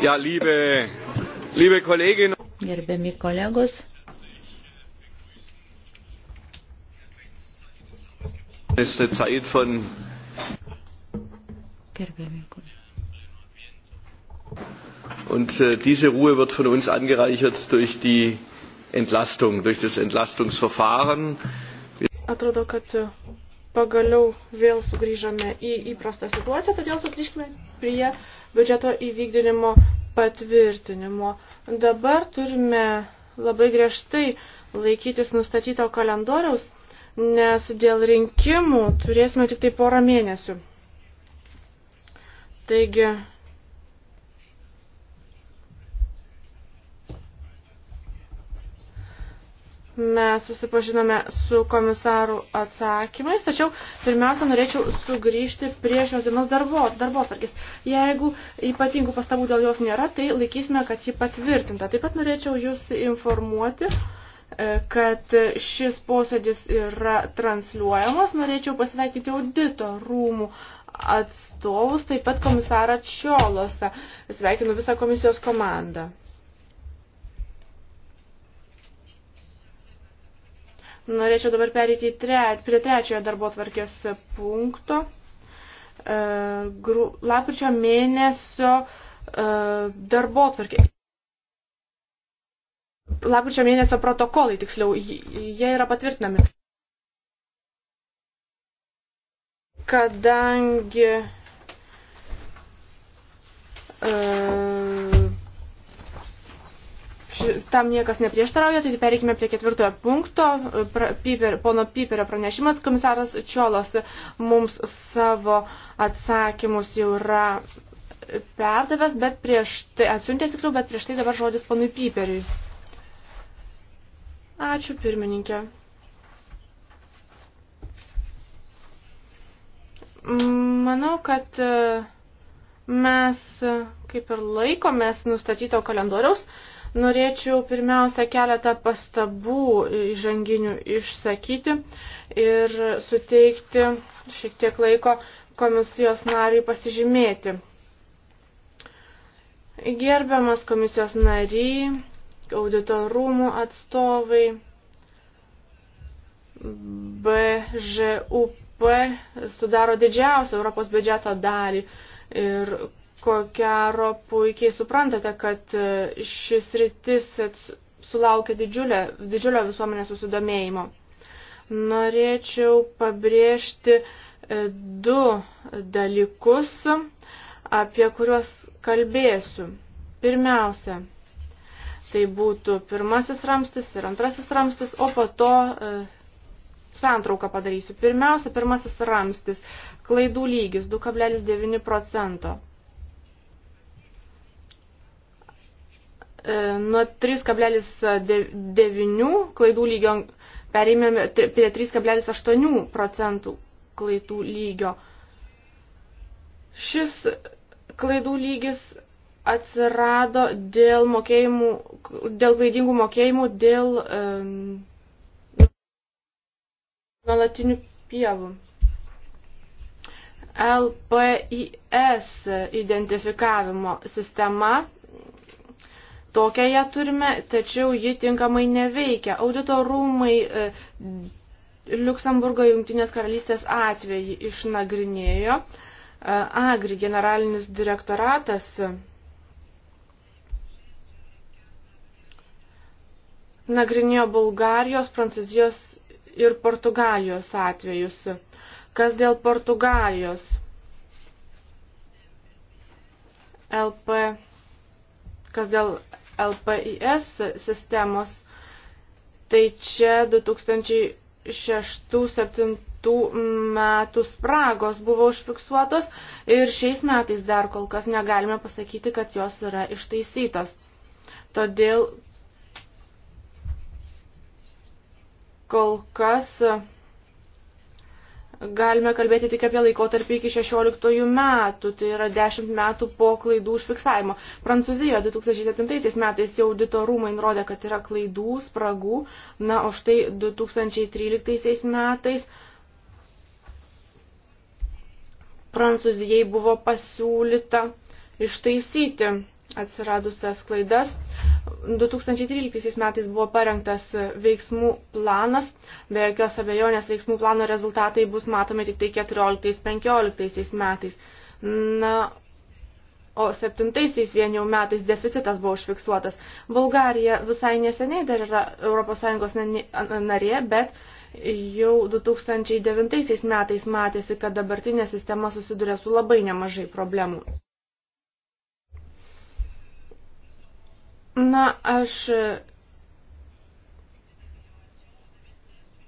Ja, liebe, liebe Kolleginnen. Gerbiami kolegos. Ist eine Zeit von. Gerbiami kolegos. Und äh, diese Ruhe wird von uns angereichert durch die Entlastung, durch das Entlastungsverfahren. Äh, Atrodo, kad pagaliau vėl sugrįžome į įprastą situaciją, todėl sugrįžkime prie biudžeto įvykdinimo patvirtinimo. Dabar turime labai griežtai laikytis nustatyto kalendoriaus, nes dėl rinkimų turėsime tik tai porą mėnesių. Taigi mes susipažinome su komisarų atsakymais, tačiau pirmiausia norėčiau sugrįžti prie šios dienos darbo, darbo tarkis. Jeigu ypatingų pastabų dėl jos nėra, tai laikysime, kad ji patvirtinta. Taip pat norėčiau jūs informuoti, e, kad šis posėdis yra transliuojamas. Norėčiau pasveikinti audito rūmų atstovus, taip pat komisarą Čiolosą. Sveikinu visą komisijos komandą. Norėčiau dabar perėti prie trečiojo darbo tvarkės punkto. E, lapkričio mėnesio e, darbo tvarkė. Lapkričio mėnesio protokolai, tiksliau, jie yra patvirtinami. Kadangi. Uh, Tam niekas neprieštarauja, tai pereikime prie ketvirtojo punkto. Pra, piper, pono Piperio pranešimas komisaras Čiolos mums savo atsakymus jau yra perdavęs, bet prieš tai atsiuntęs tikriau, bet prieš tai dabar žodis ponui Piperiui. Ačiū pirmininkė. Manau, kad e, mes kaip ir laikomės nustatyto kalendoriaus, Norėčiau pirmiausia keletą pastabų įžanginių išsakyti ir suteikti šiek tiek laiko komisijos nariai pasižymėti. Gerbiamas komisijos nariai, auditorumų atstovai, BŽUP sudaro didžiausią Europos biudžeto dalį ir ko gero puikiai suprantate, kad e, šis rytis sulaukia didžiulio, didžiulio visuomenės susidomėjimo. Norėčiau pabrėžti e, du dalykus, apie kuriuos kalbėsiu. Pirmiausia, tai būtų pirmasis ramstis ir antrasis ramstis, o po to e, santrauką padarysiu. Pirmiausia, pirmasis ramstis, klaidų lygis 2,9 procento. E, nuo 3,9 klaidų lygio perėmėme prie 3,8 procentų klaidų lygio. Šis klaidų lygis atsirado dėl, mokėjimų, dėl klaidingų mokėjimų, dėl e, nuolatinių pievų. LPIS identifikavimo sistema Tokią ją turime, tačiau ji tinkamai neveikia. Audito rūmai e, Luksemburgo jungtinės karalystės atvejį išnagrinėjo. E, Agri generalinis direktoratas nagrinėjo Bulgarijos, Prancūzijos ir Portugalijos atvejus. Kas dėl Portugalijos? LP, kas dėl LPIS sistemos, tai čia 2006-2007 metų spragos buvo užfiksuotos ir šiais metais dar kol kas negalime pasakyti, kad jos yra ištaisytos. Todėl kol kas galime kalbėti tik apie laikotarpį iki 16 metų, tai yra 10 metų po klaidų užfiksavimo. Prancūzijoje 2007 metais jau audito rūmai nurodė, kad yra klaidų, spragų, na, o štai 2013 metais Prancūzijai buvo pasiūlyta ištaisyti atsiradusias klaidas 2013 metais buvo parengtas veiksmų planas, be jokios abejonės veiksmų plano rezultatai bus matomi tik tai 14-15 metais. Na, o 7-aisiais vien jau metais deficitas buvo užfiksuotas. Bulgarija visai neseniai dar yra ES narė, bet jau 2009 metais matėsi, kad dabartinė sistema susiduria su labai nemažai problemų. Na, aš e,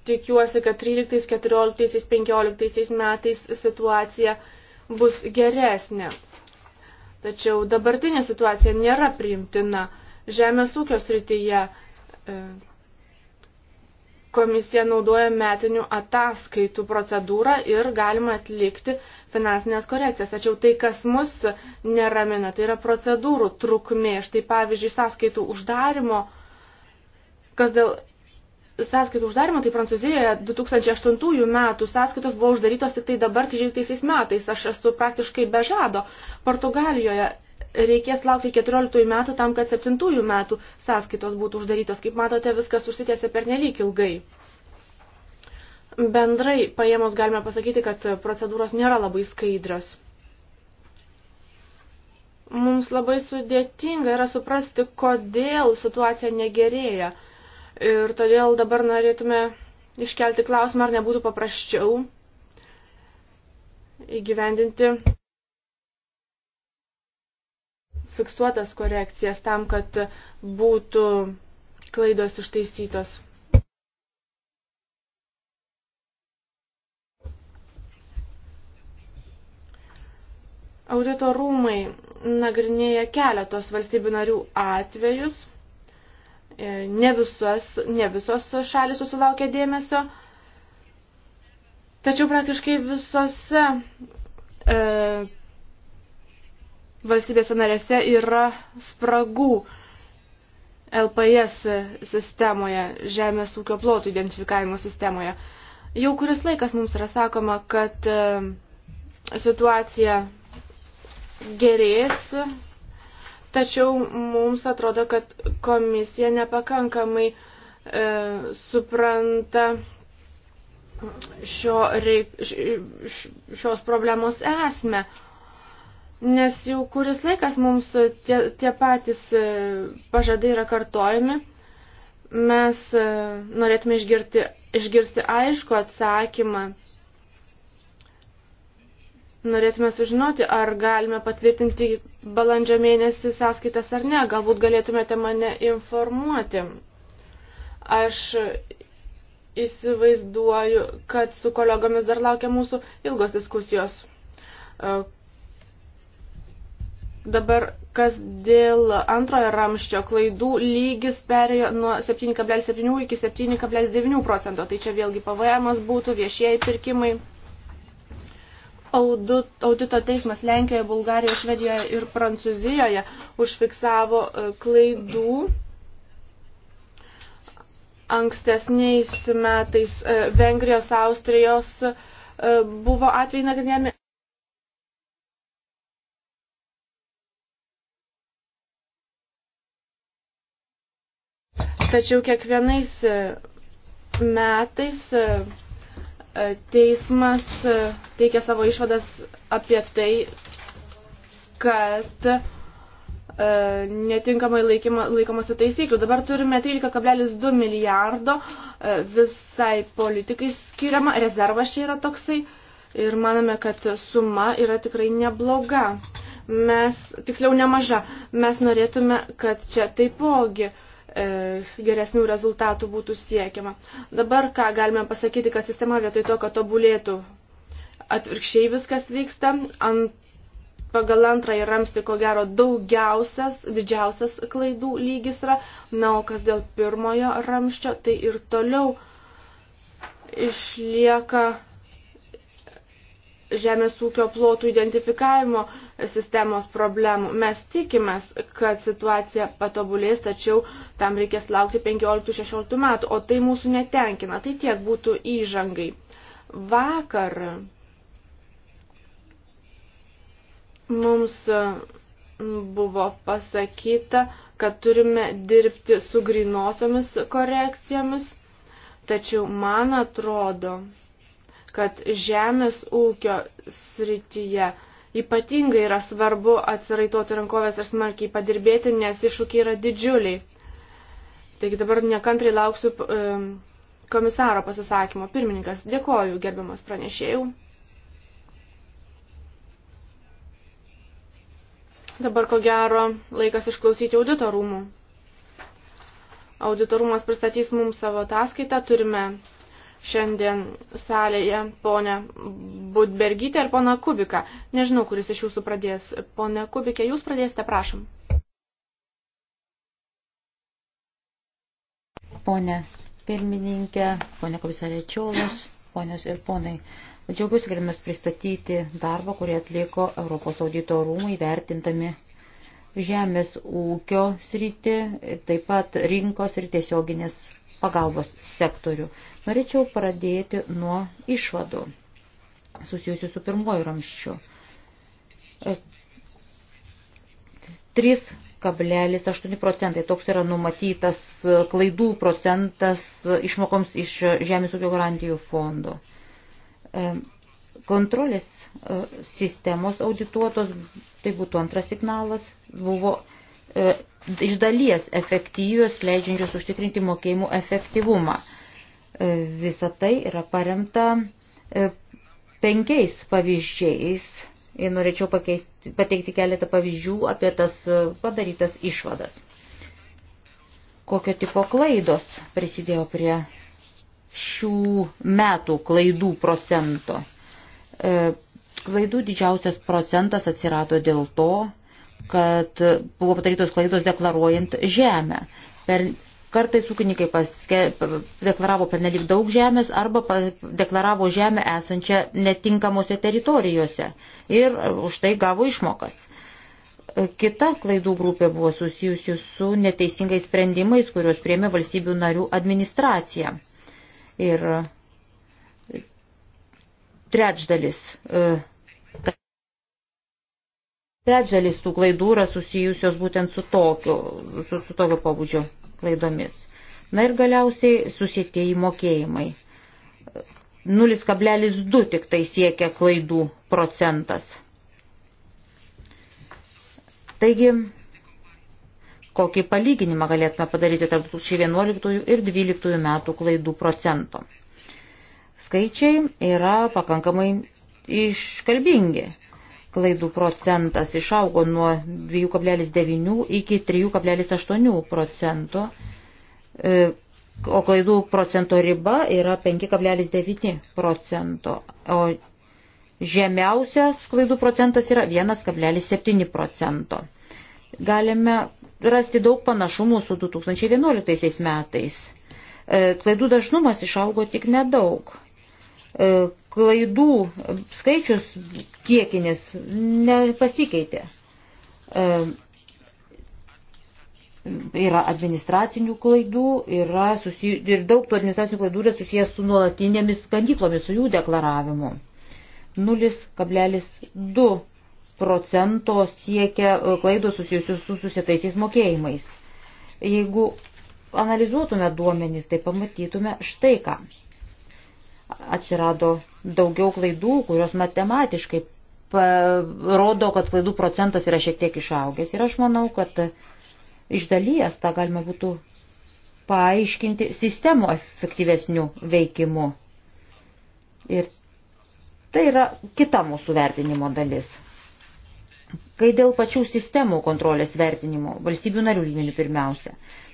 tikiuosi, kad 13, 14, 15 metais situacija bus geresnė. Tačiau dabartinė situacija nėra priimtina. Žemės ūkio srityje e, komisija naudoja metinių ataskaitų procedūrą ir galima atlikti finansinės korekcijas. Tačiau tai, kas mus neramina, tai yra procedūrų trukmė. Štai pavyzdžiui, sąskaitų uždarimo, kas dėl sąskaitų uždarimo, tai Prancūzijoje 2008 metų sąskaitos buvo uždarytos tik tai dabar 13 metais. Aš esu praktiškai be žado. Portugalijoje reikės laukti 14 metų tam, kad 7 metų sąskaitos būtų uždarytos. Kaip matote, viskas užsitėsi per nelik ilgai. Bendrai paėmos galime pasakyti, kad procedūros nėra labai skaidras. Mums labai sudėtinga yra suprasti, kodėl situacija negerėja. Ir todėl dabar norėtume iškelti klausimą, ar nebūtų paprasčiau įgyvendinti fiksuotas korekcijas tam, kad būtų klaidos ištaisytos. Audito rūmai nagrinėja keletos valstybių narių atvejus. E, ne, visos, ne visos šalis susilaukia dėmesio, tačiau praktiškai visose e, valstybėse narėse yra spragų LPS sistemoje, žemės ūkio plotų identifikavimo sistemoje. Jau kuris laikas mums yra sakoma, kad e, situacija gerės, tačiau mums atrodo, kad komisija nepakankamai e, supranta šio reik, š, š, šios problemos esmę. E, nes jau kuris laikas mums tie, tie patys e, pažadai yra kartojami. Mes e, norėtume išgirti, išgirsti aišku atsakymą. Norėtume sužinoti, ar galime patvirtinti balandžio mėnesį sąskaitas ar ne. Galbūt galėtumėte mane informuoti. Aš įsivaizduoju, kad su kolegomis dar laukia mūsų ilgos diskusijos e, Dabar, kas dėl antrojo ramščio klaidų lygis perėjo nuo 7,7 iki 7,9 procento. Tai čia vėlgi PVM būtų viešieji pirkimai. Audito teismas Lenkijoje, Bulgarijoje, Švedijoje ir Prancūzijoje užfiksavo e, klaidų ankstesniais metais e, Vengrijos, Austrijos e, buvo atvejai nagrinėjami Tačiau kiekvienais e, metais e, e, teismas teikia savo išvadas apie tai, kad netinkamai laikomasi taisyklių. Dabar turime 13,2 milijardo visai politikai skiriama, rezervas čia yra toksai ir manome, kad suma yra tikrai nebloga. Mes, tiksliau nemaža, mes norėtume, kad čia taipogi uh, E, geresnių rezultatų būtų siekiama. Dabar ką galime pasakyti, kad sistema vietoj to, kad tobulėtų, atvirkščiai viskas vyksta. Ant, pagal antrąjį ramstį, ko gero, daugiausias, didžiausias klaidų lygis yra. Na, o kas dėl pirmojo ramščio, tai ir toliau išlieka žemės ūkio plotų identifikavimo sistemos problemų. Mes tikimės, kad situacija patobulės, tačiau tam reikės laukti 15-16 metų, o tai mūsų netenkina. Tai tiek būtų įžangai. Vakar mums buvo pasakyta, kad turime dirbti su grinosiomis korekcijomis, tačiau man atrodo, kad žemės ūkio srityje ypatingai yra svarbu atsiraitoti rankovės ir smarkiai padirbėti, nes iššūkiai yra didžiuliai. Taigi dabar nekantrai lauksiu um, komisaro pasisakymo. Pirmininkas, dėkoju, gerbiamas pranešėjau. Dabar ko gero laikas išklausyti auditorumų. Auditorumas pristatys mums savo ataskaitą, turime šiandien salėje, ponė Budbergytė ir pona Kubika. Nežinau, kuris iš jūsų pradės. Pone Kubikė, jūs pradėsite, prašom. Pone pirmininkė, pone komisarė Čiolos, ponios ir ponai. Džiaugiuosi galime pristatyti darbą, kurį atliko Europos audito rūmai vertintami žemės ūkio sritį, taip pat rinkos ir tiesioginės pagalbos sektorių. Norėčiau pradėti nuo išvadų susijusių su pirmoju ramščiu. 3,8 e, procentai toks yra numatytas e, klaidų procentas e, išmokoms iš Žemės ūkio garantijų fondo. Kontrolės sistemos audituotos, tai būtų antras signalas, buvo E, iš dalies efektyvios, leidžiančios užtikrinti mokėjimų efektyvumą. E, visa tai yra paremta e, penkiais pavyzdžiais ir norėčiau pakeisti, pateikti keletą pavyzdžių apie tas padarytas išvadas. Kokio tipo klaidos prisidėjo prie šių metų klaidų procento? Klaidų didžiausias procentas atsirado dėl to, kad buvo padarytos klaidos deklaruojant žemę. Per, kartais ūkininkai paske, deklaravo pernelik daug žemės arba deklaravo žemę esančią netinkamose teritorijose ir už tai gavo išmokas. Kita klaidų grupė buvo susijusi su neteisingais sprendimais, kuriuos priemė valstybių narių administracija. Ir trečdalis e, Trečdalis tų klaidų yra susijusios būtent su tokiu, su, su tokiu pobūdžio klaidomis. Na ir galiausiai susitieji mokėjimai. 0,2 tik tai siekia klaidų procentas. Taigi, kokį palyginimą galėtume padaryti tarp 2011 ir 2012 metų klaidų procento. Skaičiai yra pakankamai iškalbingi klaidų procentas išaugo nuo 2,9 iki 3,8 procento, e, o klaidų procento riba yra 5,9 procento, o žemiausias klaidų procentas yra 1,7 procento. Galime rasti daug panašumų su 2011 metais. E, klaidų dažnumas išaugo tik nedaug e, klaidų skaičius kiekinis nepasikeitė. E, yra administracinių klaidų, yra susij... ir daug tų administracinių klaidų yra susijęs su nuolatinėmis skandyklomis, su jų deklaravimu. 0,2 procento siekia e, klaidos susijusius su susitaisiais mokėjimais. Jeigu analizuotume duomenys, tai pamatytume štai ką. Atsirado daugiau klaidų, kurios matematiškai rodo, kad klaidų procentas yra šiek tiek išaugęs. Ir aš manau, kad iš dalies tą galima būtų paaiškinti sistemų efektyvesnių veikimų. Ir tai yra kita mūsų vertinimo dalis. Kai dėl pačių sistemų kontrolės vertinimo, valstybių narių lygmenių pirmiausia,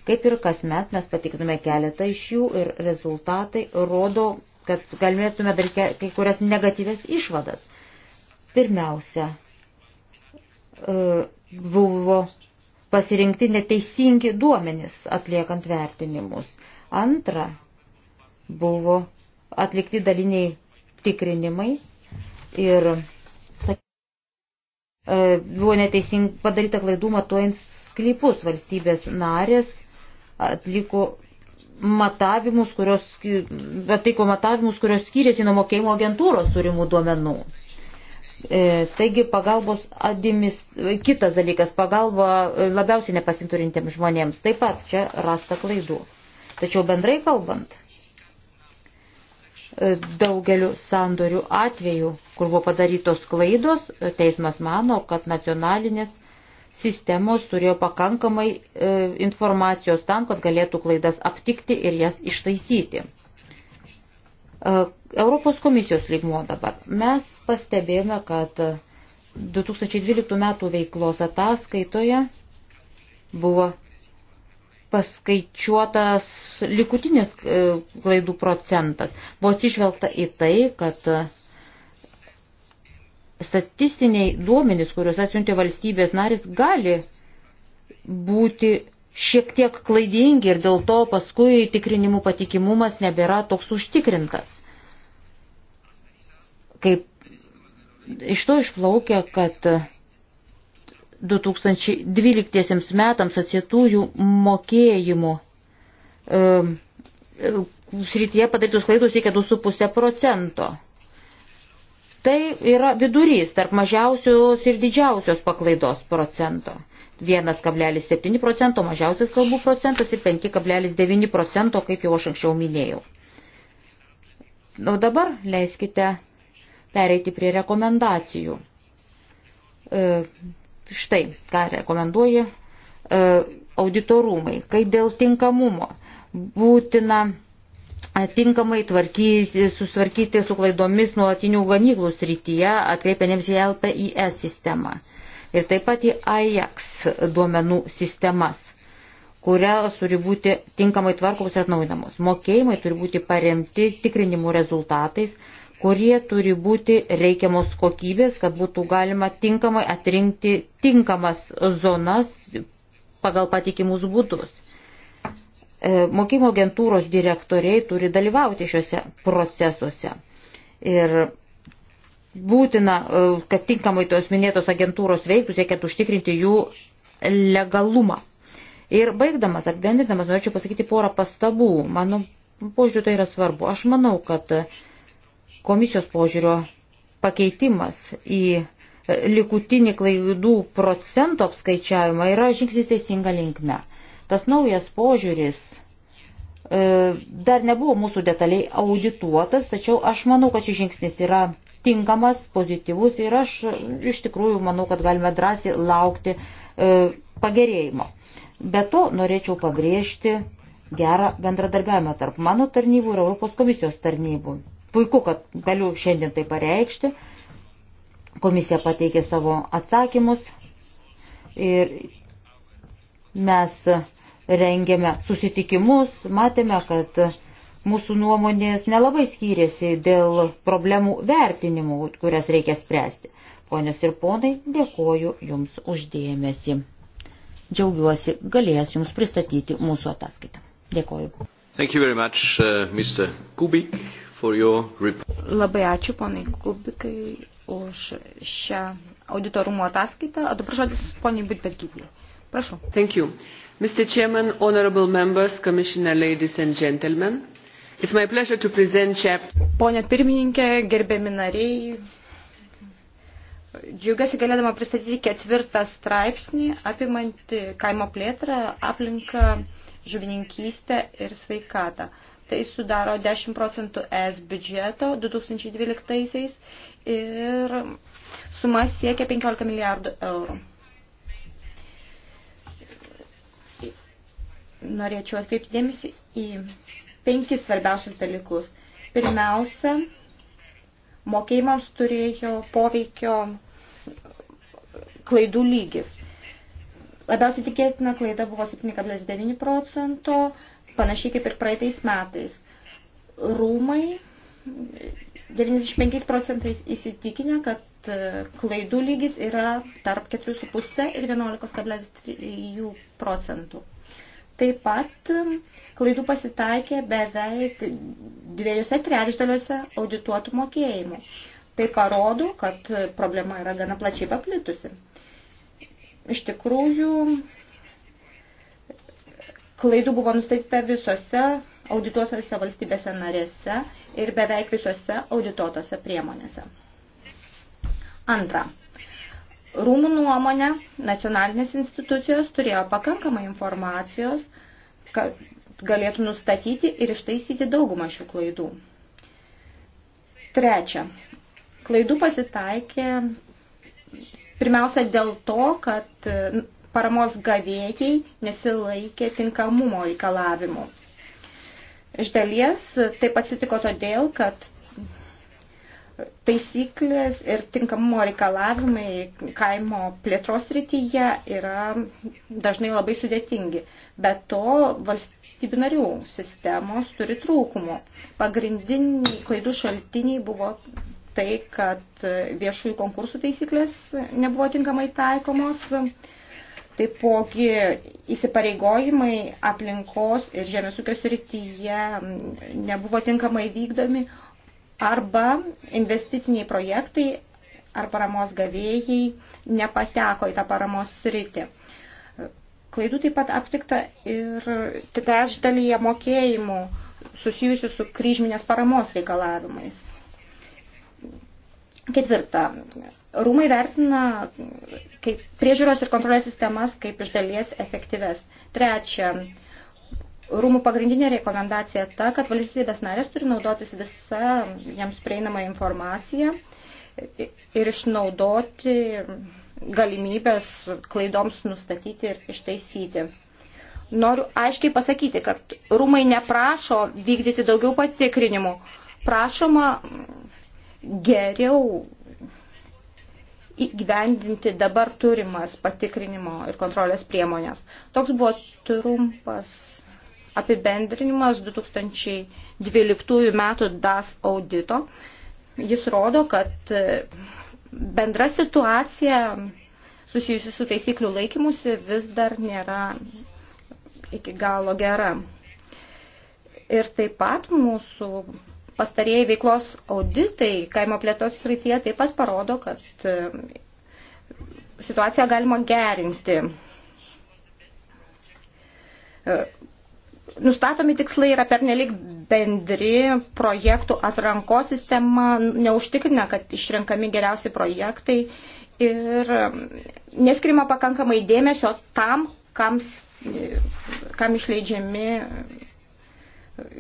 kaip ir kasmet mes patikriname keletą iš jų ir rezultatai rodo, kad galėtume daryti kai kurias negatyvės išvadas. Pirmiausia, e, buvo pasirinkti neteisingi duomenys atliekant vertinimus. Antra, buvo atlikti daliniai tikrinimai ir e, buvo neteising, padaryta klaidų matuojant sklypus valstybės narės atliko matavimus, kurios, atliko matavimus, kurios skyrėsi nuo mokėjimo agentūros turimų duomenų. E, taigi pagalbos adimis, kitas dalykas, pagalba e, labiausiai nepasiturintiems žmonėms. Taip pat čia rasta klaidų. Tačiau bendrai kalbant, e, daugeliu sandorių atvejų, kur buvo padarytos klaidos, e, teismas mano, kad nacionalinės sistemos turėjo pakankamai e, informacijos tam, kad galėtų klaidas aptikti ir jas ištaisyti. E, Europos komisijos lygmuo dabar. Mes pastebėjome, kad 2012 metų veiklos ataskaitoje buvo paskaičiuotas likutinis e, klaidų procentas. Buvo atsižvelgta į tai, kad statistiniai duomenys, kuriuos atsiuntė valstybės narys, gali būti šiek tiek klaidingi ir dėl to paskui tikrinimų patikimumas nebėra toks užtikrintas. Kaip iš to išplaukia, kad 2012 metams atsietųjų mokėjimų um, srityje padarytus klaidus siekia 2,5 procento. Tai yra vidurys tarp mažiausios ir didžiausios paklaidos procento. 1,7 procento, mažiausias kalbų procentas ir 5,9 procento, kaip jau aš anksčiau minėjau. Na dabar leiskite pereiti prie rekomendacijų. E, štai, ką rekomenduoja e, auditorumai, kai dėl tinkamumo būtina tinkamai tvarkyti, susvarkyti su klaidomis nuolatinių ganyklų srityje, atkreipianėms į LPIS sistemą. Ir taip pat į AJAX duomenų sistemas, kurios turi būti tinkamai tvarkomos ir atnaujinamos. Mokėjimai turi būti paremti tikrinimų rezultatais, kurie turi būti reikiamos kokybės, kad būtų galima tinkamai atrinkti tinkamas zonas pagal patikimus būdus E, mokymo agentūros direktoriai turi dalyvauti šiuose procesuose. Ir būtina, e, kad tinkamai tos minėtos agentūros veiktų, siekiant užtikrinti jų legalumą. Ir baigdamas, apibendrindamas, norėčiau pasakyti porą pastabų. Mano požiūriu tai yra svarbu. Aš manau, kad komisijos požiūrio pakeitimas į e, likutinį klaidų procentų apskaičiavimą yra žingsnis teisinga linkme. Tas naujas požiūris e, dar nebuvo mūsų detaliai audituotas, tačiau aš manau, kad šis žingsnis yra tinkamas, pozityvus ir aš e, iš tikrųjų manau, kad galime drąsiai laukti e, pagerėjimo. Be to norėčiau pabrėžti gerą bendradarbiavimą tarp mano tarnybų ir Europos komisijos tarnybų. Puiku, kad galiu šiandien tai pareikšti. Komisija pateikė savo atsakymus ir mes rengėme susitikimus, matėme, kad mūsų nuomonės nelabai skyrėsi dėl problemų vertinimų, kurias reikia spręsti. Ponios ir ponai, dėkoju Jums uždėmesi. Džiaugiuosi, galėjęs Jums pristatyti mūsų ataskaitą. Dėkoju. Much, uh, Kubik, your... Labai ačiū, ponai Kubikai, už šią auditorumo ataskaitą. O dabar žodis poniai Budbetgyvė. Prašau. Thank you. Mr. Chairman, honorable members, commissioner, ladies and gentlemen, it's my pleasure to present chapter. Pone pirmininkė, gerbiami nariai, džiaugiuosi galėdama pristatyti ketvirtą straipsnį apimantį kaimo plėtrą, aplinką, žuvininkystę ir sveikatą. Tai sudaro 10 procentų ES biudžeto 2012 ir suma siekia 15 milijardų eurų. norėčiau atkreipti dėmesį į penkis svarbiausius dalykus. Pirmiausia, mokėjimams turėjo poveikio klaidų lygis. Labiausiai tikėtina klaida buvo 7,9 procento, panašiai kaip ir praeitais metais. Rūmai 95 procentais įsitikinę, kad e, klaidų lygis yra tarp 4,5 ir 11,3 procentų. Taip pat um, klaidų pasitaikė beveik dviejose trečdaliuose audituotų mokėjimų. Tai parodo, kad problema yra gana plačiai paplitusi. Iš tikrųjų, klaidų buvo nustatyta visose audituotose valstybėse narėse ir beveik visose audituotose priemonėse. Antra. Rūmų nuomonė, nacionalinės institucijos turėjo pakankamai informacijos, kad galėtų nustatyti ir ištaisyti daugumą šių klaidų. Trečia, klaidų pasitaikė pirmiausia dėl to, kad paramos gavėjai nesilaikė tinkamumo reikalavimų. Iš dalies taip atsitiko todėl, kad taisyklės ir tinkamumo reikalavimai kaimo plėtros rytyje yra dažnai labai sudėtingi. Be to, valstybių narių sistemos turi trūkumų. Pagrindiniai klaidų šaltiniai buvo tai, kad viešųjų konkursų taisyklės nebuvo tinkamai taikomos. Taipogi įsipareigojimai aplinkos ir žemės ūkio srityje nebuvo tinkamai vykdomi, arba investiciniai projektai ar paramos gavėjai nepateko į tą paramos sritį. Klaidų taip pat aptikta ir trečdalyje mokėjimų susijusių su kryžminės paramos reikalavimais. Ketvirta. Rūmai vertina kaip priežiūros ir kontrolės sistemas kaip iš dalies efektyves. Trečia. Rūmų pagrindinė rekomendacija ta, kad valstybės narės turi naudotis visą jiems prieinamą informaciją ir išnaudoti galimybės klaidoms nustatyti ir ištaisyti. Noriu aiškiai pasakyti, kad rūmai neprašo vykdyti daugiau patikrinimų. Prašoma geriau įgyvendinti dabar turimas patikrinimo ir kontrolės priemonės. Toks buvo trumpas apibendrinimas 2012 metų DAS audito. Jis rodo, kad e, bendra situacija susijusi su taisyklių laikymusi vis dar nėra iki galo gera. Ir taip pat mūsų pastarėjai veiklos auditai kaimo plėtos srityje taip pat parodo, kad e, situaciją galima gerinti. E, Nustatomi tikslai yra pernelik bendri, projektų atrankos sistema neužtikrina, kad išrenkami geriausi projektai ir neskirima pakankamai dėmesio tam, kam, kam išleidžiami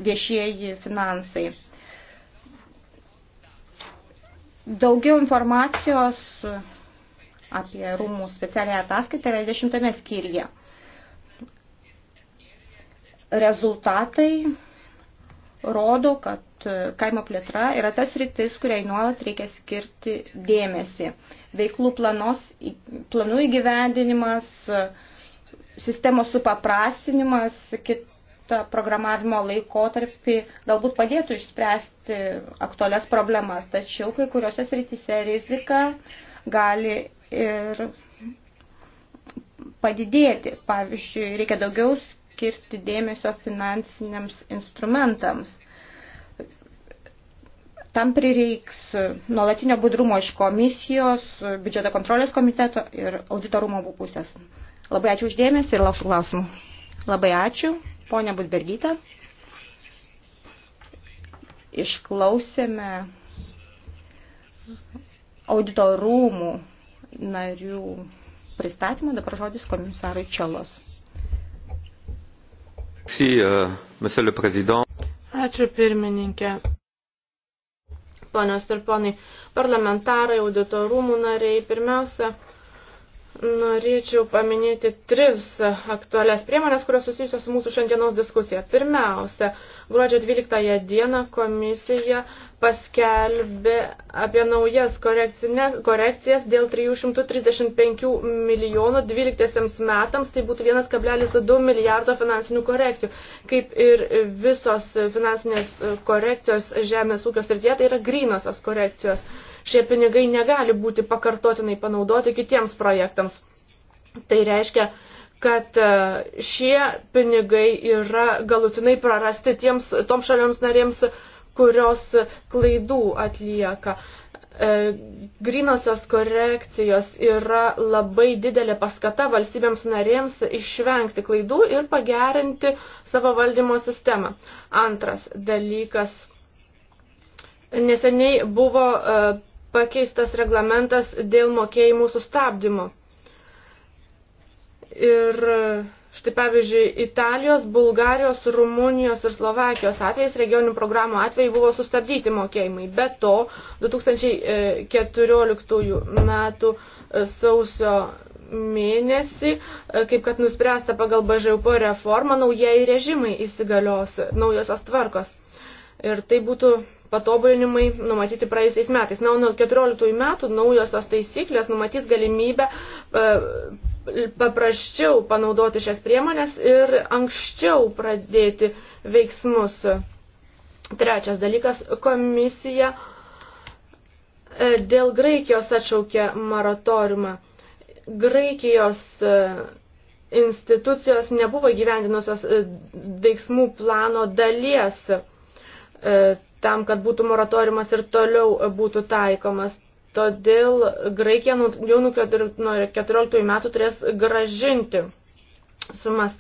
viešieji finansai. Daugiau informacijos apie rūmų specialią ataskaitą yra dešimtame skyriuje rezultatai rodo, kad e, kaimo plėtra yra tas rytis, kuriai nuolat reikia skirti dėmesį. Veiklų planos, planų įgyvendinimas, e, sistemos supaprastinimas, kitą programavimo laikotarpį galbūt padėtų išspręsti aktualias problemas, tačiau kai kuriuose srityse rizika gali ir padidėti. Pavyzdžiui, reikia daugiau skirti skirti dėmesio finansiniams instrumentams. Tam prireiks nuolatinio budrumo iš komisijos, biudžeto kontrolės komiteto ir auditorumo pusės. Labai ačiū uždėmesį ir lauksiu klausimų. Labai ačiū, ponia Budbergytė. Išklausėme auditorumų narių pristatymą, dabar žodis komisarui Čelos. Euh, Ačiū pirmininkė. Ponios ir ponai, parlamentarai, auditorumų nariai, pirmiausia, Norėčiau paminėti tris aktualias priemonės, kurios susijusios su mūsų šiandienos diskusija. Pirmiausia, gruodžio 12 dieną komisija paskelbė apie naujas korekcijas dėl 335 milijonų 12 metams, tai būtų 1,2 milijardo finansinių korekcijų. Kaip ir visos finansinės korekcijos žemės ūkio srityje, tai yra grynosios korekcijos. Šie pinigai negali būti pakartotinai panaudoti kitiems projektams. Tai reiškia, kad e, šie pinigai yra galutinai prarasti tiems, toms šalims narėms, kurios klaidų atlieka e, grinosios korekcijos yra labai didelė paskata valstybėms narėms išvengti klaidų ir pagerinti savo valdymo sistemą. Antras dalykas. Neseniai buvo e, pakeistas reglamentas dėl mokėjimų sustabdymo. Ir štai pavyzdžiui, Italijos, Bulgarijos, Rumunijos ir Slovakijos atvejais regioninių programų atvejai buvo sustabdyti mokėjimai. Be to, 2014 metų e, sausio mėnesį, e, kaip kad nuspręsta pagal BŽUP reformą, naujieji režimai įsigalios, naujosios tvarkos. Ir tai būtų patobulinimai numatyti praėjusiais metais. Na, nuo 14 metų naujosios taisyklės numatys galimybę e, paprasčiau panaudoti šias priemonės ir anksčiau pradėti veiksmus. Trečias dalykas - komisija e, dėl Graikijos atšaukė moratoriumą. Graikijos e, institucijos nebuvo gyvendinusios veiksmų plano dalies tam, kad būtų moratoriumas ir toliau būtų taikomas. Todėl Graikija jau nuo 14 metų turės gražinti sumas.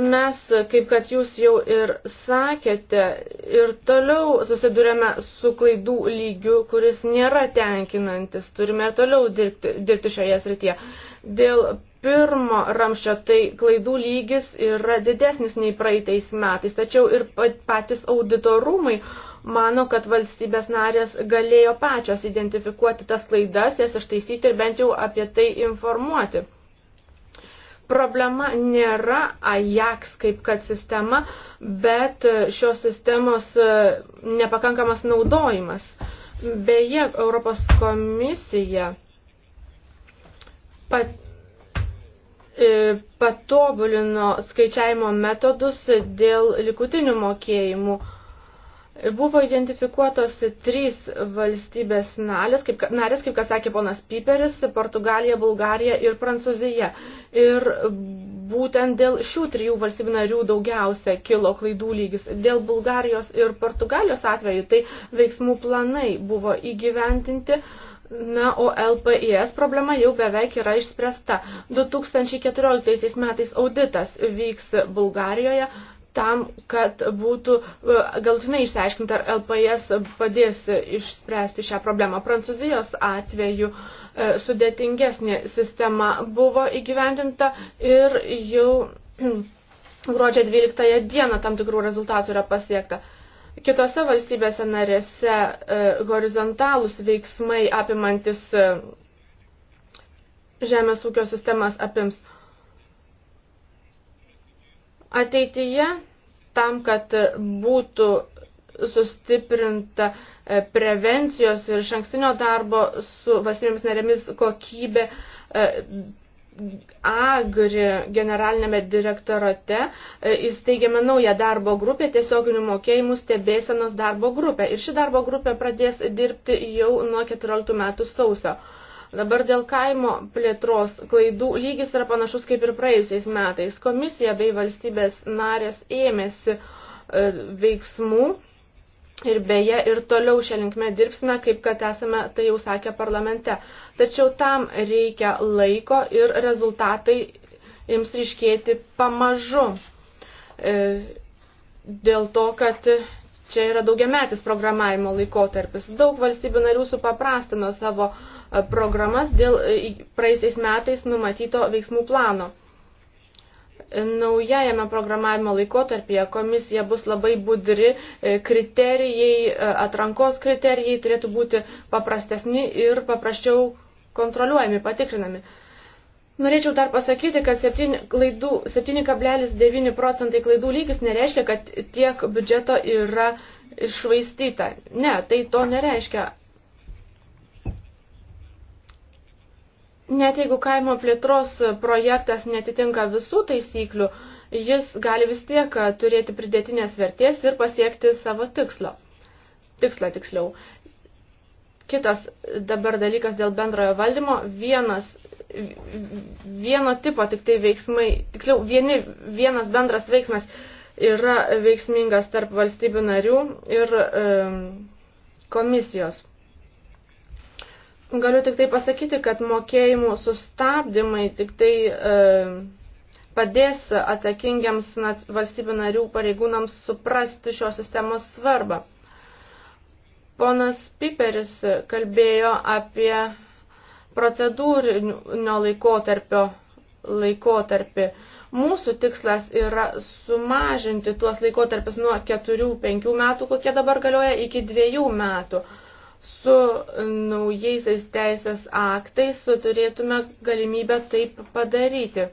Mes, kaip kad jūs jau ir sakėte, ir toliau susidurėme su klaidų lygiu, kuris nėra tenkinantis. Turime ir toliau dirbti, dirbti šioje srityje. Dėl pirmo ramščio, tai klaidų lygis yra didesnis nei praeitais metais, tačiau ir patys auditorumai mano, kad valstybės narės galėjo pačios identifikuoti tas klaidas, jas ištaisyti ir bent jau apie tai informuoti. Problema nėra AJAX kaip kad sistema, bet šios sistemos nepakankamas naudojimas. Beje, Europos komisija pat, E, patobulino skaičiavimo metodus dėl likutinių mokėjimų. Buvo identifikuotos trys valstybės narės, kaip, narės, kaip kad sakė ponas Piperis, Portugalija, Bulgarija ir Prancūzija. Ir būtent dėl šių trijų valstybių narių daugiausia kilo klaidų lygis. Dėl Bulgarijos ir Portugalijos atveju tai veiksmų planai buvo įgyventinti. Uh, Na, o LPIS problema jau beveik yra išspręsta. 2014 metais auditas vyks Bulgarijoje tam, kad būtų e, galutinai išsiaiškinta, ar LPIS padės išspręsti šią problemą. Prancūzijos atveju e, sudėtingesnė sistema buvo įgyvendinta ir jau gruodžio 12 dieną tam tikrų rezultatų yra pasiekta kitose valstybėse narėse e, horizontalūs veiksmai apimantis e, žemės ūkio sistemas apims. Ateityje tam, kad būtų sustiprinta e, prevencijos ir šankstinio darbo su valstybėmis narėmis kokybė, Agri generalinėme direktorate e, įsteigėme naują darbo grupę, tiesioginių mokėjimų stebėsenos darbo grupę. Ir ši darbo grupė pradės dirbti jau nuo 14 metų sausio. Dabar dėl kaimo plėtros klaidų lygis yra panašus kaip ir praėjusiais metais. Komisija bei valstybės narės ėmėsi e, veiksmų Ir beje, ir toliau šią linkmę dirbsime, kaip kad esame tai jau sakę parlamente. Tačiau tam reikia laiko ir rezultatai jums ryškėti pamažu. E, dėl to, kad čia yra daugiametis programavimo laikotarpis. Daug valstybių narių supaprastino savo e, programas dėl e, praeisiais metais numatyto veiksmų plano naujajame programavimo laikotarpyje komisija bus labai budri, e, kriterijai, e, atrankos kriterijai turėtų būti paprastesni ir paprasčiau kontroliuojami, patikrinami. Norėčiau dar pasakyti, kad 7,9 procentai klaidų lygis nereiškia, kad tiek biudžeto yra išvaistyta. Ne, tai to nereiškia. Net jeigu kaimo plėtros projektas netitinka visų taisyklių, jis gali vis tiek turėti pridėtinės vertės ir pasiekti savo tikslo. Tikslo tiksliau. Kitas dabar dalykas dėl bendrojo valdymo. Vienas, vieno tipo tik tai veiksmai, tiksliau, vieni, vienas bendras veiksmas yra veiksmingas tarp valstybių narių ir e, komisijos. Galiu tik tai pasakyti, kad mokėjimų sustabdymai tik tai e, padės atsakingiams valstybių narių pareigūnams suprasti šios sistemos svarbą. Ponas Piperis kalbėjo apie procedūrinio laikotarpio laikotarpį. Mūsų tikslas yra sumažinti tuos laikotarpius nuo 4-5 metų, kokie dabar galioja, iki 2 metų. E, su naujaisiais teisės aktais turėtume galimybę taip padaryti.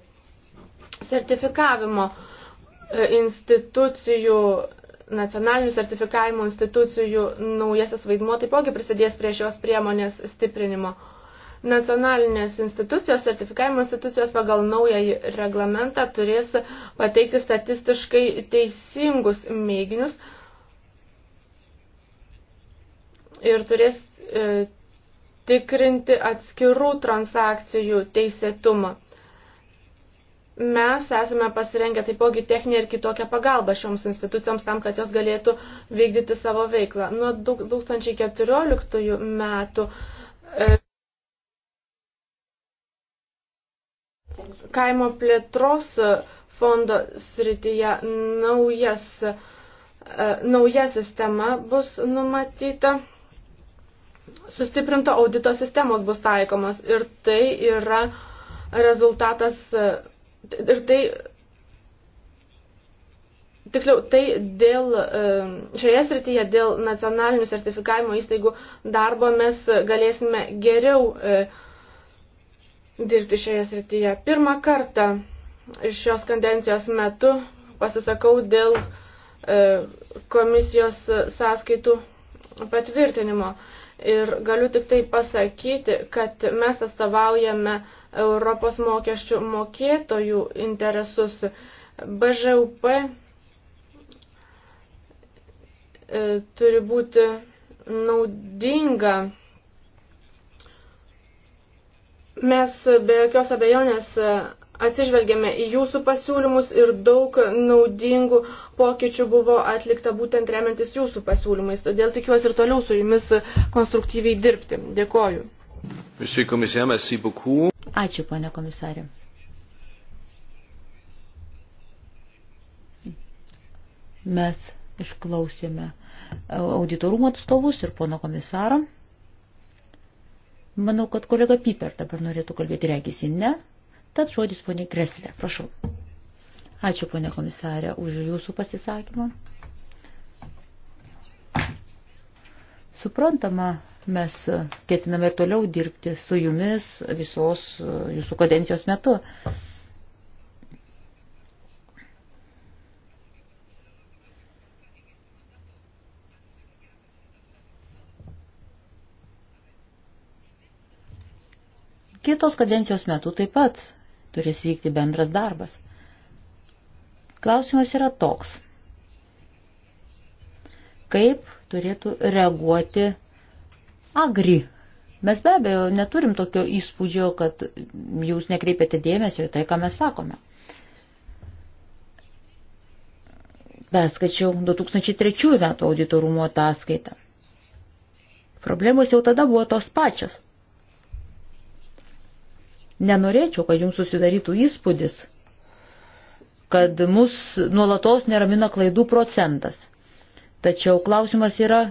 Sertifikavimo e, institucijų, nacionalinių sertifikavimo institucijų naujasis vaidmuo taipogi prisidės prie šios priemonės stiprinimo. Nacionalinės institucijos, sertifikavimo institucijos pagal naują reglamentą turės pateikti statistiškai teisingus mėginius, ir turės e, tikrinti atskirų transakcijų teisėtumą. Mes esame pasirengę taipogi techninę ir kitokią pagalbą šioms institucijoms tam, kad jos galėtų vykdyti savo veiklą. Nuo 2014 metų e, kaimo plėtros fondo srityje naujas, e, nauja sistema bus numatyta sustiprinto audito sistemos bus taikomos ir tai yra rezultatas e, ir tai Tiksliau, tai dėl, e, šioje srityje dėl nacionalinių sertifikavimo įstaigų darbo mes galėsime geriau e, dirbti šioje srityje. Pirmą kartą šios kandencijos metu pasisakau dėl komisijos sąskaitų patvirtinimo. Ir galiu tik tai pasakyti, kad mes atstovaujame Europos mokesčių mokėtojų interesus. BŽUP e, turi būti naudinga. Mes be jokios abejonės atsižvelgėme į jūsų pasiūlymus ir daug naudingų pokyčių buvo atlikta būtent remiantis jūsų pasiūlymais. Todėl tikiuosi ir toliau su jumis konstruktyviai dirbti. Dėkoju. Ačiū, pane komisarė. Mes išklausėme auditorumo atstovus ir pono komisarą. Manau, kad kolega Piper dabar norėtų kalbėti, regisi ne. Tad žodis ponė Greslė, prašau. Ačiū ponė komisarė už jūsų pasisakymą. Suprantama, mes ketiname ir toliau dirbti su jumis visos jūsų kadencijos metu. Kitos kadencijos metu taip pat turės vykti bendras darbas. Klausimas yra toks. Kaip turėtų reaguoti agri? Mes be abejo neturim tokio įspūdžio, kad jūs nekreipiate dėmesio į tai, ką mes sakome. Perskačiau 2003 metų auditorumo ataskaitą. Problemos jau tada buvo tos pačios. Nenorėčiau, kad jums susidarytų įspūdis, kad mus nuolatos neramina klaidų procentas. Tačiau klausimas yra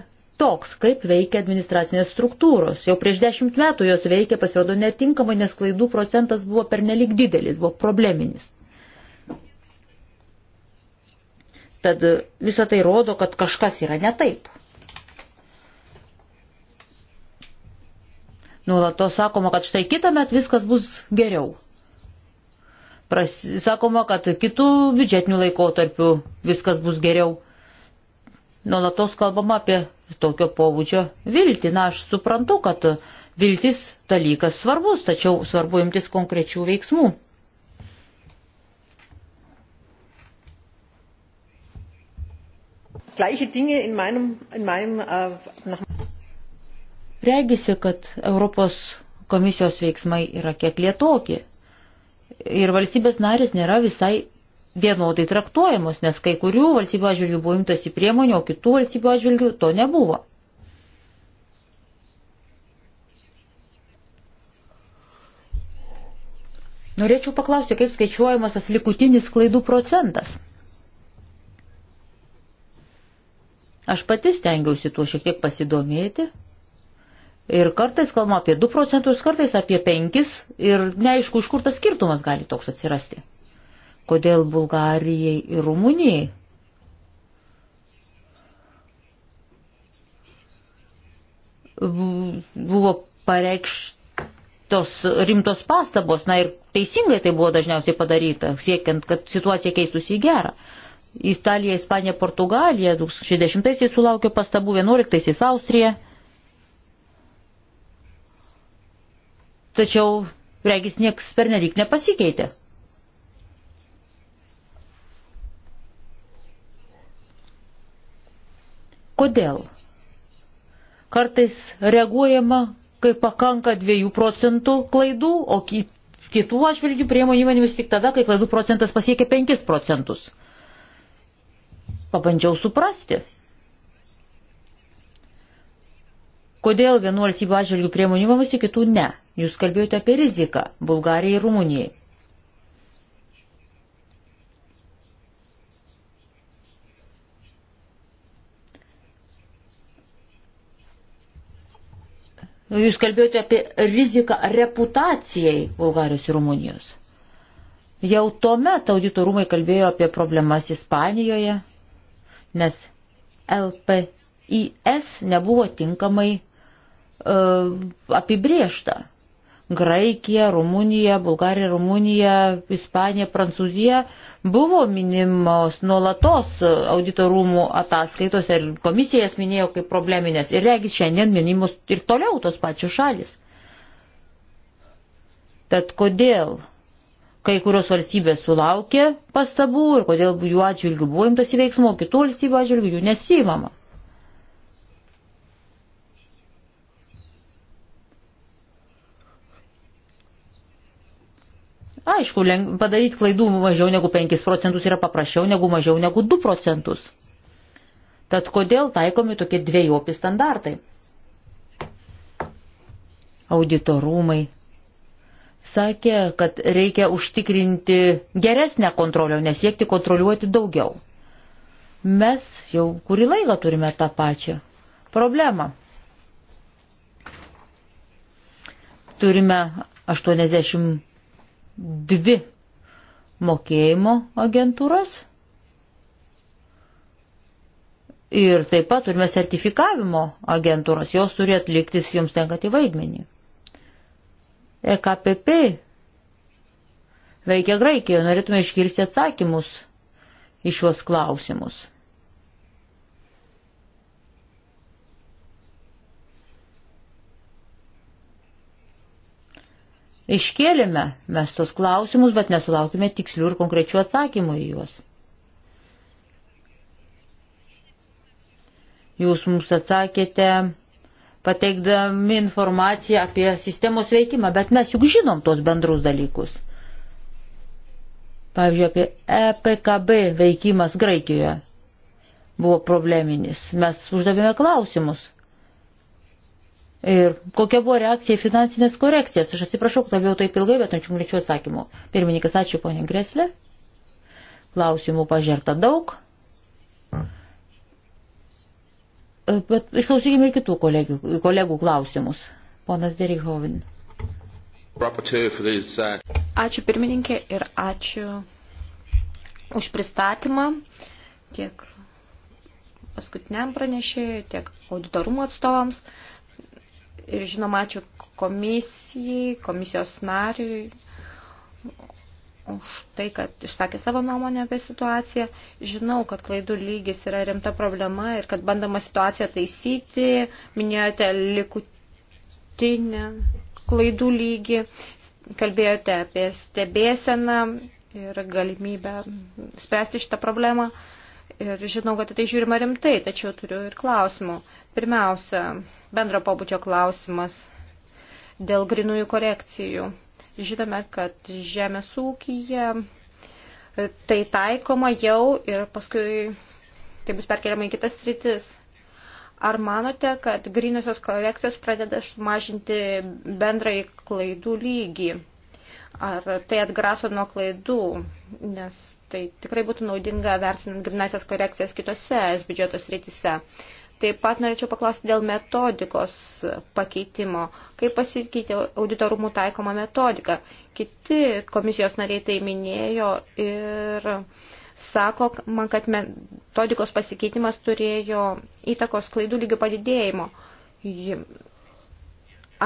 toks, kaip veikia administracinės struktūros. Jau prieš dešimt metų jos veikia, pasirodo netinkamai, nes klaidų procentas buvo pernelik didelis, buvo probleminis. Tad visą tai rodo, kad kažkas yra ne taip. Nulatos sakoma, kad štai kitą metą viskas bus geriau. Pras, sakoma, kad kitų biudžetinių laikotarpių viskas bus geriau. Nulatos kalbama apie tokio pobūdžio viltį. Na, aš suprantu, kad viltis dalykas svarbus, tačiau svarbu imtis konkrečių veiksmų. Gleiche Dinge in meinem, in meinem, äh, nach Regisi, kad Europos komisijos veiksmai yra kiek lietokie. Ir valstybės narės nėra visai vienodai traktuojamos, nes kai kurių valstybių atžvilgių buvo imtasi priemonių, o kitų valstybių atžvilgių to nebuvo. Norėčiau paklausti, kaip skaičiuojamas tas likutinis klaidų procentas. Aš pati stengiausi tuo šiek tiek pasidomėti Ir kartais kalbama apie 2 procentus, kartais apie 5 ir neaišku, iš kur tas skirtumas gali toks atsirasti. Kodėl Bulgarijai ir Rumunijai? Buvo pareikštos rimtos pastabos, na ir teisingai tai buvo dažniausiai padaryta, siekiant, kad situacija keistųsi į gerą. Italija, Ispanija, Portugalija 2010-aisiais sulaukė pastabų, 11-aisiais Austrija Tačiau, regis, nieks per nelik nepasikeitė. Kodėl? Kartais reaguojama, kai pakanka 2 procentų klaidų, o kitų atžvilgių priemonių įmonėmis tik tada, kai klaidų procentas pasiekia 5 procentus. Pabandžiau suprasti. Kodėl vienų valstybių atžvilgių priemonių įmonėmis, kitų ne. Jūs kalbėjote apie riziką Bulgarijai ir Rumunijai. Jūs kalbėjote apie riziką reputacijai Bulgarijos ir Rumunijos. Jau tuomet audito rūmai kalbėjo apie problemas Ispanijoje, nes LPIS nebuvo tinkamai uh, apibriešta. Graikija, Rumunija, Bulgarija, Rumunija, Ispanija, Prancūzija buvo minimos nuolatos auditorumų ataskaitos ir komisijas minėjo kaip probleminės ir regis šiandien minimos ir toliau tos pačios šalis. Tad kodėl kai kurios valstybės sulaukė pastabų ir kodėl jų atžvilgių buvo imtas į veiksmų, kitų valstybių atžvilgių jų nesimama. Aišku, padaryti klaidų mažiau negu 5 procentus yra paprasčiau negu mažiau negu 2 procentus. Tad kodėl taikomi tokie dviejopi standartai? Auditorumai sakė, kad reikia užtikrinti geresnę kontrolę, nesiekti kontroliuoti daugiau. Mes jau kurį laiką turime tą pačią problemą. Turime 80 dvi mokėjimo agentūras. Ir taip pat turime sertifikavimo agentūros, jos turi atlikti jums tenkantį vaidmenį. EKPP veikia Graikijoje, norėtume iškirsti atsakymus į šiuos klausimus. Iškėlėme mes tos klausimus, bet nesulaukime tikslių ir konkrečių atsakymų į juos. Jūs mums atsakėte, pateikdami informaciją apie sistemos veikimą, bet mes juk žinom tos bendrus dalykus. Pavyzdžiui, apie EPKB veikimas Graikijoje buvo probleminis. Mes uždavėme klausimus Ir kokia buvo reakcija į finansinės korekcijas? Aš atsiprašau, kad labiau taip ilgai, bet ančiau greičiau atsakymų. Pirmininkas, ačiū ponė Greslė. Klausimų pažerta daug. Bet išklausykime ir kitų kolegių, kolegų klausimus. Ponas Derichovin. Ačiū pirmininkė ir ačiū už pristatymą tiek paskutiniam pranešėjui, tiek auditorumo atstovams. Uh, Ir žinoma, ačiū komisijai, komisijos nariui už tai, kad išsakė savo nuomonę apie situaciją. Žinau, kad klaidų lygis yra rimta problema ir kad bandoma situaciją taisyti. Minėjote likutinę klaidų lygį, kalbėjote apie stebėseną ir galimybę spręsti šitą problemą. Ir žinau, kad tai žiūrima rimtai, tačiau turiu ir klausimų. Pirmiausia, bendro pobūdžio klausimas dėl grinųjų korekcijų. Žinome, kad žemės ūkija tai taikoma jau ir paskui tai bus perkeliama į kitas rytis. Ar manote, kad grinusios korekcijos pradeda sumažinti bendrai klaidų lygį? Ar tai atgraso nuo klaidų? Nes tai tikrai būtų naudinga vertinant grinasias korekcijas kitose biudžetos rytise. Taip pat norėčiau paklausti dėl metodikos pakeitimo. Kaip pasikeitė auditorumų taikoma metodika? Kiti komisijos nariai tai minėjo ir sako man, kad metodikos pasikeitimas turėjo įtakos klaidų lygio padidėjimo.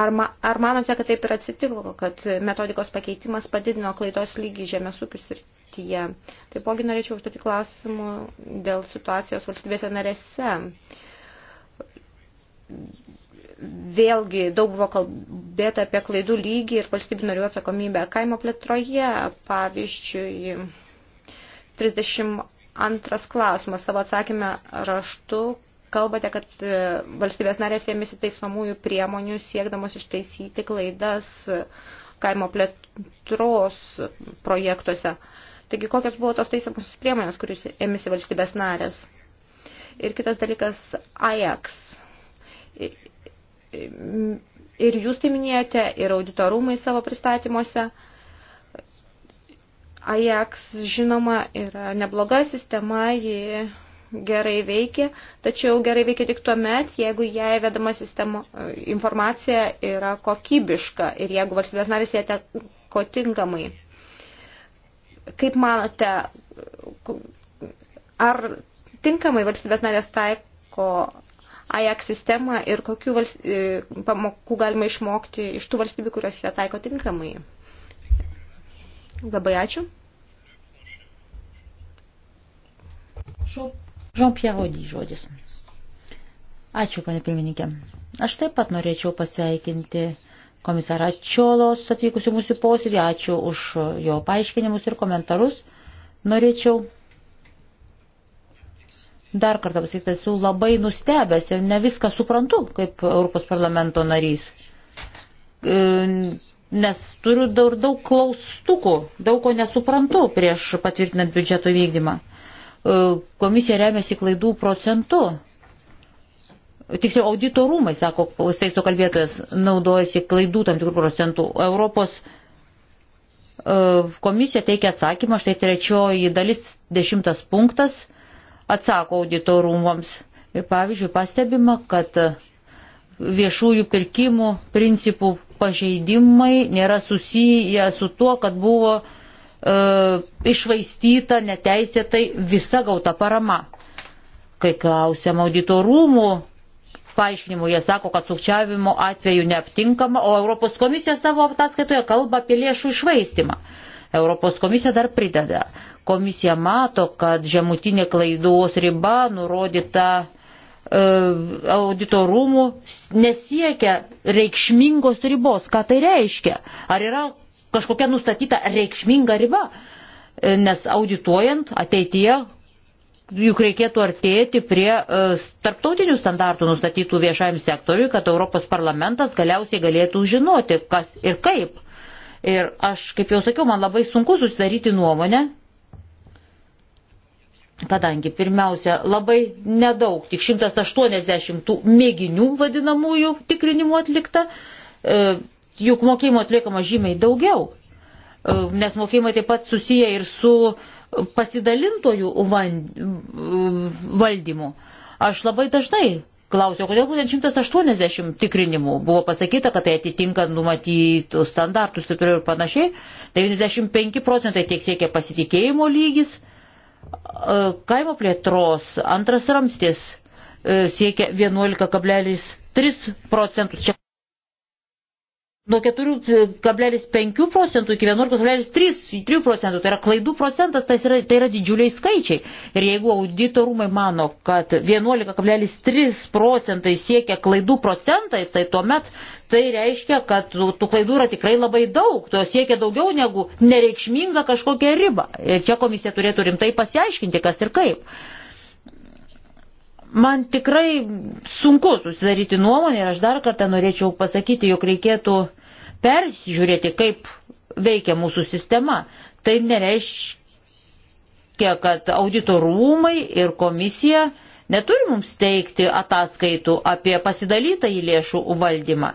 Ar, ma, ar manote, kad taip ir atsitiko, kad metodikos pakeitimas padidino klaidos lygį žemės ūkių srityje? Taipogi norėčiau užduoti klausimų dėl situacijos valstybėse narėse. Uh, vėlgi daug buvo kalbėta apie klaidų lygį ir valstybių narių atsakomybę. Kaimo plėtroje, pavyzdžiui, 32 klausimas savo atsakymę raštu kalbate, kad e, valstybės narės ėmėsi taisomųjų priemonių siekdamos ištaisyti klaidas kaimo plėtros projektuose. Taigi, kokios buvo tos taisomos priemonės, kuris ėmėsi valstybės narės? Ir kitas dalykas, AJAX ir jūs tai minėjote, ir auditorumai savo pristatymuose. Ajax, žinoma, yra nebloga sistema, ji gerai veikia, tačiau gerai veikia tik tuo met, jeigu jai vedama sistema, informacija yra kokybiška ir jeigu valstybės narys ją teko tinkamai. Kaip manote, ar tinkamai valstybės narės taiko AJAX sistemą ir kokių valstybių, e, pamokų galima išmokti iš tų valstybių, kurios ją taiko tinkamai. Labai ačiū. Jean-Pierre Rody žodis. Ačiū, panė pirmininkė. Aš taip pat norėčiau pasveikinti komisarą Čiolos atvykusių mūsų posėdį. Ačiū už jo paaiškinimus ir komentarus. Norėčiau dar kartą pasakyti, esu labai nustebęs ir ne viską suprantu kaip Europos parlamento narys. E, nes turiu dar daug klaustukų, daug ko nesuprantu prieš patvirtinant biudžeto vykdymą. E, komisija remiasi klaidų procentu. Tiksliau, audito rūmai, sako, steisto kalbėtojas, naudojasi klaidų tam tikrų procentų. Europos e, komisija teikia atsakymą, štai trečioji dalis, dešimtas punktas, atsako auditorumams. Ir pavyzdžiui, pastebima, kad viešųjų pirkimų principų pažeidimai nėra susiję su tuo, kad buvo e, išvaistyta neteisėtai visa gauta parama. Kai klausiam auditorumų paaiškinimų, jie sako, kad sukčiavimo atveju neaptinkama, o Europos komisija savo ataskaitoje kalba apie lėšų išvaistimą. Europos komisija dar prideda. Komisija mato, kad žemutinė klaidos riba nurodyta e, auditorumų nesiekia reikšmingos ribos. Ką tai reiškia? Ar yra kažkokia nustatyta reikšminga riba? E, nes audituojant ateityje juk reikėtų artėti prie e, tarptautinių standartų nustatytų viešajam sektoriui, kad Europos parlamentas galiausiai galėtų žinoti, kas ir kaip. Ir aš, kaip jau sakiau, man labai sunku susidaryti nuomonę, kadangi pirmiausia, labai nedaug, tik 180 tų mėginių vadinamųjų tikrinimų atlikta, e, juk mokėjimo atliekama žymiai daugiau, e, nes mokėjimai taip pat susiję ir su pasidalintojų e, valdymu. Aš labai dažnai Klausiau, kodėl būtent 180 tikrinimų buvo pasakyta, kad tai atitinka numatytų standartus taip ir panašiai. 95 procentai tiek siekia pasitikėjimo lygis. E, kaimo plėtros antras ramstis e, siekia 11,3 procentus. Čia nuo 4,5 procentų iki 11,3 procentų, tai yra klaidų procentas, tai yra, tai yra didžiuliai skaičiai. Ir jeigu auditorumai mano, kad 11,3 procentai siekia klaidų procentais, tai tuomet tai reiškia, kad tų, tų klaidų yra tikrai labai daug, to siekia daugiau negu nereikšminga kažkokia riba. Ir čia komisija turėtų rimtai pasiaiškinti, kas ir kaip. Man tikrai sunku susidaryti nuomonę ir aš dar kartą norėčiau pasakyti, jog reikėtų peržiūrėti, kaip veikia mūsų sistema. Tai nereiškia, kad auditorumai ir komisija neturi mums teikti ataskaitų apie pasidalytą į lėšų valdymą.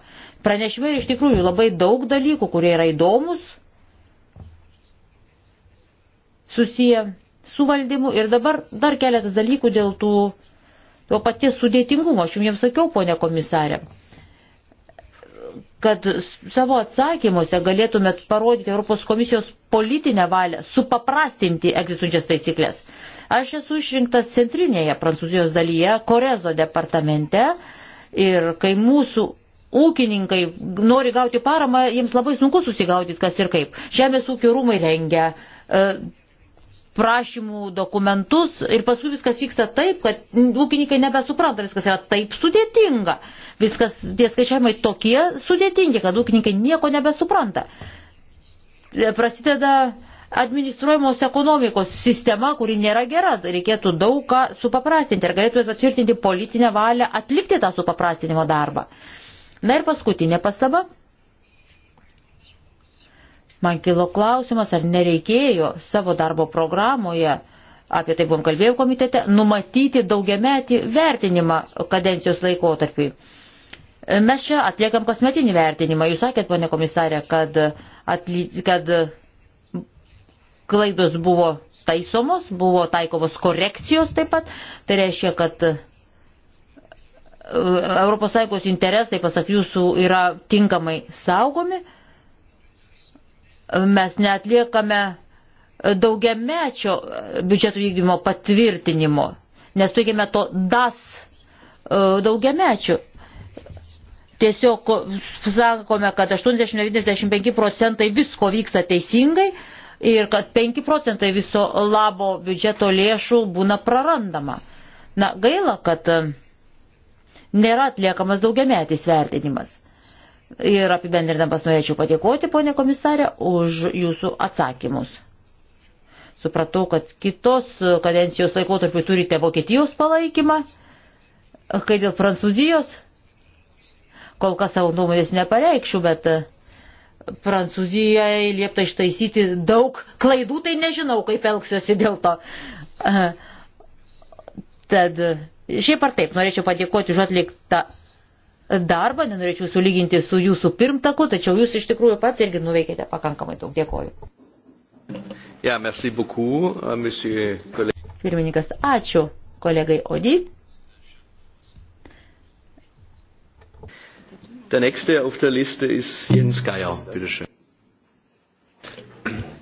Pranešime iš tikrųjų labai daug dalykų, kurie yra įdomus, susiję su valdymu. Ir dabar dar keletas dalykų dėl tų to paties sudėtingumo. Aš jums sakiau, ponė komisarė, kad savo atsakymuose galėtumėt parodyti Europos komisijos politinę valią, supaprastinti egzistuojančias taisyklės. Aš esu išrinktas centrinėje Prancūzijos dalyje, Korezo departamente ir kai mūsų ūkininkai nori gauti paramą, jiems labai sunku susigaudyti, kas ir kaip. Žemės ūkio rūmai rengia e, prašymų dokumentus ir paskui viskas vyksta taip, kad ūkininkai nebesupranta, viskas yra taip sudėtinga, viskas tie skaičiavimai tokie sudėtingi, kad ūkininkai nieko nebesupranta. Prasideda administruojamos ekonomikos sistema, kuri nėra gera, reikėtų daug ką supaprastinti ir galėtume patvirtinti politinę valią atlikti tą supaprastinimo darbą. Na ir paskutinė pastaba. Man kilo klausimas, ar nereikėjo savo darbo programoje, apie tai buvom kalbėjau komitete, numatyti daugiametį vertinimą kadencijos laikotarpiui. Mes čia atliekam kasmetinį vertinimą. Jūs sakėt, pane komisarė, kad, atly, kad klaidos buvo taisomos, buvo taikomos korekcijos taip pat. Tai reiškia, kad ES interesai, pasak jūsų, yra tinkamai saugomi mes netliekame daugiamečio biudžeto vykdymo patvirtinimo, nes turime to DAS e, daugiamečio. Tiesiog sakome, kad 80-95 procentai visko vyksta teisingai ir kad 5 procentai viso labo biudžeto lėšų būna prarandama. Na, gaila, kad e, nėra atliekamas daugiametis vertinimas. Ir apibendrinamas norėčiau padėkoti, ponė komisarė, už jūsų atsakymus. Supratau, kad kitos kadencijos laikotarpiu turite Vokietijos palaikymą, kai dėl Prancūzijos, kol kas savo nuomonės nepareikšiu, bet Prancūzijai liepta ištaisyti daug klaidų, tai nežinau, kaip elgsiuosi dėl to. Tad šiaip ar taip norėčiau padėkoti už atliktą darbą, nenorėčiau sulyginti su jūsų pirmtaku, tačiau jūs iš tikrųjų pats irgi nuveikėte pakankamai daug. Dėkoju. Ja, merci beaucoup, euh, monsieur kolega. Pirmininkas, ačiū kolegai Odi. Der nächste auf der Liste ist Jens Geier. Bitte schön.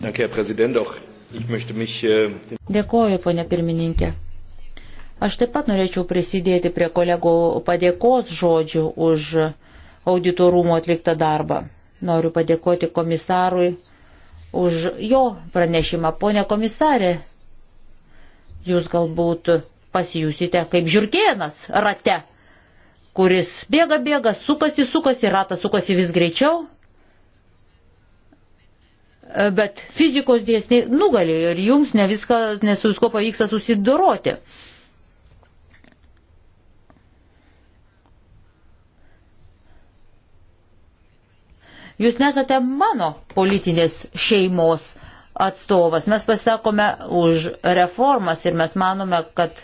Danke, Herr Präsident. Auch ich möchte mich. Äh, Dėkoju, ponia pirmininkė. Aš taip pat norėčiau prisidėti prie kolegų padėkos žodžių už auditorumo atliktą darbą. Noriu padėkoti komisarui už jo pranešimą. Pone komisarė, jūs galbūt pasijusite kaip žirgienas rate, kuris bėga, bėga, sukasi, sukasi, ratas sukasi vis greičiau, bet fizikos dėsniai nugalėjo ir jums ne viską, nesu visko pavyksta susidoroti. Jūs nesate mano politinės šeimos atstovas. Mes pasakome už reformas ir mes manome, kad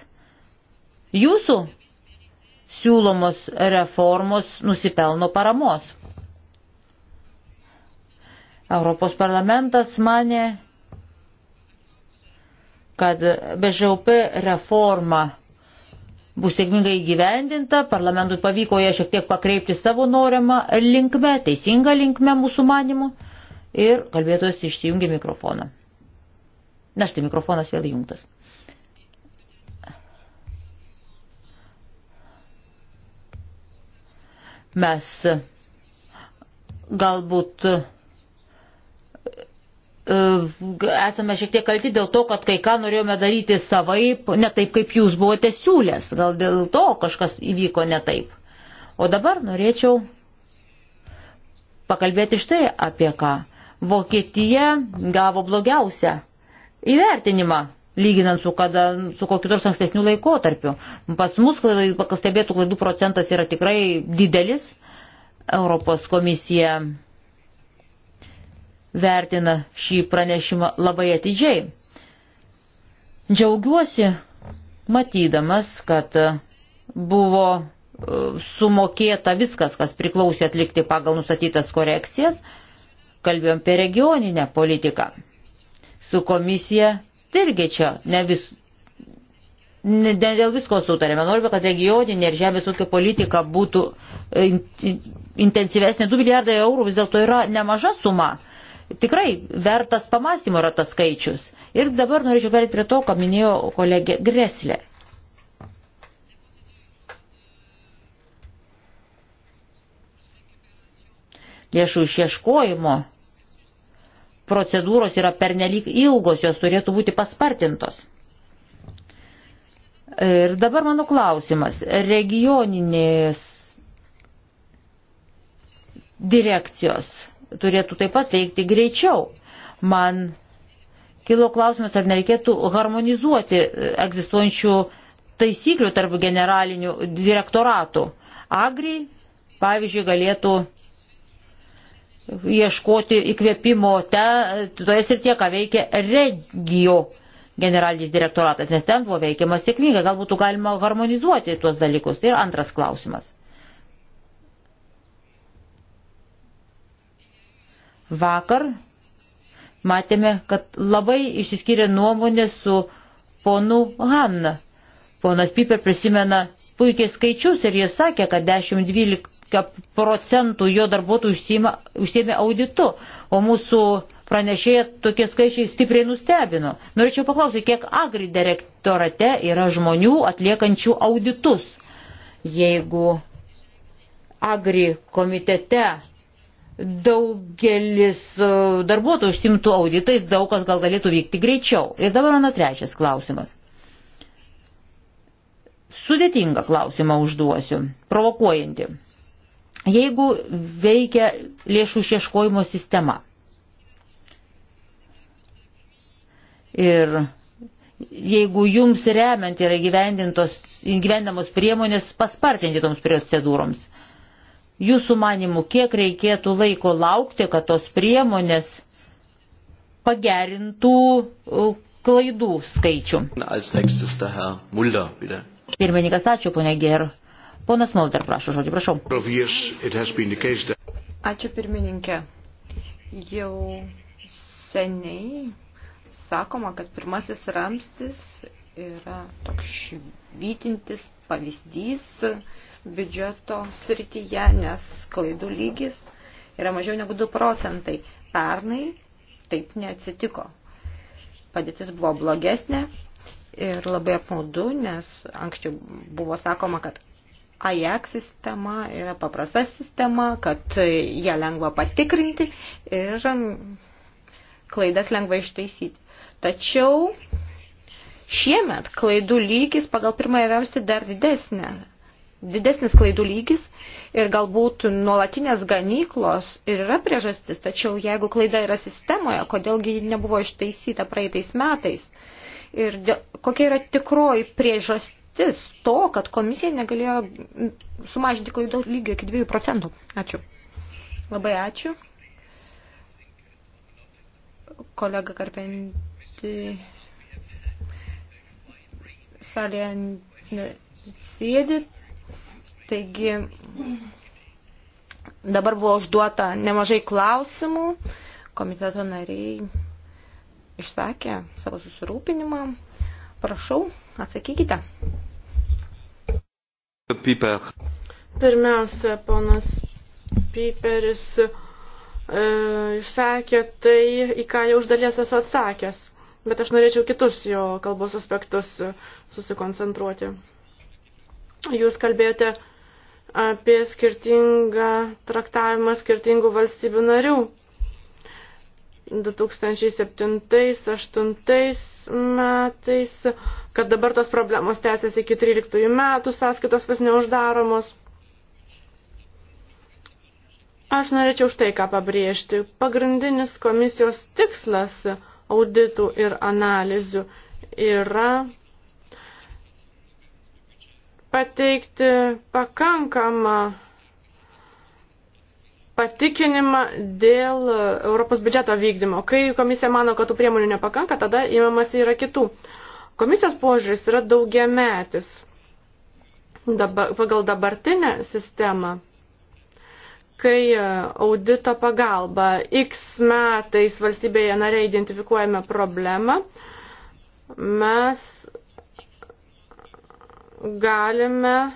jūsų siūlomos reformos nusipelno paramos. Europos parlamentas mane, kad BŽP reforma bus sėkmingai gyvendinta, parlamentui pavyko ją šiek tiek pakreipti savo norimą linkme, teisingą linkme mūsų manimu. Ir kalbėtojas išsijungė mikrofoną. Na štai mikrofonas vėl įjungtas. Mes galbūt E, esame šiek tiek kalti dėl to, kad kai ką norėjome daryti savaip, ne taip, kaip jūs buvote siūlęs. Gal dėl to kažkas įvyko ne taip. O dabar norėčiau pakalbėti štai apie ką. Vokietija gavo blogiausią įvertinimą lyginant su, kada, su kokiu nors ankstesniu laikotarpiu. Pas mus pastebėtų klaidų procentas yra tikrai didelis. Europos komisija vertina šį pranešimą labai atidžiai. Džiaugiuosi matydamas, kad buvo e, sumokėta viskas, kas priklausė atlikti pagal nustatytas korekcijas. Kalbėjom apie regioninę politiką. Su komisija irgi čia ne vis. Ne dėl visko sutarėme. Norime, kad regioninė ir žemės ūkio politika būtų intensyvesnė. 2 milijardai eurų vis dėlto yra nemaža suma Tikrai vertas pamastymo yra tas skaičius. Ir dabar norėčiau perėti prie to, ką minėjo kolegė Greslė. Lėšų išieškojimo procedūros yra pernelyg ilgos, jos turėtų būti paspartintos. Ir dabar mano klausimas. Regioninės direkcijos turėtų taip pat veikti greičiau. Man kilo klausimas, ar nereikėtų harmonizuoti e, egzistuojančių taisyklių tarp generalinių direktoratų. Agri, pavyzdžiui, galėtų ieškoti įkvėpimo te, toje srityje, ką veikia regio generalinis direktoratas, nes ten buvo veikiamas sėkmingai, galbūt galima harmonizuoti tuos dalykus. Ir tai antras klausimas. Vakar matėme, kad labai išsiskyrė nuomonė su ponu Hanna. Ponas Piper prisimena puikiai skaičius ir jis sakė, kad 10-12 procentų jo darbuotojų užsiemė auditu, o mūsų pranešėja tokie skaičiai stipriai nustebino. Norėčiau paklausyti, kiek agri direktorate yra žmonių atliekančių auditus. Jeigu agri komitete daugelis e, darbuotojų užsimtų auditais, daug kas gal galėtų vykti greičiau. Ir dabar mano trečias klausimas. Sudėtingą klausimą užduosiu, provokuojantį. Jeigu veikia lėšų išieškojimo sistema ir jeigu jums remiant yra gyvendintos priemonės paspartinti toms procedūroms, Jūsų manimų, kiek reikėtų laiko laukti, kad tos priemonės pagerintų klaidų skaičių. Pirmininkas, ačiū, ponė Ger. Ponas Mulder, prašau, žodžiu, prašau. Ačiū, pirmininkė. Jau seniai sakoma, kad pirmasis ramstis yra toks švytintis pavyzdys biudžeto srityje, nes klaidų lygis yra mažiau negu 2 procentai. Pernai taip neatsitiko. Padėtis buvo blogesnė ir labai apmaudu, nes anksčiau buvo sakoma, kad AJAX sistema yra paprasta sistema, kad ją lengva patikrinti ir um, klaidas lengva ištaisyti. Tačiau šiemet klaidų lygis pagal pirmąjį ramstį dar didesnė didesnis klaidų lygis ir galbūt nuolatinės ganyklos ir yra priežastis, tačiau jeigu klaida yra sistemoje, kodėlgi ji nebuvo ištaisyta praeitais metais ir kokia yra tikroji priežastis to, kad komisija negalėjo sumažinti klaidų lygio iki 2 procentų. Ačiū. Labai ačiū. Kolega Karpenti salėje sėdi, Taigi dabar buvo užduota nemažai klausimų, komiteto nariai išsakė savo susirūpinimą. Prašau, atsakykite. Piper. Pirmiausia, ponas Piperis e, išsakė tai, į ką jau uždalies esu atsakęs, bet aš norėčiau kitus jo kalbos aspektus susikoncentruoti. Jūs kalbėjote apie skirtingą traktavimą skirtingų valstybių narių. 2007-2008 metais, kad dabar tos problemos tęsiasi iki 13 metų, sąskaitos vis neuždaromos. Aš norėčiau štai ką pabrėžti. Pagrindinis komisijos tikslas auditų ir analizių yra pateikti pakankamą patikinimą dėl Europos biudžeto vykdymo. Kai komisija mano, kad tų priemonių nepakanka, tada įmamasi yra kitų. Komisijos požiūris yra daugiametis dabar, pagal dabartinę sistemą kai audito pagalba X metais valstybėje nariai identifikuojame problemą, mes galime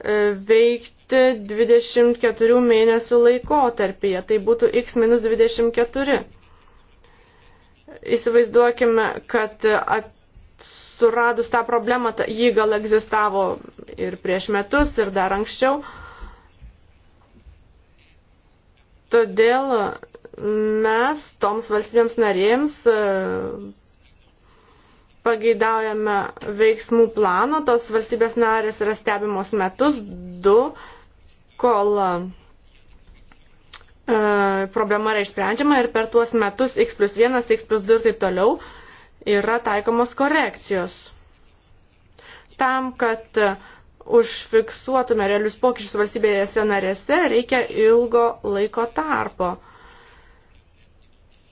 e, veikti 24 mėnesių laikotarpyje. Tai būtų x-24. Įsivaizduokime, kad suradus tą problemą, jį gal egzistavo ir prieš metus, ir dar anksčiau. Todėl mes toms valstybėms narėms e, pageidaujame veiksmų plano, tos valstybės narės yra stebimos metus, du, kol e, problema yra išsprendžiama ir per tuos metus x plus 1, x plus 2 ir taip toliau yra taikomos korekcijos. Tam, kad užfiksuotume realius pokyčius valstybėse narėse, reikia ilgo laiko tarpo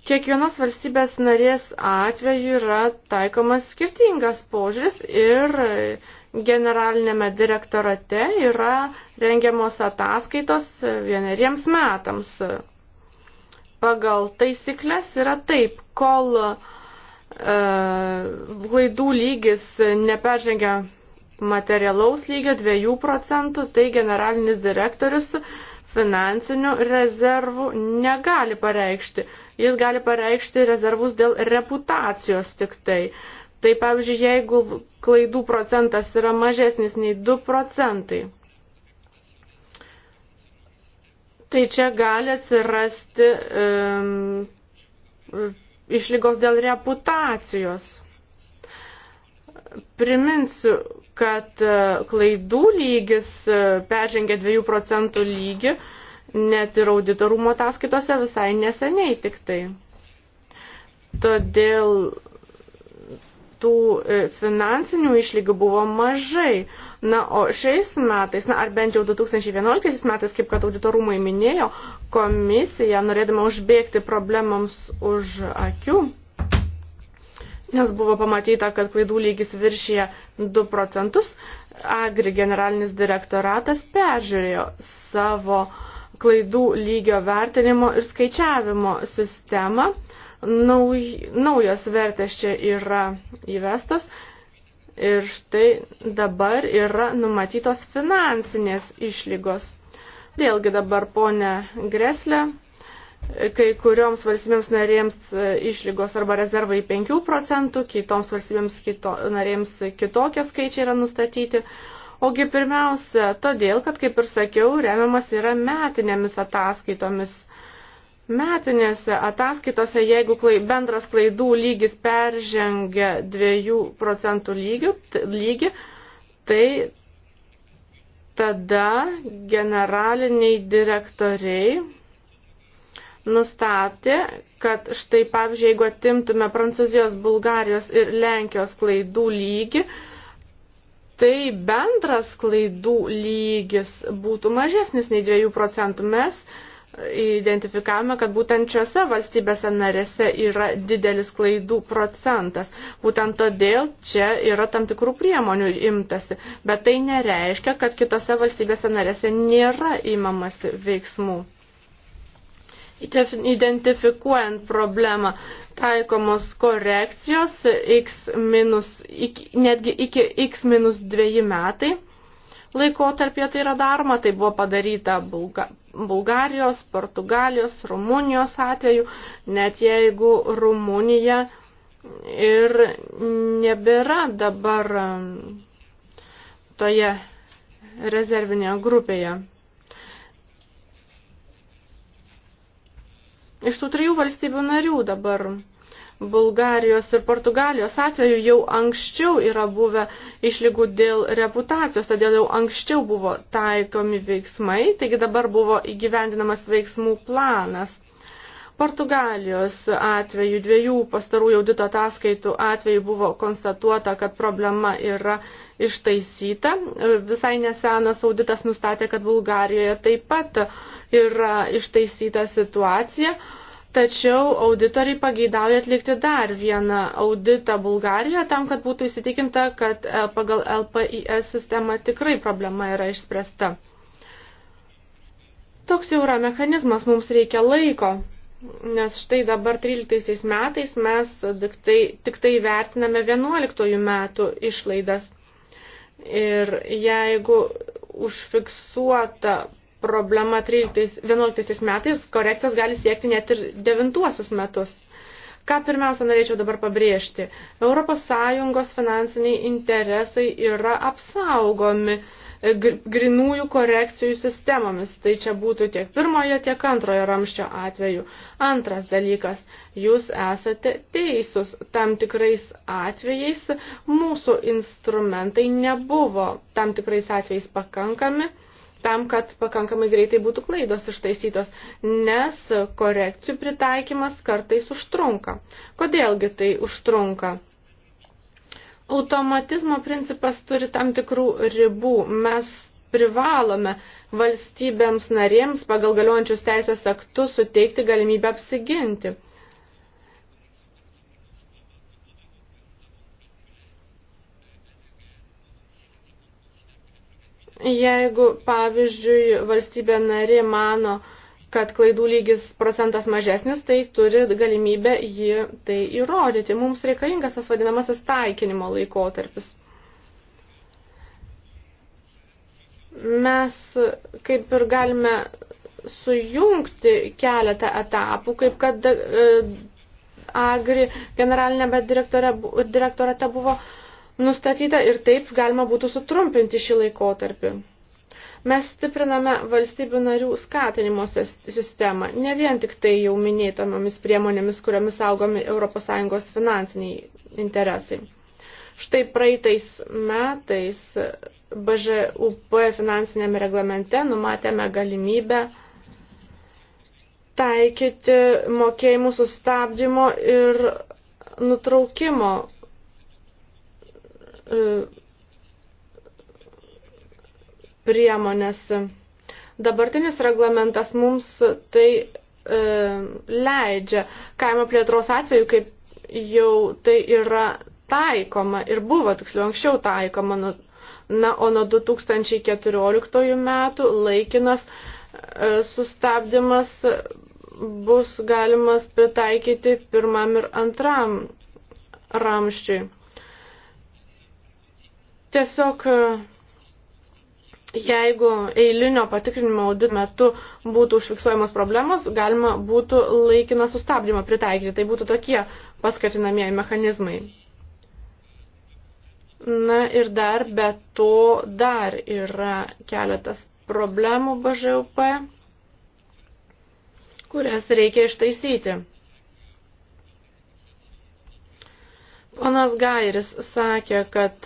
kiekvienos valstybės narės atveju yra taikomas skirtingas požiūris ir generalinėme direktorate yra rengiamos ataskaitos vieneriems metams. Pagal taisyklės yra taip, kol e, klaidų lygis neperžengia materialaus lygio 2 procentų, tai generalinis direktorius finansinių rezervų negali pareikšti. Jis gali pareikšti rezervus dėl reputacijos tik tai. Tai pavyzdžiui, jeigu klaidų procentas yra mažesnis nei 2 procentai, tai čia gali atsirasti um, išlygos dėl reputacijos. Priminsiu, kad e, klaidų lygis e, peržengia 2 procentų lygį net ir auditorumo ataskaitose visai neseniai tik tai. Todėl tų e, finansinių išlygų buvo mažai. Na, o šiais metais, na, ar bent jau 2011 metais, kaip kad auditorumai minėjo, komisija, norėdama užbėgti problemams už akių, nes buvo pamatyta, kad klaidų lygis viršyje 2 procentus, Agri generalinis direktoratas peržiūrėjo savo klaidų lygio vertinimo ir skaičiavimo sistemą. Nauj, naujos vertės čia yra įvestos ir štai dabar yra numatytos finansinės išlygos. Vėlgi dabar, ponė Greslė, kai kurioms valstybėms narėms e, išlygos arba rezervai 5 procentų, kitoms valstybėms kito, narėms kitokie skaičiai yra nustatyti. Ogi pirmiausia, todėl, kad, kaip ir sakiau, remiamas yra metinėmis ataskaitomis. Metinėse ataskaitose, jeigu klai, bendras klaidų lygis peržengia 2 procentų lygių, lygį, tai tada generaliniai direktoriai nustatė, kad štai pavyzdžiui, jeigu atimtume Prancūzijos, Bulgarijos ir Lenkijos klaidų lygį, tai bendras klaidų lygis būtų mažesnis nei 2 procentų. Mes identifikavome, kad būtent šiuose valstybėse narėse yra didelis klaidų procentas. Būtent todėl čia yra tam tikrų priemonių imtasi. Bet tai nereiškia, kad kitose valstybėse narėse nėra įmamasi veiksmų identifikuojant problemą taikomos korekcijos x minus, iki, netgi iki x minus dviejų metai laikotarpio tai yra daroma, tai buvo padaryta Bulga, Bulgarijos, Portugalijos, Rumunijos atveju, net jeigu Rumunija ir nebėra dabar um, toje rezervinėje grupėje. iš tų trijų valstybių narių dabar Bulgarijos ir Portugalijos atveju jau anksčiau yra buvę išlygų dėl reputacijos, todėl jau anksčiau buvo taikomi veiksmai, taigi dabar buvo įgyvendinamas veiksmų planas. Portugalijos atveju, dviejų pastarųjų audito ataskaitų atveju buvo konstatuota, kad problema yra ištaisyta. Visai nesenas auditas nustatė, kad Bulgarijoje taip pat uh, yra ištaisyta situacija, tačiau auditoriai pageidauja atlikti dar vieną auditą Bulgarijoje tam, kad būtų įsitikinta, kad e, pagal LPIS sistemą tikrai problema yra išspręsta. Toks jau yra mechanizmas, mums reikia laiko. Nes štai dabar 13 metais mes tik tai, tik tai vertiname 11 metų išlaidas. Ir jeigu užfiksuota problema 2011 metais, korekcijos gali siekti net ir 9 metus. Ką pirmiausia norėčiau dabar pabrėžti? ES finansiniai interesai yra apsaugomi grinųjų korekcijų sistemomis. Tai čia būtų tiek pirmojo, tiek antrojo ramščio atveju. Antras dalykas, jūs esate teisūs. Tam tikrais atvejais mūsų instrumentai nebuvo tam tikrais atvejais pakankami tam, kad pakankamai greitai būtų klaidos ištaisytos, nes korekcijų pritaikymas kartais užtrunka. Kodėlgi tai užtrunka? Automatizmo principas turi tam tikrų ribų. Mes privalome valstybėms narėms pagal galiojančius teisės aktus suteikti galimybę apsiginti. Jeigu, pavyzdžiui, valstybė nari mano, kad klaidų lygis procentas mažesnis, tai turi galimybę jį tai įrodyti. Mums reikalingas tas vadinamasis taikinimo laikotarpis. Mes kaip ir galime sujungti keletą etapų, kaip kad e, Agri generalinėme direktorate buvo nustatyta ir taip galima būtų sutrumpinti šį laikotarpį. Mes stipriname valstybių narių skatinimo sistemą, ne vien tik tai jau minėtamomis priemonėmis, kuriomis saugomi ES finansiniai interesai. Štai praeitais metais BŽUP finansinėme reglamente numatėme galimybę taikyti mokėjimų sustabdymo ir nutraukimo E, priemonės. Dabartinis reglamentas mums tai e, leidžia. Kaimo plėtros atveju, kaip jau tai yra taikoma ir buvo tiksliau anksčiau taikoma, nu, na, o nuo 2014 metų laikinas e, sustabdymas bus galimas pritaikyti pirmam ir antram ramščiui. Tiesiog e, jeigu eilinio patikrinimo audit metu būtų užfiksuojamos problemos, galima būtų laikiną sustabdymą pritaikyti. Tai būtų tokie paskatinamieji mechanizmai. Na ir dar be to dar yra keletas problemų BŽUP, kurias reikia ištaisyti. Panas Gairis sakė, kad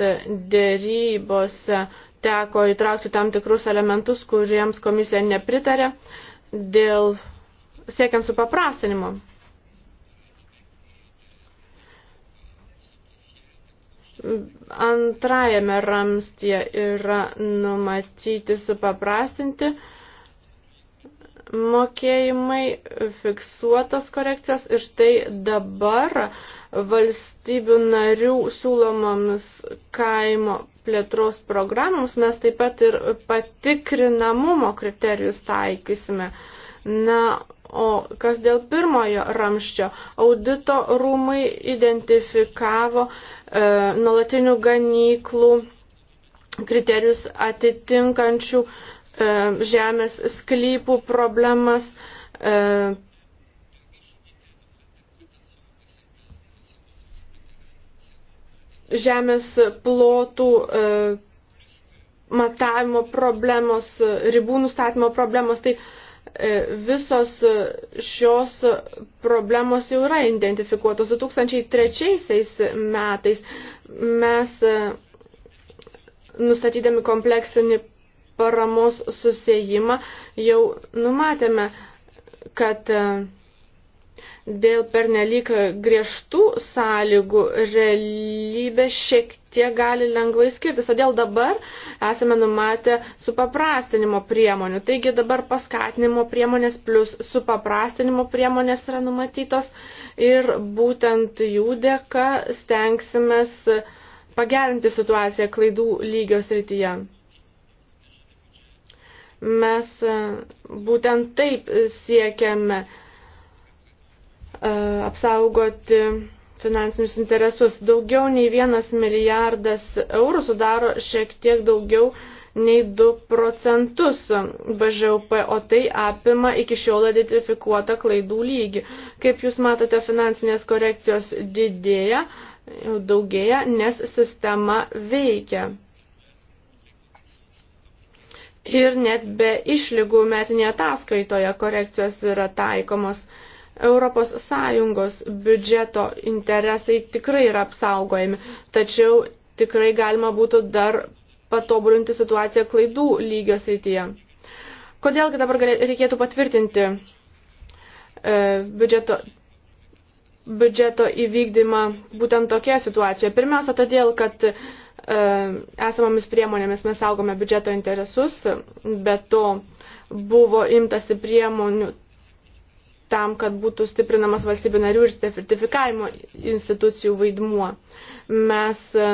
dėrybose teko įtraukti tam tikrus elementus, kuriems komisija nepritarė dėl siekiant su paprastinimo. Antrajame ramstie yra numatyti supaprastinti mokėjimai, fiksuotos korekcijos ir štai dabar uh, valstybių narių siūlomams kaimo plėtros programams mes taip pat ir patikrinamumo kriterijus taikysime. Na, o kas dėl pirmojo ramščio, audito rūmai identifikavo e, nuolatinių ganyklų kriterijus atitinkančių e, žemės sklypų problemas. E, žemės plotų e, matavimo problemos, ribų nustatymo problemos, tai e, visos šios problemos jau yra identifikuotos. 2003 metais mes e, nustatydami kompleksinį paramos susijimą jau numatėme, kad e, dėl pernelyg griežtų sąlygų realybė šiek tiek gali lengvai skirtis. Todėl dabar esame numatę supaprastinimo priemonių. Taigi dabar paskatinimo priemonės plus supaprastinimo priemonės yra numatytos ir būtent jų dėka stengsimės pagerinti situaciją klaidų lygios rytyje. Mes būtent taip siekiame uh, E, apsaugoti finansinius interesus. Daugiau nei vienas milijardas eurų sudaro šiek tiek daugiau nei 2 procentus BŽUP, o tai apima iki šiol identifikuotą klaidų lygį. Kaip Jūs matote, finansinės korekcijos didėja, daugėja, nes sistema veikia. Ir net be išlygų metinėje ataskaitoje korekcijos yra taikomos. ES biudžeto interesai tikrai yra apsaugojami, tačiau tikrai galima būtų dar patobulinti situaciją klaidų lygio srityje. Kodėlgi dabar reikėtų patvirtinti e, biudžeto, biudžeto įvykdymą būtent tokia situacija? Pirmiausia, todėl, kad e, esamomis priemonėmis mes saugome biudžeto interesus, bet to buvo imtasi priemonių tam, kad būtų stiprinamas valstybių narių ir sertifikavimo institucijų vaidmuo. Mes e,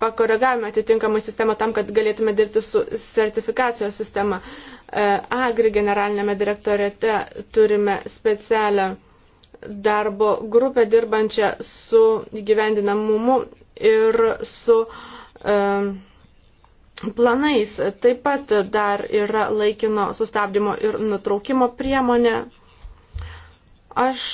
pakoregavome atitinkamą sistemą tam, kad galėtume dirbti su sertifikacijos sistema. E, Agri generalinėme direktorėte turime specialią darbo grupę dirbančią su įgyvendinamumu ir su um, planais. Taip pat dar yra laikino sustabdymo ir nutraukimo priemonė. Aš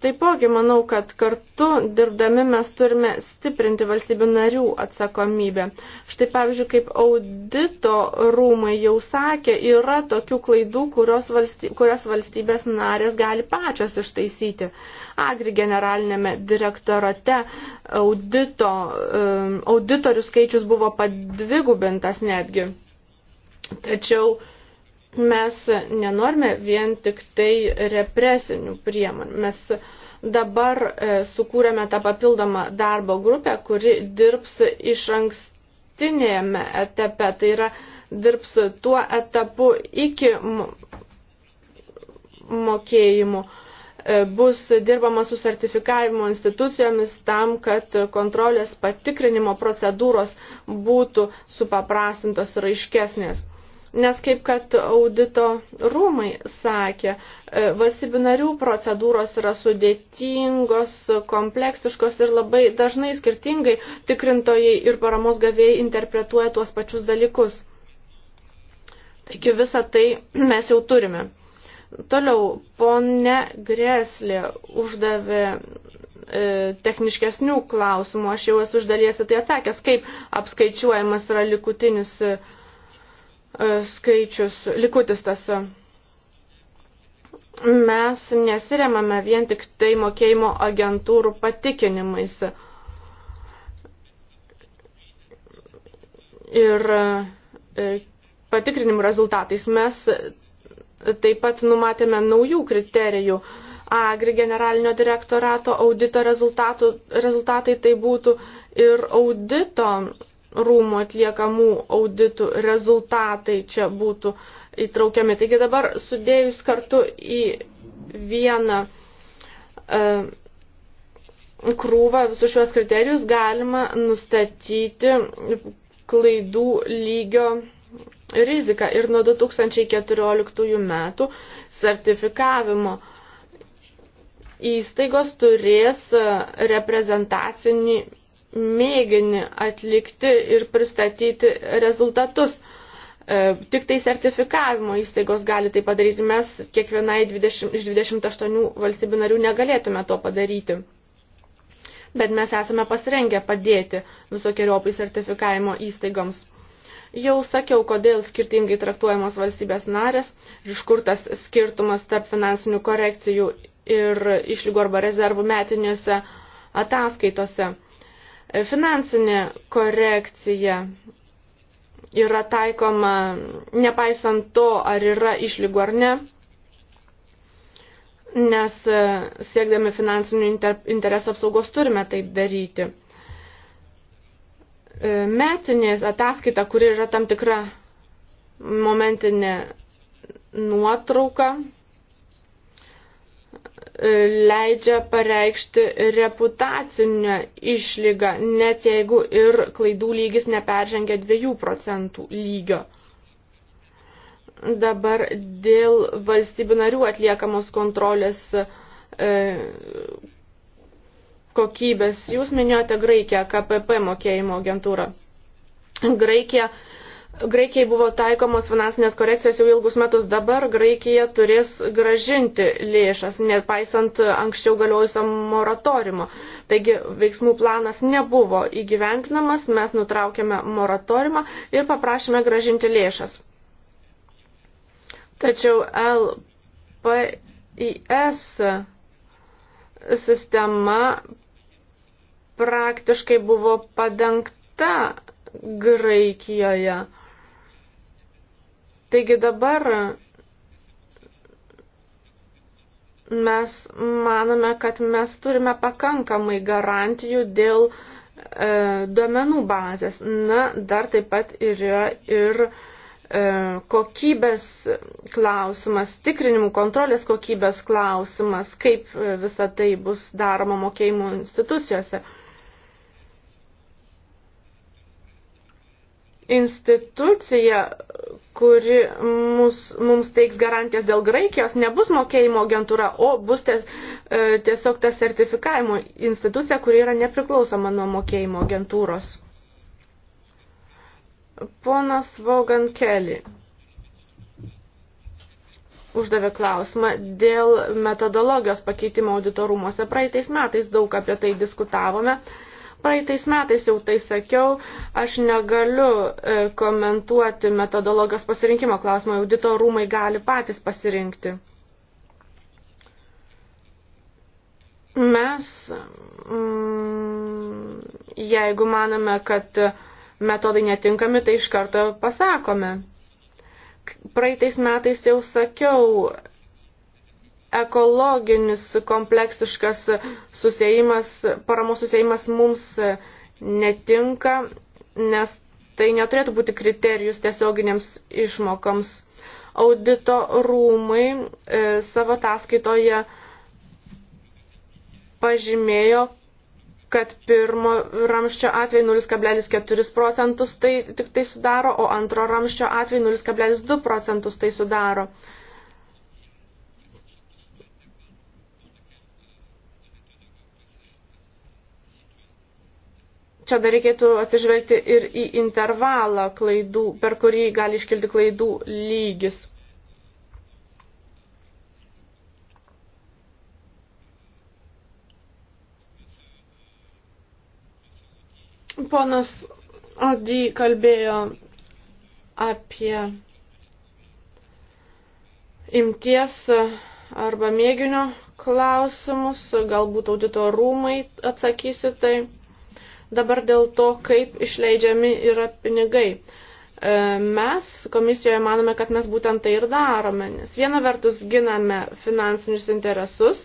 Taipogi manau, kad kartu dirbdami mes turime stiprinti valstybių narių atsakomybę. Štai pavyzdžiui, kaip audito rūmai jau sakė, yra tokių klaidų, kurios, valsty, kurios valstybės narės gali pačios ištaisyti. Agri generalinėme direktorate audito, auditorių skaičius buvo padvigubintas netgi. Tačiau Mes nenorime vien tik tai represinių priemonių. Mes dabar e, sukūrėme tą papildomą darbo grupę, kuri dirbs iš ankstinėme etape. Tai yra dirbs tuo etapu iki mokėjimų e, bus dirbama su sertifikavimo institucijomis tam, kad kontrolės patikrinimo procedūros būtų supaprastintos ir aiškesnės. Nes kaip kad audito rūmai sakė, e, valstybių narių procedūros yra sudėtingos, kompleksiškos ir labai dažnai skirtingai tikrintojai ir paramos gavėjai interpretuoja tuos pačius dalykus. Taigi visą tai mes jau turime. Toliau, ponė Greslė uždavė e, techniškesnių klausimų, aš jau esu iš dalies į tai atsakęs, kaip apskaičiuojamas yra likutinis. E, E, skaičius, likutis tas. E, mes nesiremame vien tik tai mokėjimo agentūrų patikinimais. Ir e, patikrinimų rezultatais mes taip pat numatėme naujų kriterijų. Agri generalinio direktorato audito rezultatai tai būtų ir audito rūmų atliekamų auditų rezultatai čia būtų įtraukiami. Taigi dabar sudėjus kartu į vieną e, krūvą visus šiuos kriterijus galima nustatyti klaidų lygio riziką ir nuo 2014 metų sertifikavimo įstaigos turės reprezentacinį mėginį atlikti ir pristatyti rezultatus. E, tik tai sertifikavimo įstaigos gali tai padaryti. Mes kiekvienai 20, iš 28 valstybių narių negalėtume to padaryti. Bet mes esame pasirengę padėti visokiojopai sertifikavimo įstaigoms. Jau sakiau, kodėl skirtingai traktuojamos valstybės narės ir iš kur tas skirtumas tarp finansinių korekcijų ir išlygų arba rezervų metinėse ataskaitose finansinė korekcija yra taikoma nepaisant to, ar yra išlygų ar ne, nes e, siekdami finansinių inter, interesų apsaugos turime taip daryti. E, Metinės ataskaita, kuri yra tam tikra momentinė nuotrauka, E, leidžia pareikšti reputacinę išlygą, net jeigu ir klaidų lygis neperžengia 2 procentų lygio. Dabar dėl valstybių narių atliekamos kontrolės e, kokybės. Jūs minėjote Graikiją, KPP mokėjimo agentūrą. Graikija Graikijai buvo taikomos finansinės korekcijos jau ilgus metus, dabar Graikija turės gražinti lėšas, nepaisant anksčiau galiojusio moratorimo. Taigi veiksmų planas nebuvo įgyventinamas, mes nutraukėme moratorimą ir paprašėme gražinti lėšas. Tačiau LPIS sistema praktiškai buvo padengta Graikijoje. Taigi dabar mes manome, kad mes turime pakankamai garantijų dėl e, duomenų bazės. Na, dar taip pat yra ir e, kokybės klausimas, tikrinimų kontrolės kokybės klausimas, kaip e, visa tai bus daroma mokėjimų institucijose. institucija, kuri mus, mums teiks garantijas dėl Graikijos, nebus mokėjimo agentūra, o bus ties, e, tiesiog ta sertifikavimo institucija, kuri yra nepriklausoma nuo mokėjimo agentūros. Ponas Vogan Kelly uždavė klausimą dėl metodologijos pakeitimo auditorumuose. Praeitais metais daug apie tai diskutavome. Uh, praeitais metais jau tai sakiau, aš negaliu e, komentuoti metodologijos pasirinkimo klausimą, audito rūmai gali patys pasirinkti. Mes, mm, jeigu manome, kad metodai netinkami, tai iš karto pasakome. Praeitais metais jau sakiau, ekologinis kompleksiškas susijimas, paramos susijimas mums netinka, nes tai neturėtų būti kriterijus tiesioginėms išmokoms. Audito rūmai e, savo ataskaitoje pažymėjo, kad pirmo ramščio atveju 0,4 procentus tai tik tai sudaro, o antro ramščio atveju 0,2 procentus tai sudaro. E, Čia dar reikėtų atsižvelgti ir į intervalą klaidų, per kurį gali iškilti klaidų lygis. Ponas Odi kalbėjo apie imties arba mėginio klausimus, galbūt audito rūmai atsakysi tai dabar dėl to, kaip išleidžiami yra pinigai. E, mes komisijoje manome, kad mes būtent tai ir darome, nes viena vertus giname finansinius interesus,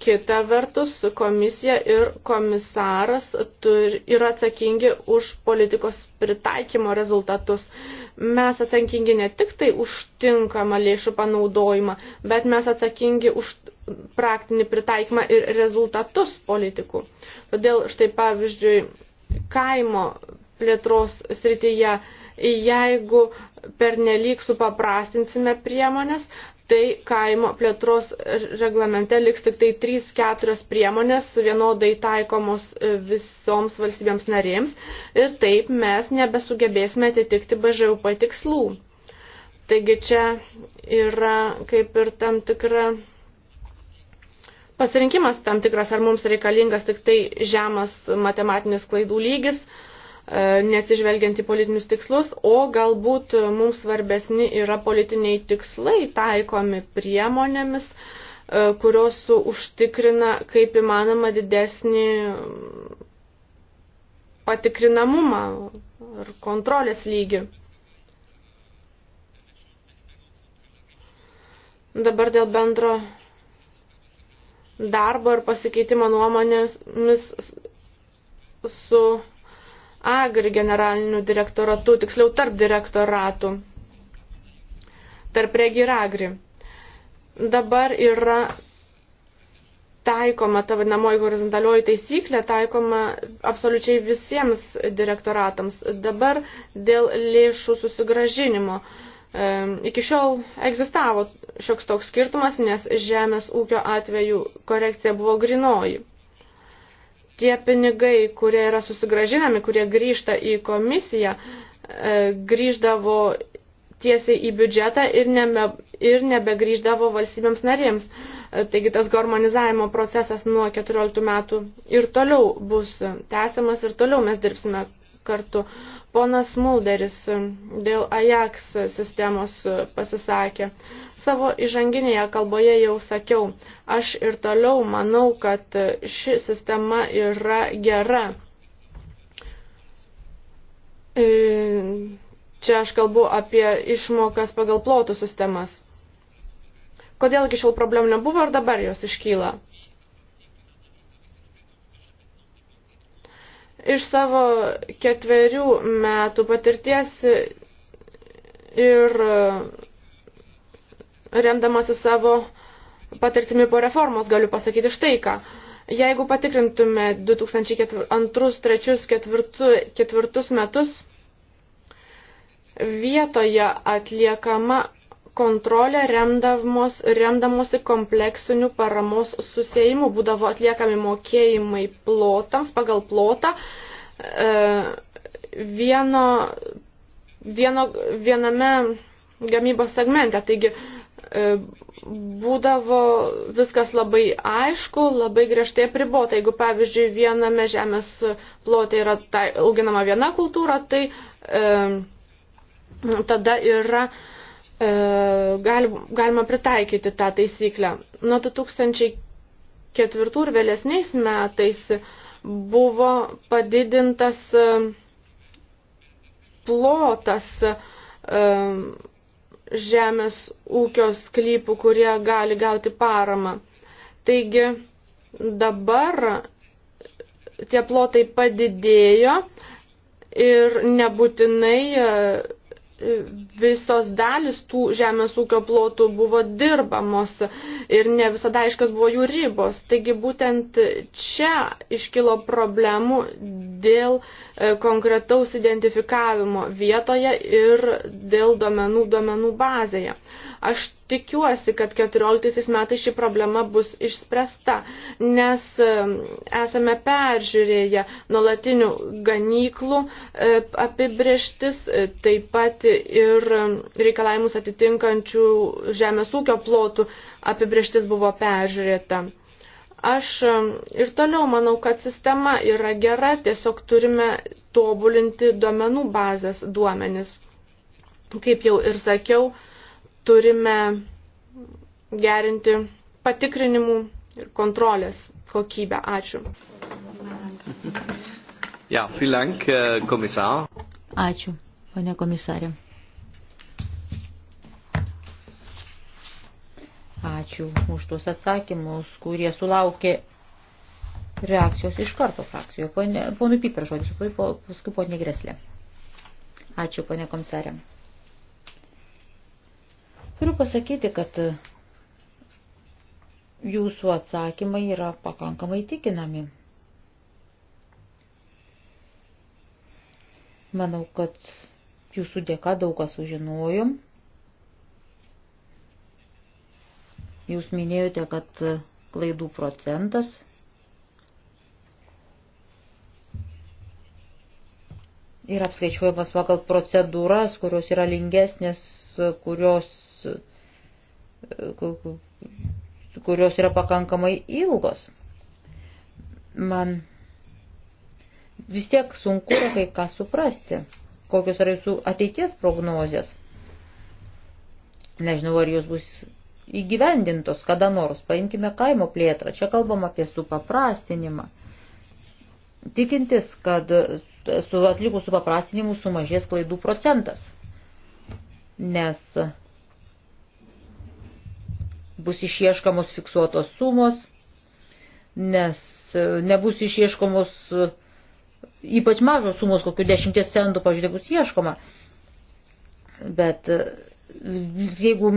Kita vertus, komisija ir komisaras turi, yra atsakingi už politikos pritaikymo rezultatus. Mes atsakingi ne tik tai už tinkamą lėšų panaudojimą, bet mes atsakingi už praktinį pritaikymą ir rezultatus politikų. Todėl štai pavyzdžiui, kaimo plėtros srityje, jeigu pernelyg supaprastinsime priemonės, tai kaimo plėtros reglamente liks tik tai 3-4 priemonės vienodai taikomos e, visoms valstybėms narėms ir taip mes nebesugebėsime atitikti BŽUP tikslų. Taigi čia yra kaip ir tam tikra pasirinkimas tam tikras, ar mums reikalingas tik tai žemas matematinis klaidų lygis, E, neatsižvelgiant į politinius tikslus, o galbūt mums svarbesni yra politiniai tikslai taikomi priemonėmis, e, kurios užtikrina kaip įmanoma didesnį patikrinamumą ar kontrolės lygį. Dabar dėl bendro darbo ir pasikeitimo nuomonėmis su agri generaliniu direktoratu, tiksliau tarp direktoratų, tarp regi ir agri. Dabar yra taikoma ta vadinamoji horizontalioji taisyklė, taikoma absoliučiai visiems direktoratams. Dabar dėl lėšų susigražinimo. E, iki šiol egzistavo šioks toks skirtumas, nes žemės ūkio atveju korekcija buvo grinoji tie pinigai, kurie yra susigražinami, kurie grįžta į komisiją, e, grįždavo tiesiai į biudžetą ir, nebe, ir nebegrįždavo valstybėms narėms. E, taigi tas harmonizavimo procesas nuo 14 metų ir toliau bus tęsiamas ir toliau mes dirbsime kartu. Ponas Mulderis dėl Ajax sistemos e, pasisakė. Savo įžanginėje kalboje jau sakiau, aš ir toliau manau, kad e, ši sistema yra gera. E, čia aš kalbu apie išmokas pagal plotų sistemas. Kodėlgi šiol problemų nebuvo ir dabar jos iškyla? iš savo ketverių metų patirties ir e, remdamasi savo patirtimi po reformos galiu pasakyti štai ką. Jeigu patikrintume 2002, 2003, 2004 metus, vietoje atliekama kontrolė remdamos, remdamosi kompleksiniu paramos susėjimu. Būdavo atliekami mokėjimai plotams pagal plotą. E, vieno, vieno, viename gamybos segmente. Taigi e, būdavo viskas labai aišku, labai griežtai pribota. Jeigu, pavyzdžiui, viename žemės plote yra tai, auginama viena kultūra, tai e, tada yra e, E, galima pritaikyti tą taisyklę. Nuo 2004 ir vėlesniais metais buvo padidintas e, plotas e, žemės ūkio sklypų, kurie gali gauti paramą. Taigi dabar tie plotai padidėjo ir nebūtinai visos dalis tų žemės ūkio plotų buvo dirbamos ir ne visada aiškas buvo jų ribos. Taigi būtent čia iškilo problemų dėl e, konkretaus identifikavimo vietoje ir dėl duomenų duomenų bazėje. Aš tikiuosi, kad 14 metais ši problema bus išspręsta, nes e, esame peržiūrėję nuolatinių ganyklų e, apibrieštis, e, taip pat ir reikalavimus atitinkančių žemės ūkio plotų apibrieštis buvo peržiūrėta. Aš ir toliau manau, kad sistema yra gera, tiesiog turime tobulinti duomenų bazės duomenis. Kaip jau ir sakiau, turime gerinti patikrinimų ir kontrolės kokybę. Ačiū. Ja, Dank, äh, komisar. Ačiū, pane komisarė. Ačiū už tuos atsakymus, kurie sulaukė reakcijos iš karto frakcijoje. Ponui Piper žodis, paskui ponė Greslė. Ačiū, ponė komisarė. Turiu pasakyti, kad jūsų atsakymai yra pakankamai tikinami. Manau, kad jūsų dėka daug ką sužinojom. Jūs minėjote, kad klaidų procentas yra apskaičiuojamas pagal procedūras, kurios yra lingesnės, kurios kurios yra pakankamai ilgos. Man vis tiek sunku yra kai ką suprasti, kokios yra jūsų ateities prognozijas. Nežinau, ar jūs bus įgyvendintos kada nors, paimkime kaimo plėtrą, čia kalbam apie supaprastinimą. Tikintis, kad su atlikus supaprastinimu sumažės klaidų procentas, nes bus išieškamos fiksuotos sumos, nes e, nebus išieškomos e, ypač mažos sumos, kokių dešimties centų, pažiūrėjau, bus ieškoma. Bet e, jeigu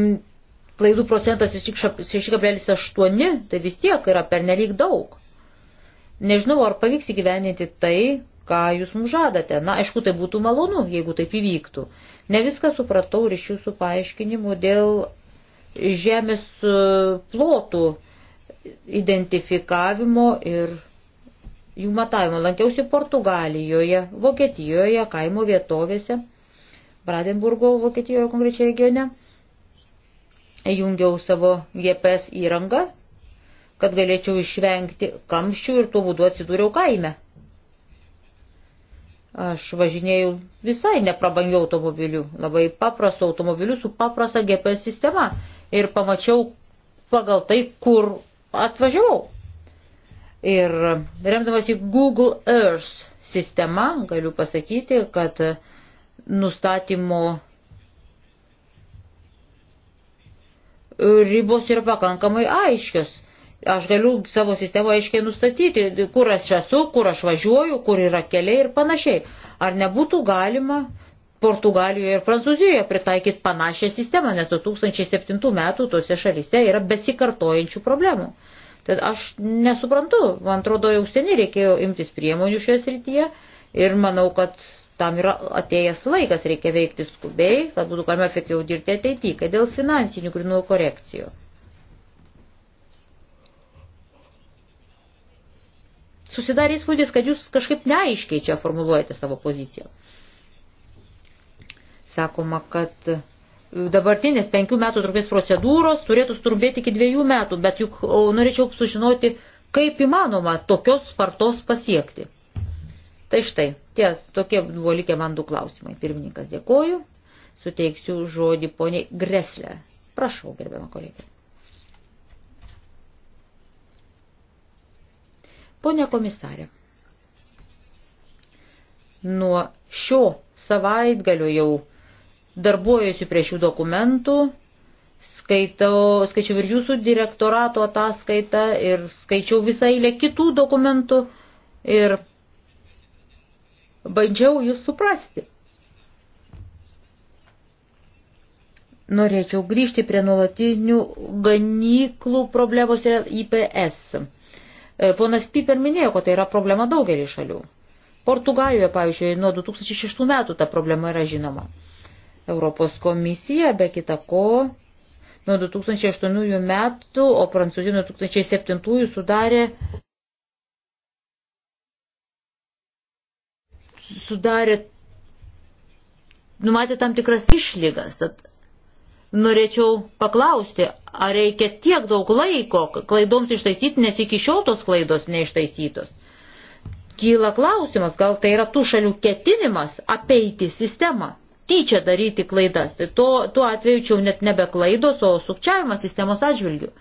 klaidų procentas 6,8, tai vis tiek yra pernelyg daug. Nežinau, ar pavyks įgyveninti tai, ką jūs mums žadate. Na, aišku, tai būtų malonu, jeigu taip įvyktų. Ne viską supratau ir iš jūsų paaiškinimų dėl žemės e, plotų identifikavimo ir jų matavimo. Lankiausi Portugalijoje, Vokietijoje, kaimo vietovėse, Bradenburgo, Vokietijoje konkrečiai regione. Jungiau savo GPS įrangą, kad galėčiau išvengti kamščių ir tuo būdu atsidūriau kaime. Aš važinėjau visai neprabangiu automobiliu, labai paprastu automobiliu su paprasta GPS sistema ir pamačiau pagal tai, kur atvažiavau. Ir remdamas į Google Earth sistemą galiu pasakyti, kad nustatymo ribos yra pakankamai aiškios. Aš galiu savo sistemą aiškiai nustatyti, kur aš esu, kur aš važiuoju, kur yra keliai ir panašiai. Ar nebūtų galima Portugalijoje ir Prancūzijoje pritaikyti panašią sistemą, nes 2007 metų tose šalyse yra besikartojančių problemų. Tad aš nesuprantu, man atrodo, jau seniai reikėjo imtis priemonių šioje srityje ir manau, kad tam yra atėjęs laikas, reikia veikti skubiai, kad būtų galima efektyviau dirbti ateityje, kad dėl finansinių grinųjų korekcijų. Susidarė įspūdis, kad jūs kažkaip neaiškiai čia formuluojate savo poziciją. Sakoma, kad e, dabartinės penkių metų trukmės procedūros turėtų trumpėti iki dviejų metų, bet juk norėčiau sužinoti, kaip įmanoma tokios spartos pasiekti. Tai štai, tie tokie buvo likę man du klausimai. Pirmininkas dėkoju, suteiksiu žodį poniai Greslė. Prašau, gerbiamą kolegę. Pone komisarė, nuo šio savaitgalio jau darbuojusi prie šių dokumentų, skaitau, skaičiau ir jūsų direktorato ataskaitą ir skaičiau visą eilę kitų dokumentų ir bandžiau jūs suprasti. Norėčiau grįžti prie nuolatinių ganyklų problemos ir IPS. E, ponas Piper minėjo, kad tai yra problema daugelį šalių. Portugalijoje, pavyzdžiui, nuo 2006 metų ta problema yra žinoma. Europos komisija, be kita ko, nuo 2008 metų, o Prancūzija nuo 2007 sudarė, sudarė, numatė tam tikras išlygas. Tad norėčiau paklausti, ar reikia tiek daug laiko klaidoms ištaisyti, nes iki šiol tos klaidos neištaisytos. Kyla klausimas, gal tai yra tų šalių ketinimas apeiti sistemą tyčia daryti klaidas. Tai to, tuo atveju čia jau net nebe klaidos, o sukčiavimas sistemos atžvilgių.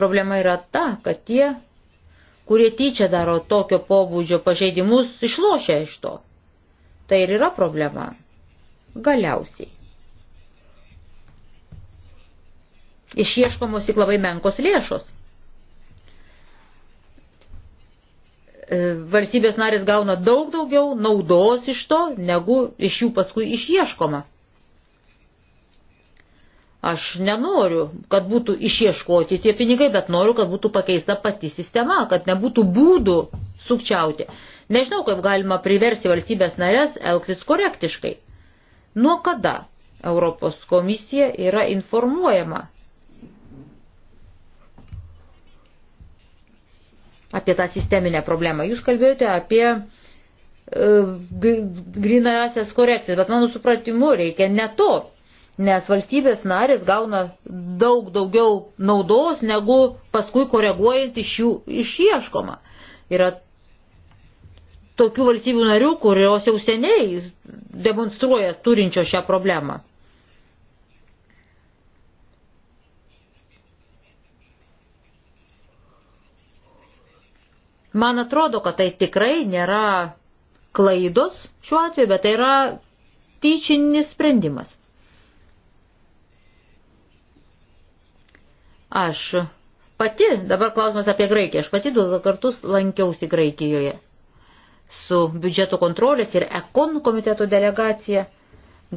Problema yra ta, kad tie, kurie tyčia daro tokio pobūdžio pažeidimus, išlošia iš to. Tai ir yra problema. Galiausiai. Išieškomos tik labai menkos lėšos. E, valstybės narės gauna daug daugiau naudos iš to, negu iš jų paskui išieškoma. Aš nenoriu, kad būtų išieškoti tie pinigai, bet noriu, kad būtų pakeista pati sistema, kad nebūtų būdų sukčiauti. Nežinau, kaip galima priversti valstybės narės elgtis korektiškai. Nuo kada Europos komisija yra informuojama apie tą sisteminę problemą. Jūs kalbėjote apie e, grinasias korekcijas, bet mano supratimu reikia ne to, nes valstybės narės gauna daug daugiau naudos, negu paskui koreguojant iš jų išieškoma. Yra tokių valstybių narių, kurios jau seniai demonstruoja turinčio šią problemą. Man atrodo, kad tai tikrai nėra klaidos šiuo atveju, bet tai yra tyčinis sprendimas. Aš pati, dabar klausimas apie Graikiją, aš pati du kartus lankiausi Graikijoje su biudžeto kontrolės ir ekon komiteto delegacija.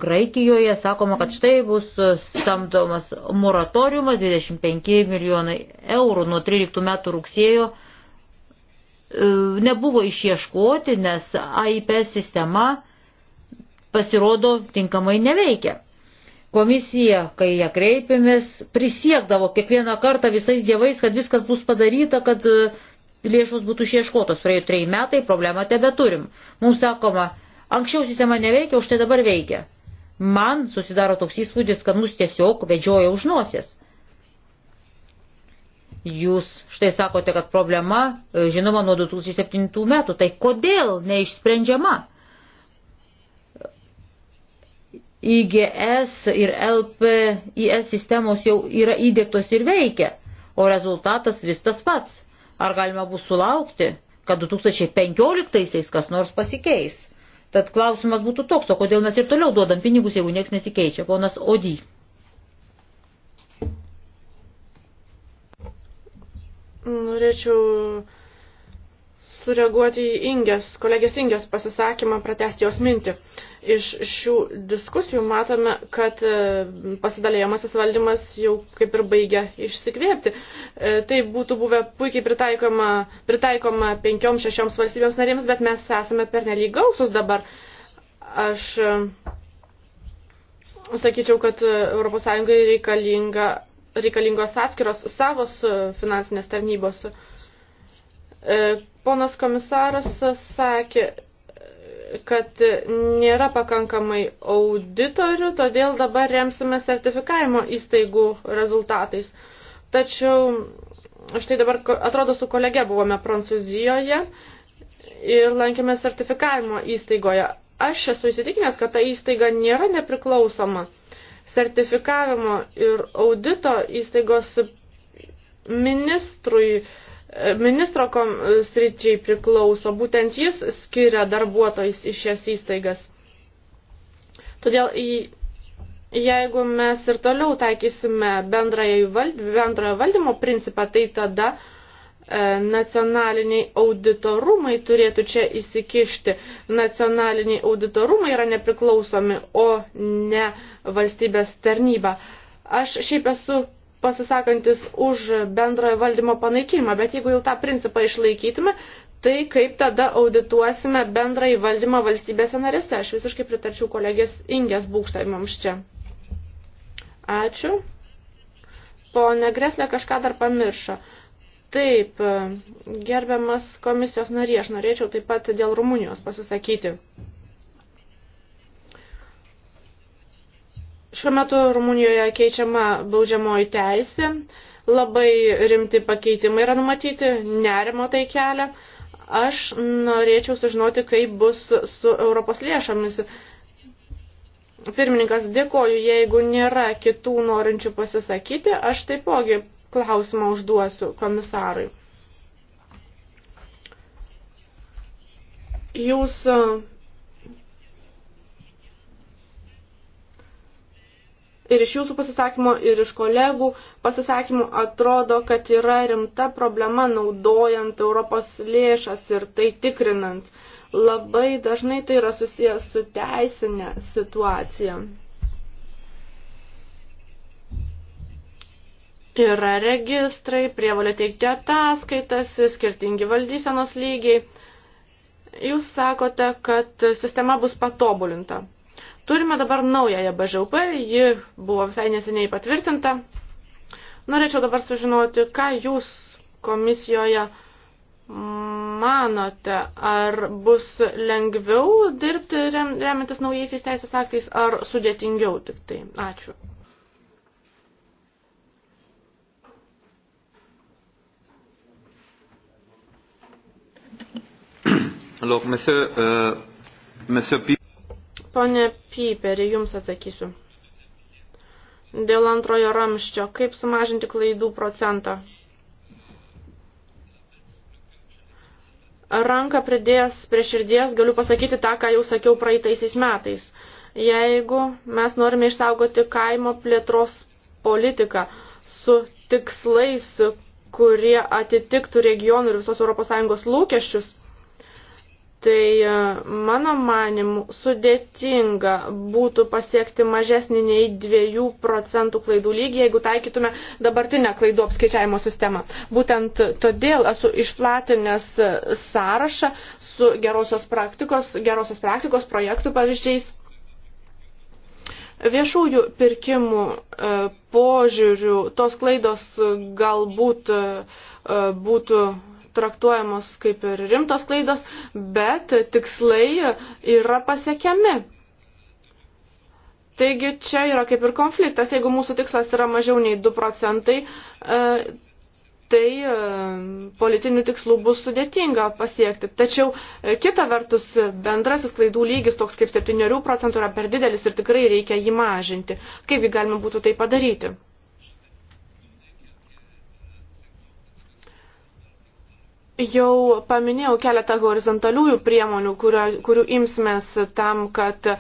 Graikijoje sakoma, kad štai bus stamdomas moratoriumas 25 milijonai eurų nuo 13 metų rugsėjo E, nebuvo išieškoti, nes AIP sistema pasirodo tinkamai neveikia. Komisija, kai ją kreipėmės, prisiekdavo kiekvieną kartą visais dievais, kad viskas bus padaryta, kad e, lėšos būtų išieškotos. Praėjo trejai metai, problemą tebe turim. Mums sakoma, anksčiau sistema neveikia, už tai dabar veikia. Man susidaro toks įspūdis, kad mus tiesiog vedžioja už nosies. Jūs štai sakote, kad problema, e, žinoma, nuo 2007 metų, tai kodėl neišsprendžiama? IGS ir LPIS sistemos jau yra įdėktos ir veikia, o rezultatas vis tas pats. Ar galima bus sulaukti, kad 2015-aisiais kas nors pasikeis? Tad klausimas būtų toks, o kodėl mes ir toliau duodam pinigus, jeigu nieks nesikeičia, ponas Odį. Norėčiau sureaguoti į Ingės, kolegės Ingės pasisakymą, pratesti jos mintį. Iš šių diskusijų matome, kad e, pasidalėjamasis valdymas jau kaip ir baigia išsikvėpti. E, tai būtų buvę puikiai pritaikoma, pritaikoma penkioms, šešioms valstybėms narėms, bet mes esame pernelyg gausus dabar. Aš e, sakyčiau, kad ES reikalinga reikalingos atskiros savos e, finansinės tarnybos. E, ponas komisaras sakė, e, kad nėra pakankamai auditorių, todėl dabar remsime sertifikavimo įstaigų rezultatais. Tačiau štai dabar, atrodo, su kolege buvome Prancūzijoje ir lankėme sertifikavimo įstaigoje. Aš esu įsitikinęs, kad ta įstaiga nėra nepriklausoma sertifikavimo ir audito įstaigos ministrui, ministro kom, sričiai priklauso. Būtent jis skiria darbuotojus iš šias įstaigas. Todėl į, jeigu mes ir toliau taikysime bendrojo valdymo principą, tai tada uh, E, nacionaliniai auditorumai turėtų čia įsikišti. Nacionaliniai auditorumai yra nepriklausomi, o ne valstybės tarnyba. Aš šiaip esu pasisakantis už bendrojo valdymo panaikymą, bet jeigu jau tą principą išlaikytume, tai kaip tada audituosime bendrąjį valdymą valstybėse narėse? Aš visiškai pritarčiau kolegės Ingės būkštavimams čia. Ačiū. Pone Greslė kažką dar pamiršo. Uh, Taip, gerbiamas komisijos narė, aš norėčiau taip pat dėl Rumunijos pasisakyti. Šiuo metu Rumunijoje keičiama baudžiamoji teisė, labai rimti pakeitimai yra numatyti, nerimo tai kelia. Aš norėčiau sužinoti, kaip bus su Europos lėšomis. Pirmininkas, dėkoju, jeigu nėra kitų norinčių pasisakyti, aš taipogi klausimą užduosiu komisarui. Jūs e, ir iš jūsų pasisakymo, ir iš kolegų pasisakymų atrodo, kad yra rimta problema naudojant Europos lėšas ir tai tikrinant. Labai dažnai tai yra susijęs su teisinė situacija. Yra registrai, prievalė teikti ataskaitas, skirtingi valdysenos lygiai. Jūs sakote, kad sistema bus patobulinta. Turime dabar naująją BŽUP, ji buvo visai neseniai patvirtinta. Norėčiau dabar sužinoti, ką jūs komisijoje manote, ar bus lemiau dirbti rem, remintis naujaisiais teisės aktais, ar sudėtingiau tik tai. Ačiū. Look, monsieur, uh, monsieur Piper. Pone Piperi, jums atsakysiu. Dėl antrojo ramščio, kaip sumažinti klaidų procentą? ranką pridėjęs prie širdies galiu pasakyti tą, ką jau sakiau praeitaisiais metais. Jeigu mes norime išsaugoti kaimo plėtros politiką su tikslais, kurie atitiktų regionų ir visos ES lūkesčius, Tai e, mano manimu sudėtinga būtų pasiekti mažesnį nei 2 procentų klaidų lygį, jeigu taikytume dabartinę klaidų apskaičiavimo sistemą. Būtent todėl esu išplatinęs sąrašą su gerosios praktikos, gerosios praktikos projektų pavyzdžiais. Viešųjų pirkimų e, požiūrių tos klaidos galbūt e, būtų traktuojamos kaip ir rimtos klaidos, bet tikslai yra pasiekiami. Taigi čia yra kaip ir konfliktas, jeigu mūsų tikslas yra mažiau nei 2 procentai, e, tai e, politinių tikslų bus sudėtinga pasiekti. Tačiau e, kita vertus, bendrasis klaidų lygis toks kaip 7 procentų yra per didelis ir tikrai reikia jį mažinti. Kaipgi galima būtų tai padaryti? Jau paminėjau keletą horizontaliųjų priemonių, kurio, kurių imsimės tam, kad e,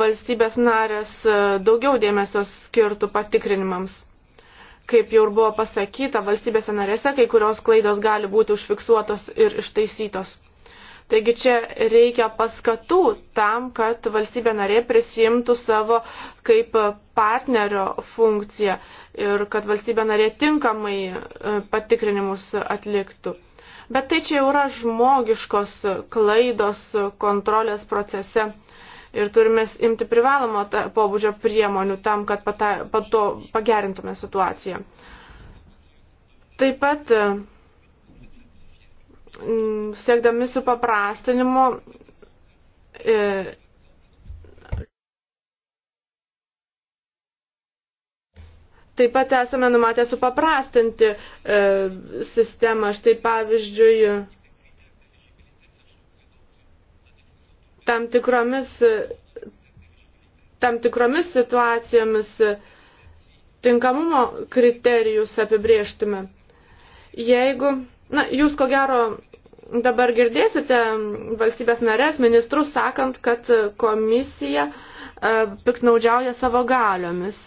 valstybės narės e, daugiau dėmesio skirtų patikrinimams. Kaip jau ir buvo pasakyta, valstybėse narėse kai kurios klaidos gali būti užfiksuotos ir ištaisytos. Taigi čia reikia paskatų tam, kad valstybė narė prisimtų savo kaip partnerio funkciją ir kad valstybė narė tinkamai e, patikrinimus atliktų. Bet tai čia jau yra žmogiškos klaidos kontrolės procese ir turime imti privalomo pobūdžio priemonių tam, kad pata, pato, pagerintume situaciją. Taip pat e, Mm, siekdami su paprastinimu e, Taip pat esame numatę supaprastinti e, sistemą. Štai pavyzdžiui, tam tikromis, tam tikromis situacijomis tinkamumo kriterijus apibrieštume. Jeigu Na, jūs ko gero dabar girdėsite valstybės narės ministrus sakant, kad komisija e, piknaudžiauja savo galiomis.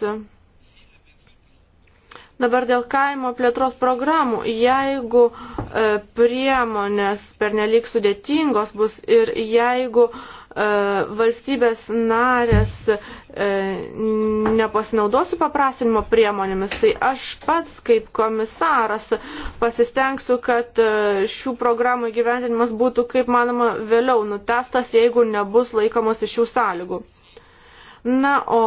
Dabar dėl kaimo plėtros programų, jeigu e, priemonės pernelyg sudėtingos bus ir jeigu e, valstybės narės e, nepasinaudosiu paprastinimo priemonėmis, tai aš pats kaip komisaras pasistengsiu, kad e, šių programų gyventinimas būtų kaip manoma vėliau nutestas, jeigu nebus laikomas iš jų sąlygų. Na, o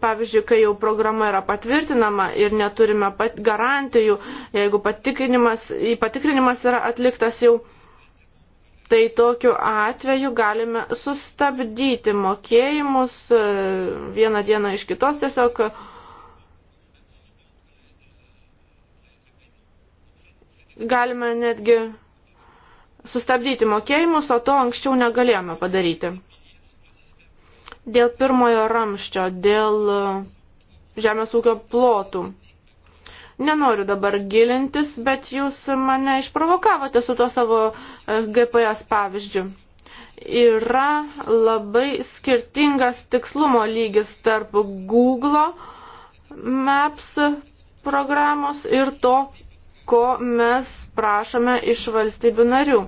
pavyzdžiui, kai jau programa yra patvirtinama ir neturime pat garantijų, jeigu patikrinimas, patikrinimas yra atliktas jau, tai tokiu atveju galime sustabdyti mokėjimus e, vieną dieną iš kitos tiesiog. Galime netgi sustabdyti mokėjimus, o to anksčiau negalėjome padaryti. Dėl pirmojo ramščio, dėl e, žemės ūkio plotų. Nenoriu dabar gilintis, bet jūs mane išprovokavote su to savo e, GPS pavyzdžiu. Yra labai skirtingas tikslumo lygis tarp Google Maps programos ir to, ko mes prašome iš valstybių narių.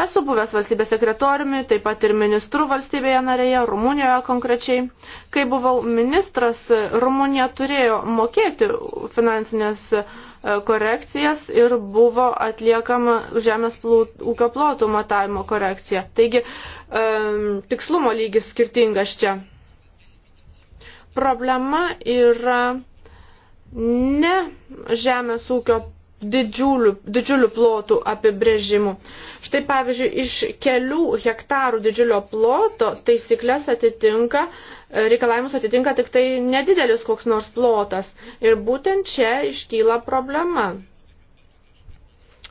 Esu buvęs valstybės sekretoriumi, taip pat ir ministru valstybėje narėje, Rumunijoje konkrečiai. Kai buvau ministras, Rumunija turėjo mokėti finansinės e, korekcijas ir buvo atliekama žemės ūkio plotų matavimo korekcija. Taigi, e, tikslumo lygis skirtingas čia. Problema yra ne žemės ūkio didžiulių, didžiulių plotų apibrėžimų. Štai pavyzdžiui, iš kelių hektarų didžiulio ploto taisyklės atitinka, e, reikalavimus atitinka tik tai nedidelis koks nors plotas. Ir būtent čia iškyla problema.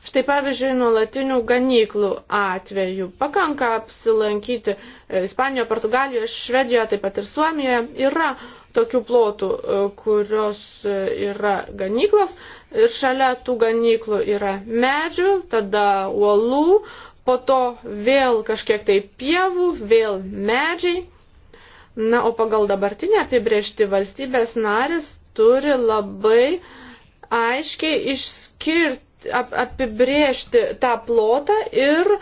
Štai pavyzdžiui, nuolatinių ganyklų atveju pakanka apsilankyti e, Ispanijoje, Portugalijoje, Švedijoje, taip pat ir Suomijoje. Yra tokių plotų, e, kurios yra ganyklos, ir šalia tų ganyklų yra medžių, tada uolų, po to vėl kažkiek tai pievų, vėl medžiai. Na, o pagal dabartinę apibriežti valstybės narės turi labai aiškiai išskirti ap, apibriežti tą plotą ir e,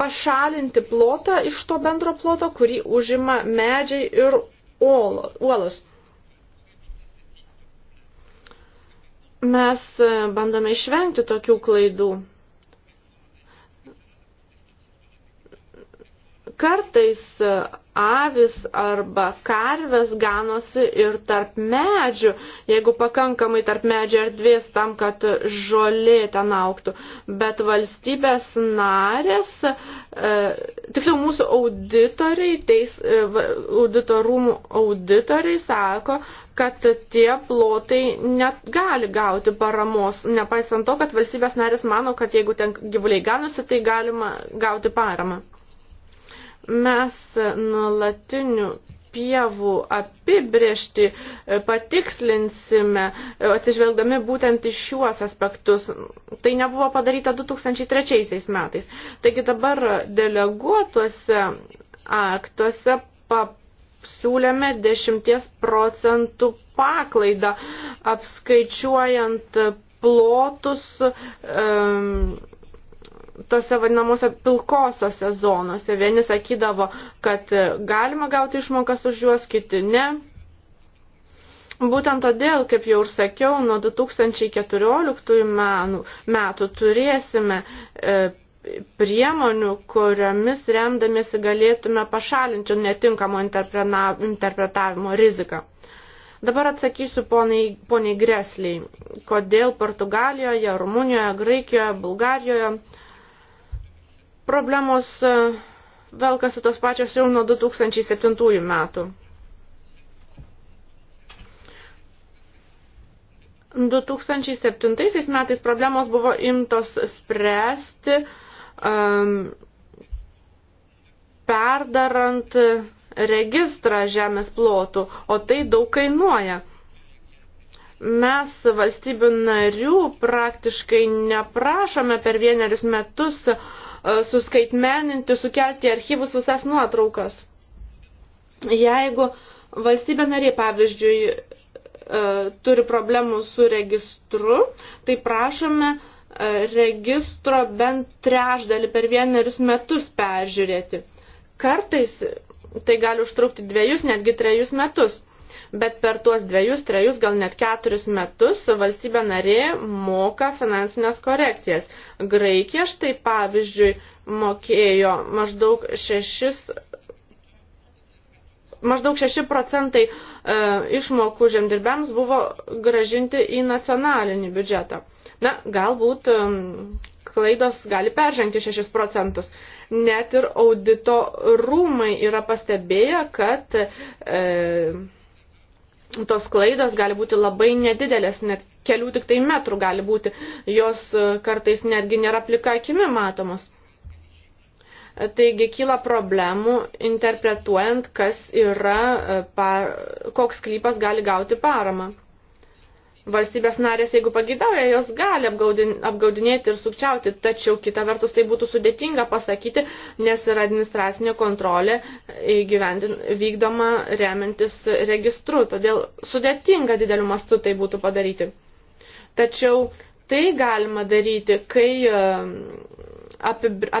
pašalinti plotą iš to bendro ploto, kurį užima medžiai ir uolos. mes e, bandome išvengti tokių klaidų. Kartais e, avis arba karves ganosi ir tarp medžių, jeigu pakankamai tarp medžių erdvės tam, kad žolė ten auktų. Bet valstybės narės, e, tiksliau mūsų auditoriai, teis, e, auditorumų auditoriai sako, kad tie plotai net gali gauti paramos, nepaisant to, kad valstybės narės mano, kad jeigu ten gyvuliai ganosi, tai galima gauti paramą. Mes nuolatinių pievų apibriešti e, patikslinsime, e, atsižvelgdami būtent iš šiuos aspektus. Tai nebuvo padaryta 2003 metais. Taigi dabar deleguotuose aktuose siūlėme 10 procentų paklaidą, apskaičiuojant plotus. Um, tose vadinamose pilkosiose zonose. Vieni sakydavo, kad galima gauti išmokas už juos, kiti ne. Būtent todėl, kaip jau ir sakiau, nuo 2014 metų turėsime e, priemonių, kuriomis remdamiesi galėtume pašalinti netinkamo interpretavimo riziką. Dabar atsakysiu poniai, poniai Gresliai, kodėl Portugalijoje, Rumunijoje, Graikijoje, Bulgarijoje Problemos e, velkasi tos pačios jau nuo 2007 metų. 2007 metais problemos buvo imtos spręsti um, perdarant registrą žemės plotų, o tai daug kainuoja. Mes valstybių narių praktiškai neprašome per vienerius metus uh, E, suskaitmeninti, sukelti archyvus visas nuotraukas. Jeigu valstybė narė, pavyzdžiui, e, turi problemų su registru, tai prašome e, registro bent trešdalį per vienerius metus peržiūrėti. Kartais tai gali užtrukti dviejus, netgi trejus metus bet per tuos dviejus, trejus, gal net keturis metus valstybė narė moka finansinės korekcijas. Graikija štai pavyzdžiui mokėjo maždaug 6. Maždaug 6 procentai e, išmokų žemdirbėms buvo gražinti į nacionalinį biudžetą. Na, galbūt e, klaidos gali peržengti 6 procentus. Net ir audito rūmai yra pastebėję, kad e, tos klaidos gali būti labai nedidelės, net kelių tik tai metrų gali būti, jos e, kartais netgi nėra plika akimi matomos. Taigi kyla problemų interpretuojant, kas yra, e, koks sklypas gali gauti paramą. Valstybės narės, jeigu pagidauja, jos gali apgaudin, apgaudinėti ir sukčiauti, tačiau kita vertus tai būtų sudėtinga pasakyti, nes yra administracinė kontrolė vykdoma remiantis registru, todėl sudėtinga dideliu mastu tai būtų padaryti. Tačiau tai galima daryti, kai ehm,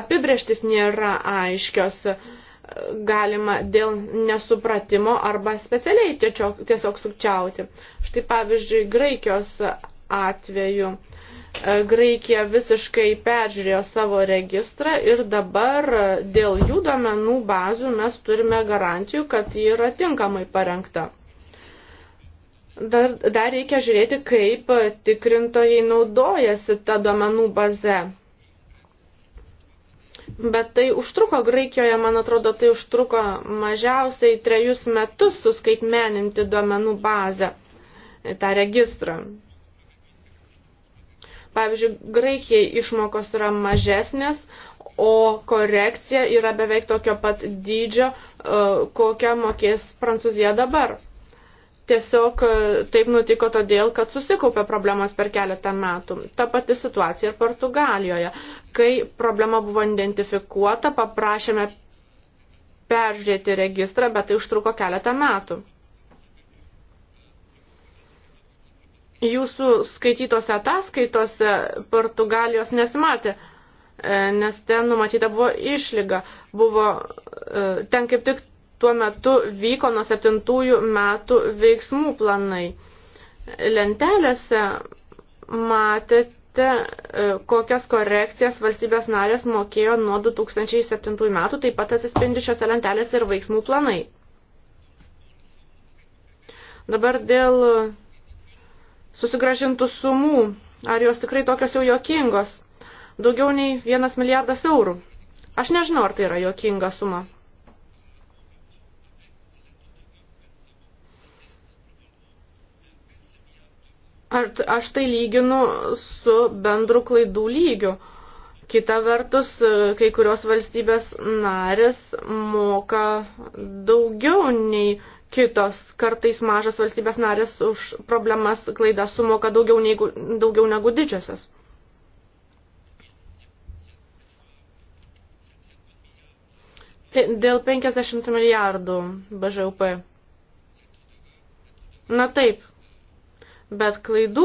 apibrieštis nėra aiškios. Uh, galima dėl nesupratimo arba specialiai tiesiog, tiesiog sukčiauti. Štai pavyzdžiui, Graikijos atveju. E, Graikija visiškai peržiūrėjo savo registrą ir dabar e, dėl jų domenų bazių mes turime garantijų, kad ji yra tinkamai parengta. Dar, dar reikia žiūrėti, kaip tikrintojai naudojasi tą domenų bazę. Bet tai užtruko Graikijoje, man atrodo, tai užtruko mažiausiai trejus metus suskaitmeninti duomenų bazę, tą registrą. Pavyzdžiui, Graikijai išmokos yra mažesnės, o korekcija yra beveik tokio pat dydžio, e, kokią mokės Prancūzija dabar tiesiog e, taip nutiko todėl, kad susikaupė problemas per keletą metų. Ta pati situacija ir Portugalijoje. Kai problema buvo identifikuota, paprašėme peržiūrėti registrą, bet tai užtruko keletą metų. Jūsų skaitytose ataskaitose Portugalijos nesimatė, e, nes ten numatyta buvo išlyga. Buvo, e, ten kaip tik tuo metu vyko nuo septintųjų metų veiksmų planai. Lentelėse matėte, e, kokias korekcijas valstybės narės mokėjo nuo 2007 metų, taip pat atsispindi šiose lentelėse ir veiksmų planai. Dabar dėl susigražintų sumų, ar jos tikrai tokios jau jokingos, daugiau nei vienas milijardas eurų. Aš nežinau, ar tai yra jokinga suma. Aš tai lyginu su bendru klaidų lygiu. Kita vertus, kai kurios valstybės narės moka daugiau nei kitos. Kartais mažas valstybės narės už problemas klaidas sumoka daugiau, negu, daugiau negu didžiosios. Dėl 50 milijardų BŽUP. Na taip, bet klaidų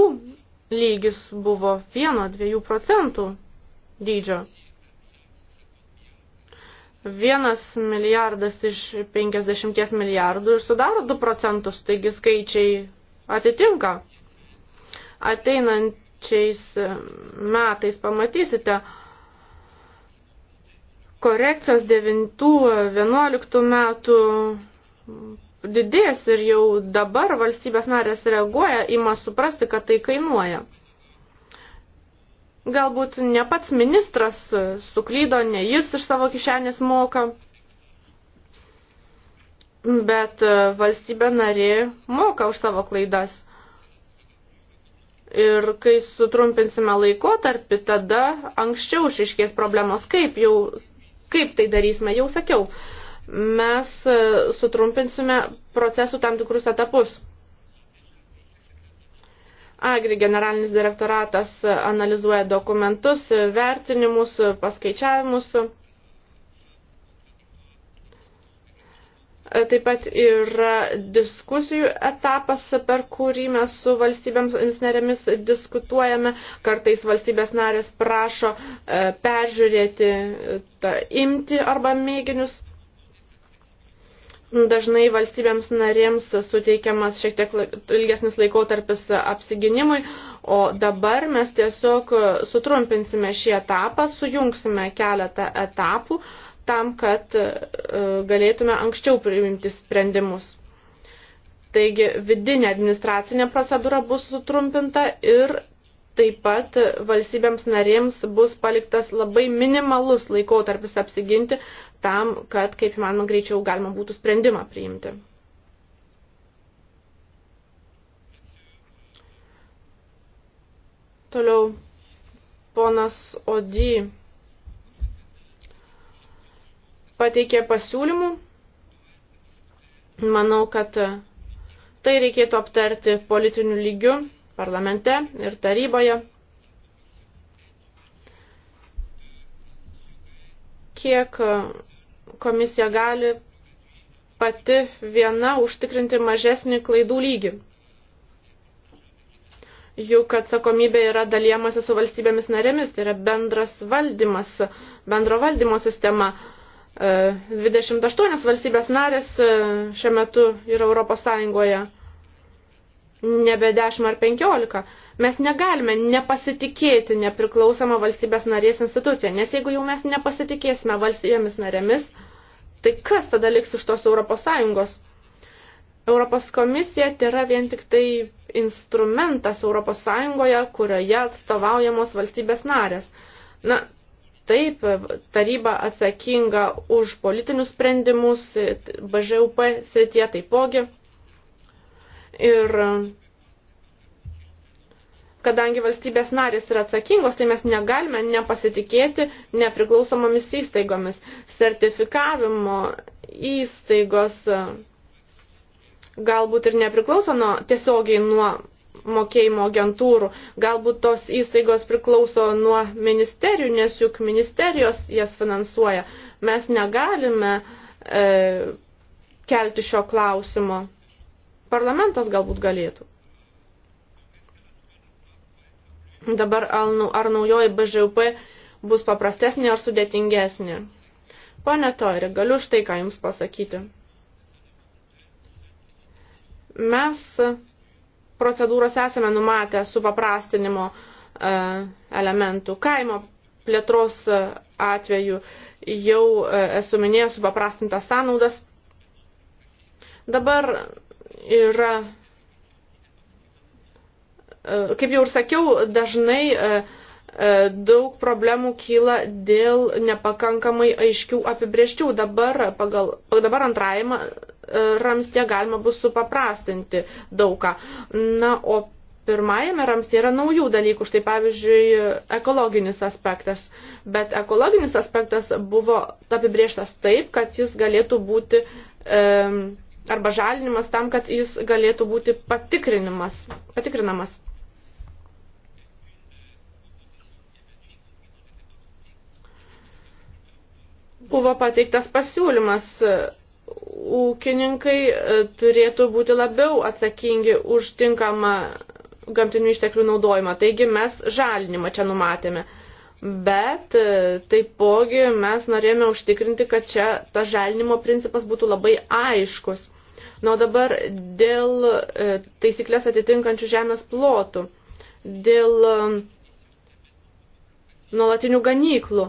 lygis buvo 1-2 procentų dydžio. 1 milijardas iš 50 milijardų ir sudaro 2 procentus, taigi skaičiai atitinka. Ateinančiais metais pamatysite korekcijos 9-11 metų didės ir jau dabar valstybės narės reaguoja, ima suprasti, kad tai kainuoja. Galbūt ne pats ministras suklydo, ne jis iš savo kišenės moka, bet valstybė narė moka už savo klaidas. Ir kai sutrumpinsime laikotarpį, tada anksčiau išiškės problemos, kaip jau, kaip tai darysime, jau sakiau. Uh, mes e, sutrumpinsime procesų tam tikrus etapus. Agri generalinis direktoratas e, analizuoja dokumentus, e, vertinimus, paskaičiavimus. Taip pat yra diskusijų etapas, per kurį mes su valstybėms narėmis diskutuojame. Kartais valstybės narės prašo peržiūrėti tą imti arba mėginius dažnai valstybėms narėms suteikiamas šiek tiek ilgesnis laikotarpis apsiginimui, o dabar mes tiesiog sutrumpinsime šį etapą, sujungsime keletą etapų tam, kad e, galėtume anksčiau priimti sprendimus. Taigi vidinė administracinė procedūra bus sutrumpinta ir Taip pat valstybėms narėms bus paliktas labai minimalus laikotarpis apsiginti tam, kad kaip įmanoma greičiau galima būtų sprendimą priimti. Toliau ponas Odi pateikė pasiūlymų. Manau, kad tai reikėtų aptarti politiniu lygiu parlamente ir taryboje. Kiek komisija gali pati viena užtikrinti mažesnį klaidų lygį. Juk atsakomybė yra dalyjamasi su valstybėmis narėmis, tai yra bendras valdymas, bendro valdymo sistema. 28 e, valstybės narės e, šiuo metu yra Europos Sąjungoje nebe 10 ar 15. Mes negalime nepasitikėti nepriklausomą valstybės narės instituciją, nes jeigu jau mes nepasitikėsime valstybėmis narėmis, tai kas tada liks iš tos Europos Sąjungos? Europos komisija tai yra vien tik tai instrumentas Europos Sąjungoje, kurioje atstovaujamos valstybės narės. Na, taip, taryba atsakinga už politinius sprendimus, BŽUP srityje taipogi. Ir kadangi valstybės narės yra atsakingos, tai mes negalime nepasitikėti nepriklausomomis įstaigomis. Sertifikavimo įstaigos galbūt ir nepriklauso nuo, tiesiogiai nuo mokėjimo agentūrų, galbūt tos įstaigos priklauso nuo ministerijų, nes juk ministerijos jas finansuoja. Mes negalime e, kelti šio klausimo parlamentas galbūt galėtų. Dabar nu- ar naujoji BŽUP bus paprastesnė ar sudėtingesnė? Pone Tori, galiu štai ką Jums pasakyti. Mes procedūros esame numatę su paprastinimo e, elementų. Kaimo plėtros e, atveju jau e, esu minėjęs supaprastintas sąnaudas. Dabar yra, e, kaip jau ir sakiau, dažnai e, e, daug problemų kyla dėl nepakankamai aiškių apibrieščių. Dabar, pagal, dabar antrajame ramstė galima bus supaprastinti daugą. Na, o pirmajame ramstė yra naujų dalykų, štai pavyzdžiui, ekologinis aspektas. Bet ekologinis aspektas buvo apibrieštas taip, kad jis galėtų būti. E, arba žalinimas tam, kad jis galėtų būti patikrinimas, patikrinamas. Buvo pateiktas pasiūlymas, ūkininkai e, turėtų būti labiau atsakingi už tinkamą gamtinių išteklių naudojimą. Taigi mes žalinimą čia numatėme. Bet e, taipogi mes norėjome užtikrinti, kad čia tas žalinimo principas būtų labai aiškus. Na, o dabar dėl e, taisyklės atitinkančių žemės plotų, dėl e, nuolatinių ganyklų.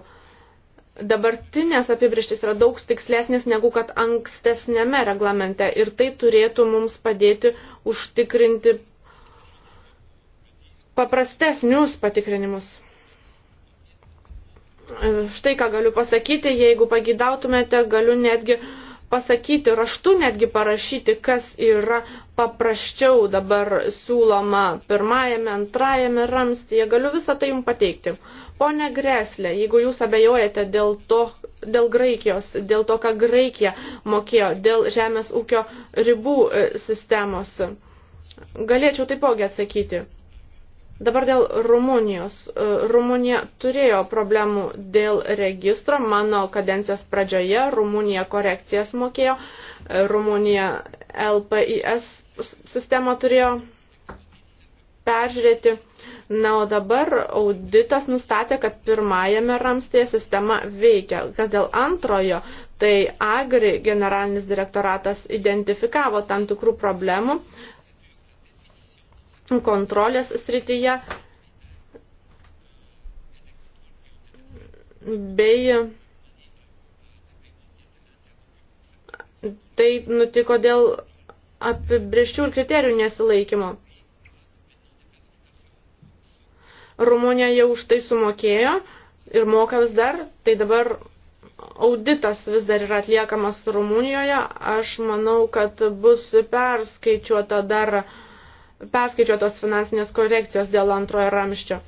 Dabartinės apibrištis yra daug tikslesnės negu kad ankstesnėme reglamente ir tai turėtų mums padėti užtikrinti paprastesnius patikrinimus. E, štai ką galiu pasakyti, jeigu pagidautumėte, galiu netgi uh, pasakyti raštu netgi parašyti, kas yra paprasčiau dabar siūloma pirmajame, antrajame ramstyje. Galiu visą tai jums pateikti. Pone Greslė, jeigu jūs abejojate dėl to, dėl Graikijos, dėl to, ką Graikija mokėjo, dėl žemės ūkio ribų e, sistemos, galėčiau taipogi atsakyti. Dabar dėl Rumunijos. E, Rumunija turėjo problemų dėl registro. Mano kadencijos pradžioje Rumunija korekcijas mokėjo. E, Rumunija LPIS sistemą turėjo peržiūrėti. Na, o dabar auditas nustatė, kad pirmajame ramstėje sistema veikia. Kas dėl antrojo, tai Agri generalinis direktoratas identifikavo tam tikrų problemų, kontrolės srityje bei tai nutiko dėl apibrieščių ir kriterijų nesilaikymo. Rumunija jau už tai sumokėjo ir moka vis dar, tai dabar auditas vis dar yra atliekamas Rumunijoje. Aš manau, kad bus perskaičiuota dar uh, perskaičiuotos finansinės korekcijos dėl antrojo ramščio.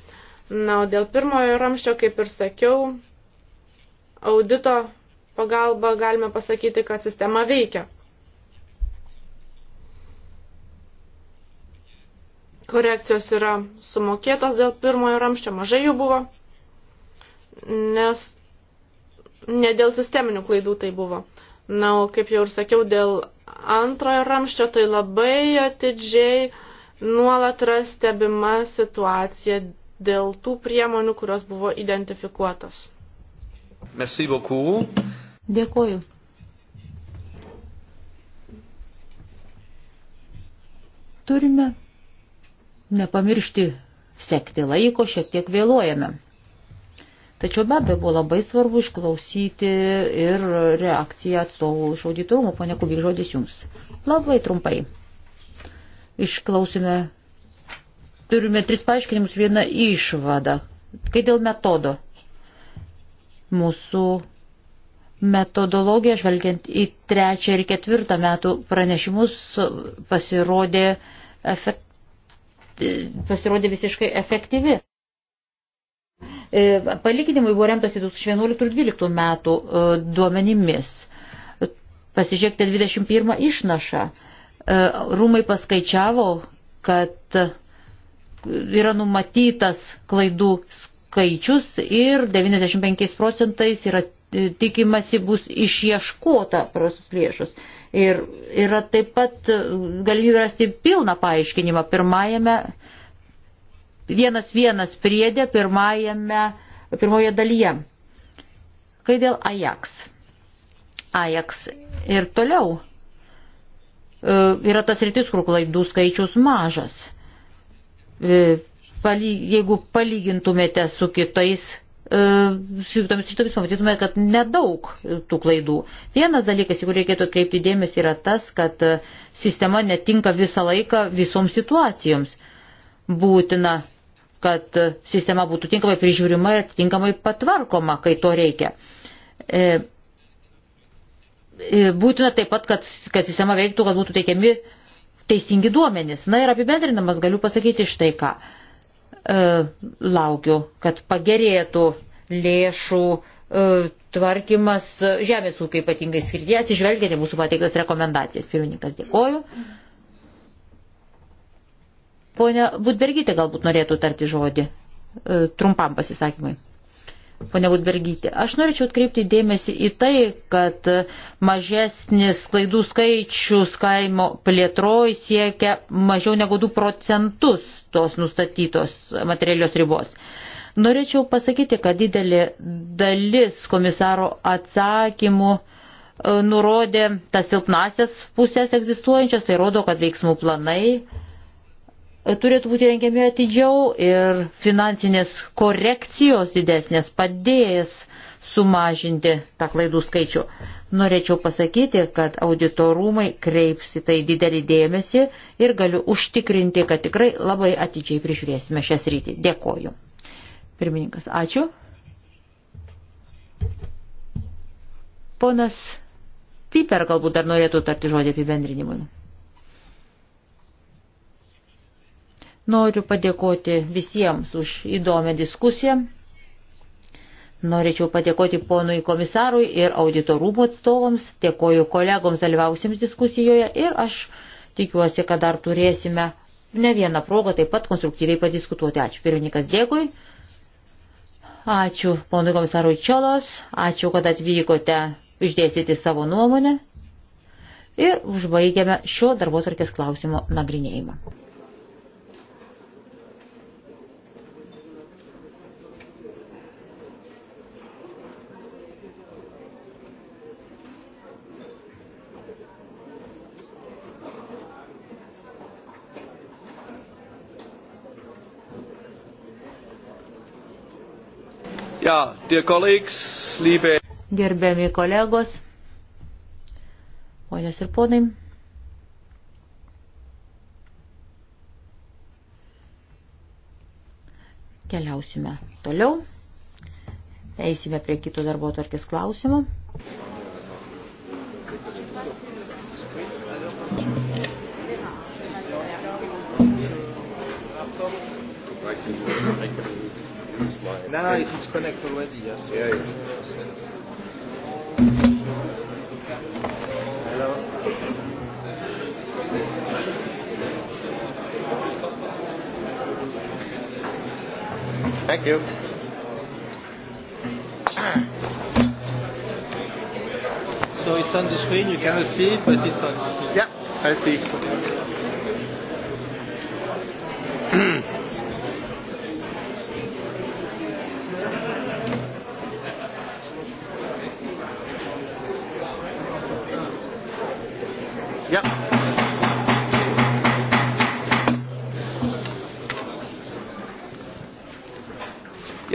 Na, o dėl pirmojo ramščio, kaip ir sakiau, audito pagalba galime pasakyti, kad sistema veikia. Korekcijos yra sumokėtos dėl pirmojo ramščio, mažai jų buvo, nes ne dėl sisteminių klaidų tai buvo. Na, o kaip jau ir sakiau, dėl antrojo ramščio tai labai atidžiai uh, Nuolat yra stebima situacija dėl tų priemonių, kurios buvo identifikuotos. Merci beaucoup. Dėkuoju. Turime nepamiršti sekti laiko, šiek tiek vėluojame. Tačiau be abejo buvo labai svarbu išklausyti ir reakciją atstovų iš auditorumo, ponia Kubik, žodis jums. Labai trumpai. Išklausime, turime tris paaiškinimus, vieną išvadą. Kai dėl metodo. Mūsų metodologija, žvelgiant į trečią ir ketvirtą metų pranešimus, pasirodė, efekt, pasirodė visiškai efektyvi. E, palyginimui buvo remtas 2011 ir 2012 metų e, duomenimis. Pasižiūrėkite 21 išnašą. E, rūmai paskaičiavo, kad yra numatytas klaidų skaičius ir 95 procentais yra e, tikimasi bus išieškota prasus lėšus. Ir yra taip pat e, galimybė rasti pilną paaiškinimą pirmajame, vienas vienas priedė pirmajame, pirmoje dalyje. Kai dėl Ajax. Ajax ir toliau E, yra tas rytis, kur klaidų skaičius mažas. E, jeigu palygintumėte su kitais e, su tomis rytomis pamatytume, kad nedaug tų klaidų. Vienas dalykas, į kurį reikėtų atkreipti dėmesį, yra tas, kad sistema netinka visą laiką visoms situacijoms. Būtina, kad sistema būtų tinkamai prižiūrima ir atitinkamai patvarkoma, kai to reikia. E, būtina taip pat, kad, kad sistema veiktų, kad būtų teikiami teisingi duomenys. Na ir apibendrinamas galiu pasakyti štai ką. E, laukiu, kad pagerėtų lėšų e, tvarkymas žemės ūkio ypatingai skirtie, atsižvelgėte mūsų pateiktas rekomendacijas. Pirmininkas dėkoju. Pone Budbergytė galbūt norėtų tarti žodį e, trumpam pasisakymui. Pone Budbergytė, aš norėčiau atkreipti dėmesį į tai, kad mažesnis klaidų skaičius kaimo plėtroj siekia mažiau negu 2 procentus tos nustatytos materialios ribos. Norėčiau pasakyti, kad didelė dalis komisaro atsakymų e, nurodė tas silpnasias pusės egzistuojančias, tai rodo, kad veiksmų planai turėtų būti rengiami atidžiau ir finansinės korekcijos didesnės padėjęs sumažinti tą klaidų skaičių. Norėčiau pasakyti, kad auditorumai kreips į tai didelį dėmesį ir galiu užtikrinti, kad tikrai labai atidžiai prižiūrėsime šią sritį. Dėkoju. Pirmininkas, ačiū. Ponas Piper galbūt dar norėtų tarti žodį apibendrinimui. Noriu padėkoti visiems už įdomią diskusiją. Norėčiau padėkoti ponui komisarui ir auditorumų atstovams, dėkoju kolegoms dalyvausiems diskusijoje ir aš tikiuosi, kad dar turėsime ne vieną progą taip pat konstruktyviai padiskutuoti. Ačiū pirmininkas, dėkui. Ačiū ponui komisarui Čiolos, ačiū, kad atvykote išdėstyti savo nuomonę ir užbaigėme šio darbo tvarkės klausimo nagrinėjimą. Ja, dear colleagues, liebe. Gerbiami kolegos, ponės ir ponai. Keliausime toliau. Eisime prie kito darbo tvarkės klausimo. why. No, no, it's connected already, yes. Yeah, yeah. Hello? Thank you. So it's on the screen, you cannot see it, but it's on. Yeah, I see.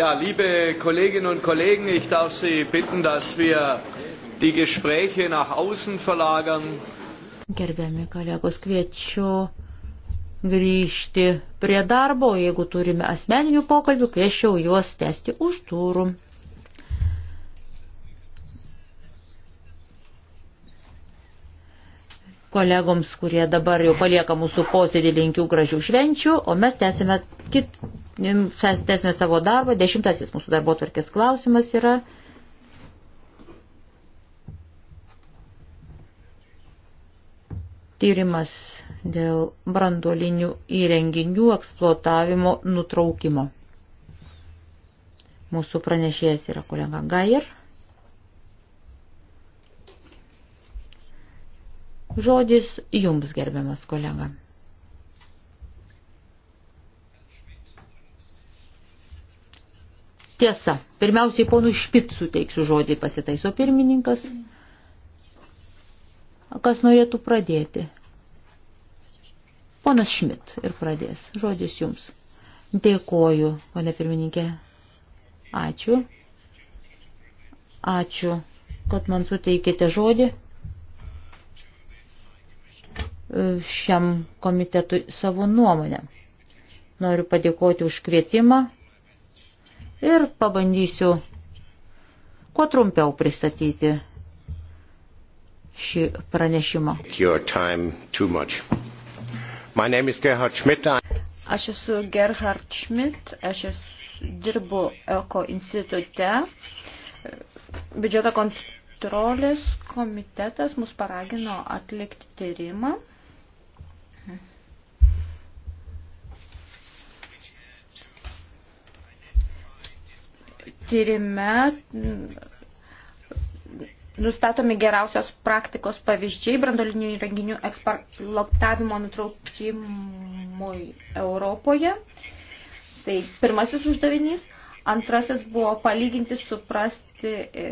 Ja, liebe Kolleginnen und Kollegen, ich darf Sie bitten, dass wir die Gespräche nach außen verlagern. Gerbiami kolegos, kviečiu grįžti prie darbo. Jeigu turime asmeninių pokalbių, kviečiau juos tęsti už durų. Kolegoms, kurie dabar jau palieka mūsų posėdį, linkiu gražių švenčių, o mes tęsime, kit, mes tęsime savo darbą. Dešimtasis mūsų darbo tvarkės klausimas yra. Tyrimas dėl branduolinių įrenginių eksploatavimo nutraukimo. Mūsų pranešėjas yra kolega Gair. Žodis jums, gerbiamas kolega. Tiesa, pirmiausiai ponui Špit suteiksiu žodį pasitaiso pirmininkas. Kas norėtų pradėti? Ponas Šmit ir pradės. Žodis jums. Dėkoju, ponė pirmininkė. Ačiū. Ačiū, kad man suteikėte žodį šiam komitetui savo nuomonę. Noriu padėkoti už kvietimą ir pabandysiu kuo trumpiau pristatyti šį pranešimą. Aš esu Gerhard Schmidt, aš esu, dirbu Eko institute. Biudžeto kontrolės komitetas mus paragino atlikti tyrimą tyrime nustatomi geriausios praktikos pavyzdžiai brandolinių įrenginių eksploatavimo nutraukimui Europoje. Tai pirmasis uždavinys. Antrasis buvo palyginti, suprasti ir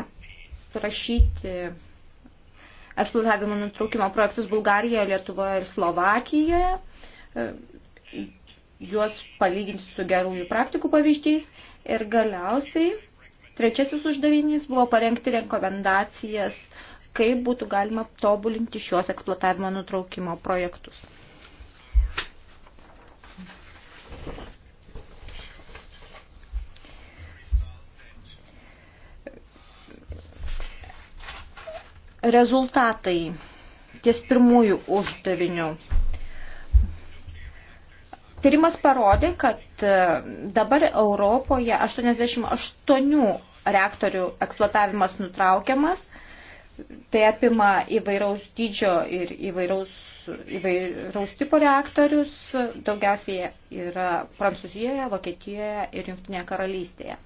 aprašyti eksploatavimo nutraukimo projektus Bulgarijoje, Lietuvoje ir Slovakijoje juos palyginti su gerųjų praktikų pavyzdžiais ir galiausiai trečiasis uždavinys buvo parengti rekomendacijas, kaip būtų galima tobulinti šios eksploatavimo nutraukimo projektus. Rezultatai ties pirmųjų uždavinių Tyrimas parodė, kad e, dabar Europoje 88 reaktorių eksploatavimas nutraukiamas. Tai apima įvairaus dydžio ir įvairaus, įvairaus tipo reaktorius. Daugiausiai yra Prancūzijoje, Vokietijoje ir Junktinėje karalystėje.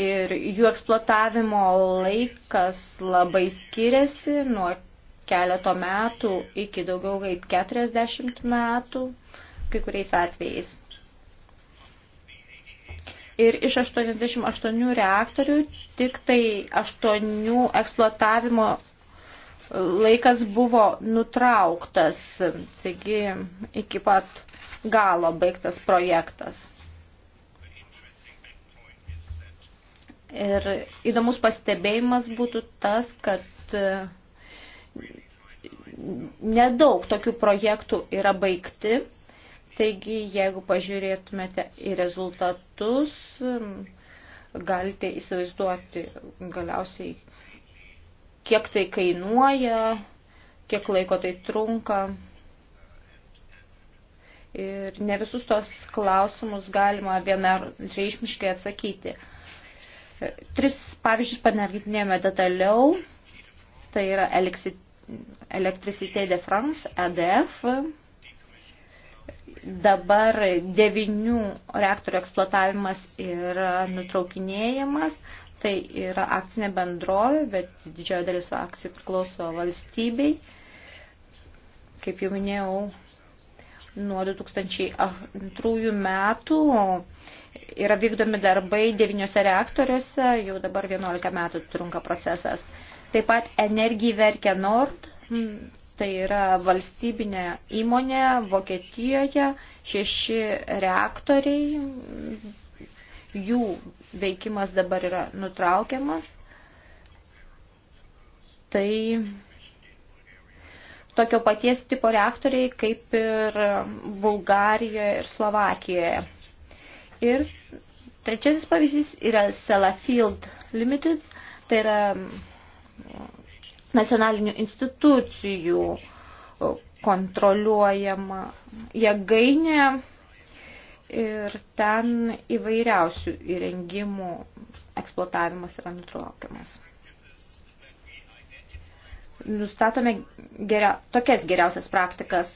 ir jų eksploatavimo laikas labai skiriasi nuo keleto metų iki daugiau kaip 40 metų, kai kuriais atvejais. Ir iš 88 reaktorių tik tai 8 eksploatavimo e, laikas buvo nutrauktas, taigi iki pat galo baigtas projektas. Ir įdomus pastebėjimas būtų tas, kad e, Nedaug tokių projektų yra baigti. Taigi, jeigu pažiūrėtumėte į rezultatus, galite įsivaizduoti galiausiai, kiek tai kainuoja, kiek laiko tai trunka. Ir ne visus tos klausimus galima vienareišmiškai atsakyti. Tris pavyzdžius panagrinėjome detaliau tai yra Electricité de France, EDF. Dabar devinių reaktorių eksploatavimas yra nutraukinėjamas, tai yra akcinė bendrovė, bet didžioji dalis akcijų priklauso valstybei. Kaip jau minėjau, nuo 2002 metų yra vykdomi darbai deviniuose reaktoriuose, jau dabar 11 metų trunka procesas. Taip pat Energiverke Nord, tai yra valstybinė įmonė Vokietijoje, šeši reaktoriai, jų veikimas dabar yra nutraukiamas. Tai tokio paties tipo reaktoriai kaip ir Bulgarijoje ir Slovakijoje. Ir trečiasis pavyzdys yra Sellafield Limited, tai yra nacionalinių institucijų kontroliuojama jėgainė ir ten įvairiausių įrengimų eksploatavimas yra nutraukiamas. Nustatome geria, tokias geriausias praktikas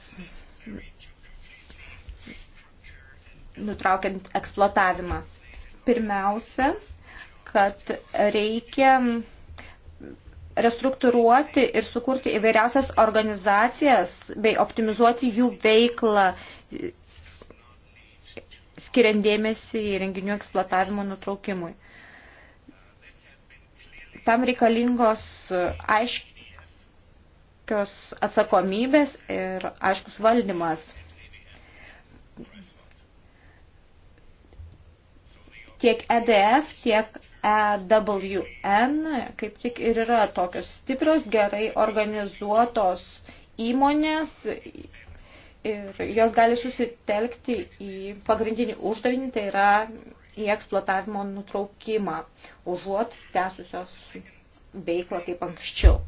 nutraukiant eksploatavimą. Pirmiausia, kad reikia restruktūruoti ir sukurti įvairiausias organizacijas bei optimizuoti jų veiklą, skiriant dėmesį į renginių eksploatavimo nutraukimui. Tam reikalingos aiškios atsakomybės ir aiškus valdymas. Tiek EDF, tiek EWN kaip tik ir yra tokios stiprios, gerai organizuotos įmonės ir jos gali susitelkti į pagrindinį uždavinį, tai yra į eksploatavimo nutraukimą, užuot tęsusios veiklą kaip anksčiau.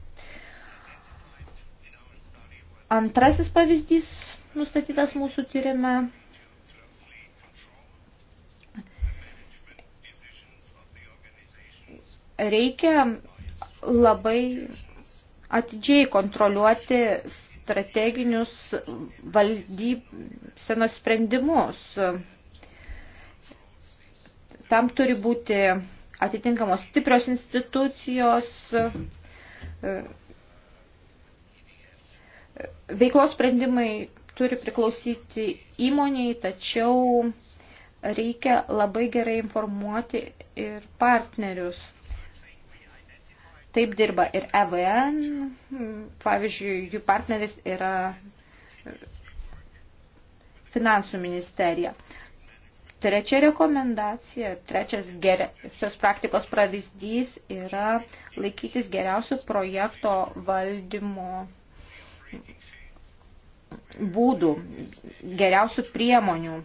Antrasis pavyzdys nustatytas mūsų tyrime reikia labai atidžiai kontroliuoti strateginius valdysenos sprendimus. Tam turi būti atitinkamos stiprios institucijos, veiklos sprendimai turi priklausyti įmoniai, tačiau reikia labai gerai informuoti ir partnerius. Taip dirba ir EVN, pavyzdžiui, jų partneris yra finansų ministerija. Trečia rekomendacija, trečias geriausios praktikos pavyzdys yra laikytis geriausių projekto valdymo būdų, geriausių priemonių.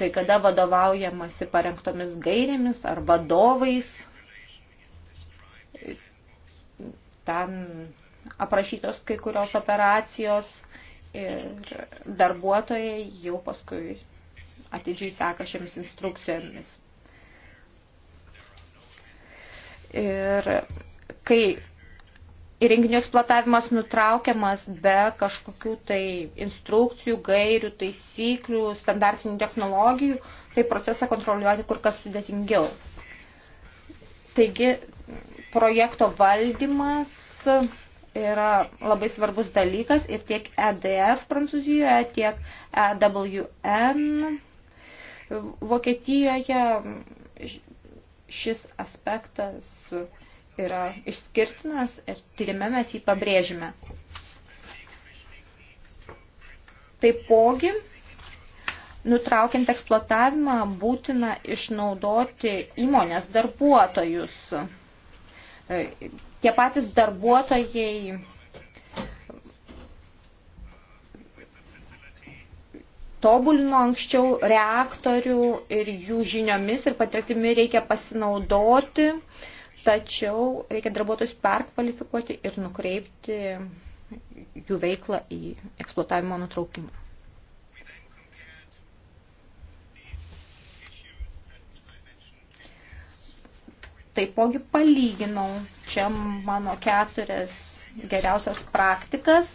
Kai kada vadovaujamasi parengtomis gairėmis ar vadovais, ten aprašytos kai kurios operacijos ir darbuotojai jau paskui atidžiai seka šiomis instrukcijomis. Ir kai įrenginių eksploatavimas nutraukiamas be kažkokių tai instrukcijų, gairių, taisyklių, standartinių technologijų, tai procesą kontroliuoti kur kas sudėtingiau. Taigi projekto valdymas yra labai svarbus dalykas ir tiek EDF Prancūzijoje, tiek EWN Vokietijoje šis aspektas yra išskirtinas ir tyrime mes jį pabrėžime. Taipogi, nutraukiant eksploatavimą, būtina išnaudoti įmonės darbuotojus – E, tie patys darbuotojai tobulino anksčiau reaktorių ir jų žiniomis ir patirtimi reikia pasinaudoti, tačiau reikia darbuotojus perkvalifikuoti ir nukreipti jų veiklą į eksploatavimo nutraukimą. taipogi palyginau čia mano keturias geriausias praktikas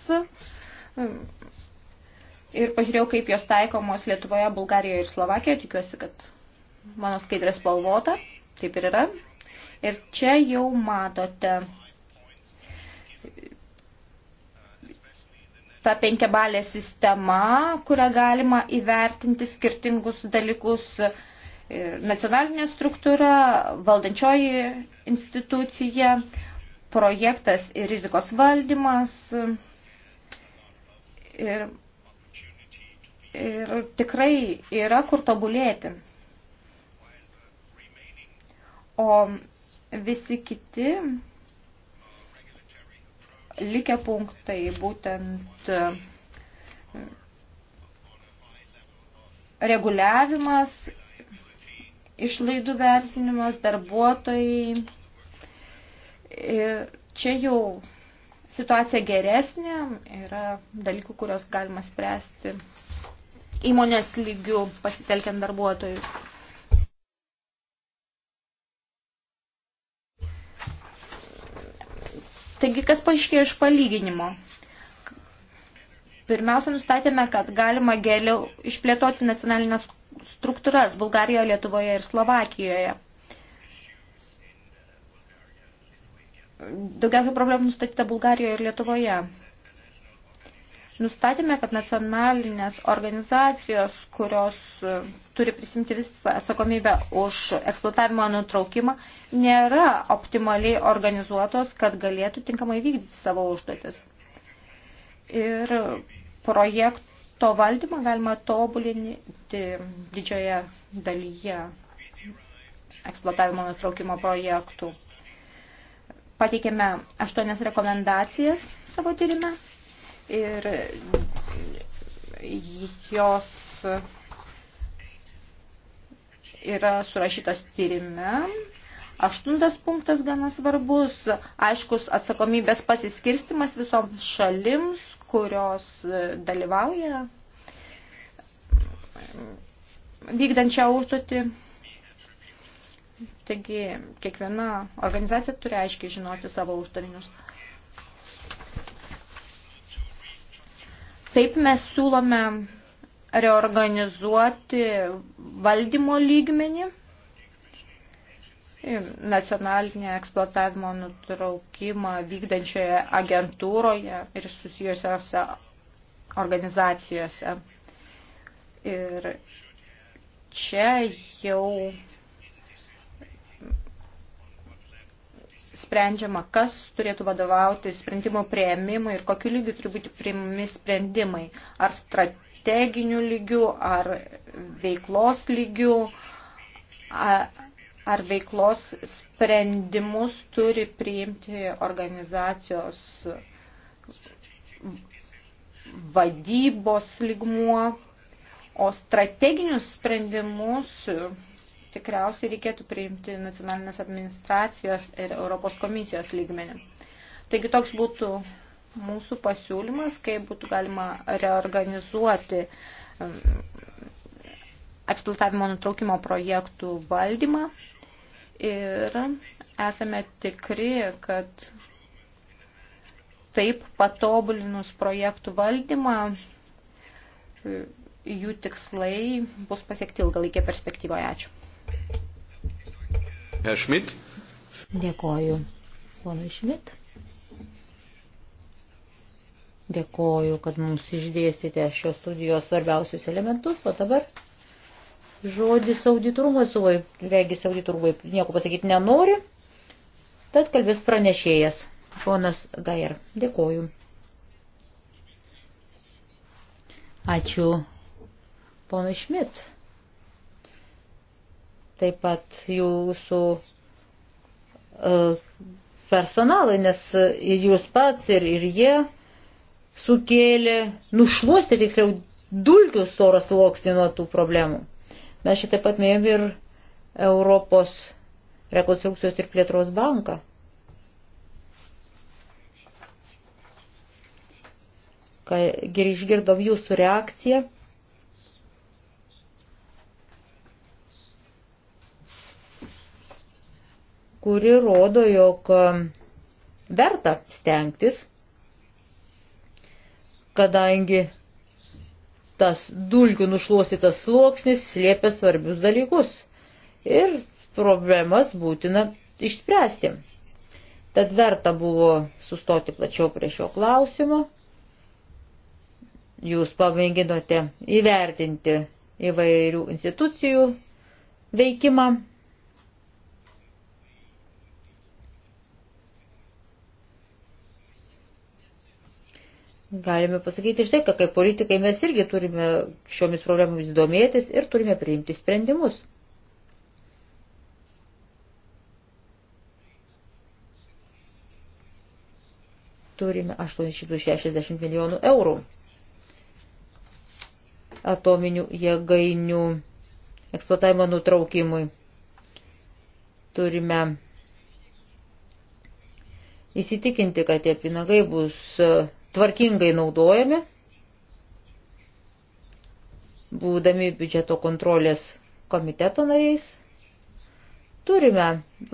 ir pažiūrėjau, kaip jos taikomos Lietuvoje, Bulgarijoje ir Slovakijoje. Tikiuosi, kad mano skaidrė spalvota. Taip ir yra. Ir čia jau matote ta penkiabalė sistema, kurią galima įvertinti skirtingus dalykus nacionalinė struktūra, valdančioji institucija, projektas ir rizikos valdymas. Ir, ir tikrai yra kur tobulėti. O visi kiti likę punktai būtent e, reguliavimas išlaidų vertinimas, darbuotojai. Ir čia jau situacija geresnė, yra dalykų, kurios galima spręsti įmonės lygių pasitelkiant darbuotojus. Taigi, kas paaiškėjo iš palyginimo? Pirmiausia, nustatėme, kad galima geriau išplėtoti nacionalinės struktūras Bulgarijoje, Lietuvoje ir Slovakijoje. Daugiausiai problemų nustatyta Bulgarijoje ir Lietuvoje. Nustatėme, kad nacionalinės organizacijos, kurios e, turi prisimti visą atsakomybę už eksploatavimo nutraukimą, nėra optimaliai organizuotos, kad galėtų tinkamai vykdyti savo užduotis. Ir projekt, to valdymą galima tobulinti didžioje dalyje eksploatavimo nutraukimo projektų. Pateikėme aštuonias rekomendacijas savo tyrime ir jos yra surašytos tyrime. Aštuntas punktas gana svarbus, aiškus atsakomybės pasiskirstimas visoms šalims, kurios e, dalyvauja e, vykdančią užduotį. Taigi, kiekviena organizacija turi aiškiai žinoti savo uždavinius. Taip mes siūlome reorganizuoti valdymo lygmenį nacionalinę eksploatavimo nutraukimą vykdančioje agentūroje ir susijusiose organizacijose. Ir čia jau sprendžiama, kas turėtų vadovauti sprendimo prieimimui ir kokiu lygiu turi būti priimami sprendimai. Ar strateginių lygių, ar veiklos lygių, ar, ar veiklos sprendimus turi priimti organizacijos vadybos ligmuo, o strateginius sprendimus tikriausiai reikėtų priimti nacionalinės administracijos ir Europos komisijos lygmenį. Taigi toks būtų mūsų pasiūlymas, kaip būtų galima reorganizuoti um, eksploatavimo nutraukimo projektų valdymą ir esame tikri, kad taip patobulinus projektų valdymą jų tikslai bus pasiekti ilgalaikė perspektyvoje. Ačiū. Herr Schmidt. Dėkoju, ponui Šmit. Dėkoju, kad mums išdėstėte šios studijos svarbiausius elementus, o dabar Žodis auditurumui, suvai, regis auditurumui nieko pasakyti nenori, tad kalbės pranešėjas, ponas Gair. Dėkoju. Ačiū, ponui Šmit. Taip pat jūsų e, personalai, nes ir jūs pats, ir, ir jie sukėlė, nušluostė tiksliau dulkių storą sluoksnį nuo tų problemų. Mes šitaip pat mėjom ir Europos rekonstrukcijos ir plėtros banką. Kai išgirdom jūsų reakciją, kuri rodo, jog um, verta stengtis, kadangi tas dulkių nušluostytas sluoksnis slėpia svarbius dalykus ir problemas būtina išspręsti. Tad verta buvo sustoti plačiau prie šio klausimo. Jūs pamėginote įvertinti įvairių institucijų veikimą. Galime pasakyti štai, kad kaip politikai mes irgi turime šiomis problemomis domėtis ir turime priimti sprendimus. Turime 860 milijonų eurų atominių jėgainių eksploatavimo nutraukimui. Turime įsitikinti, kad tie pinigai bus tvarkingai naudojami, būdami biudžeto kontrolės komiteto nariais, turime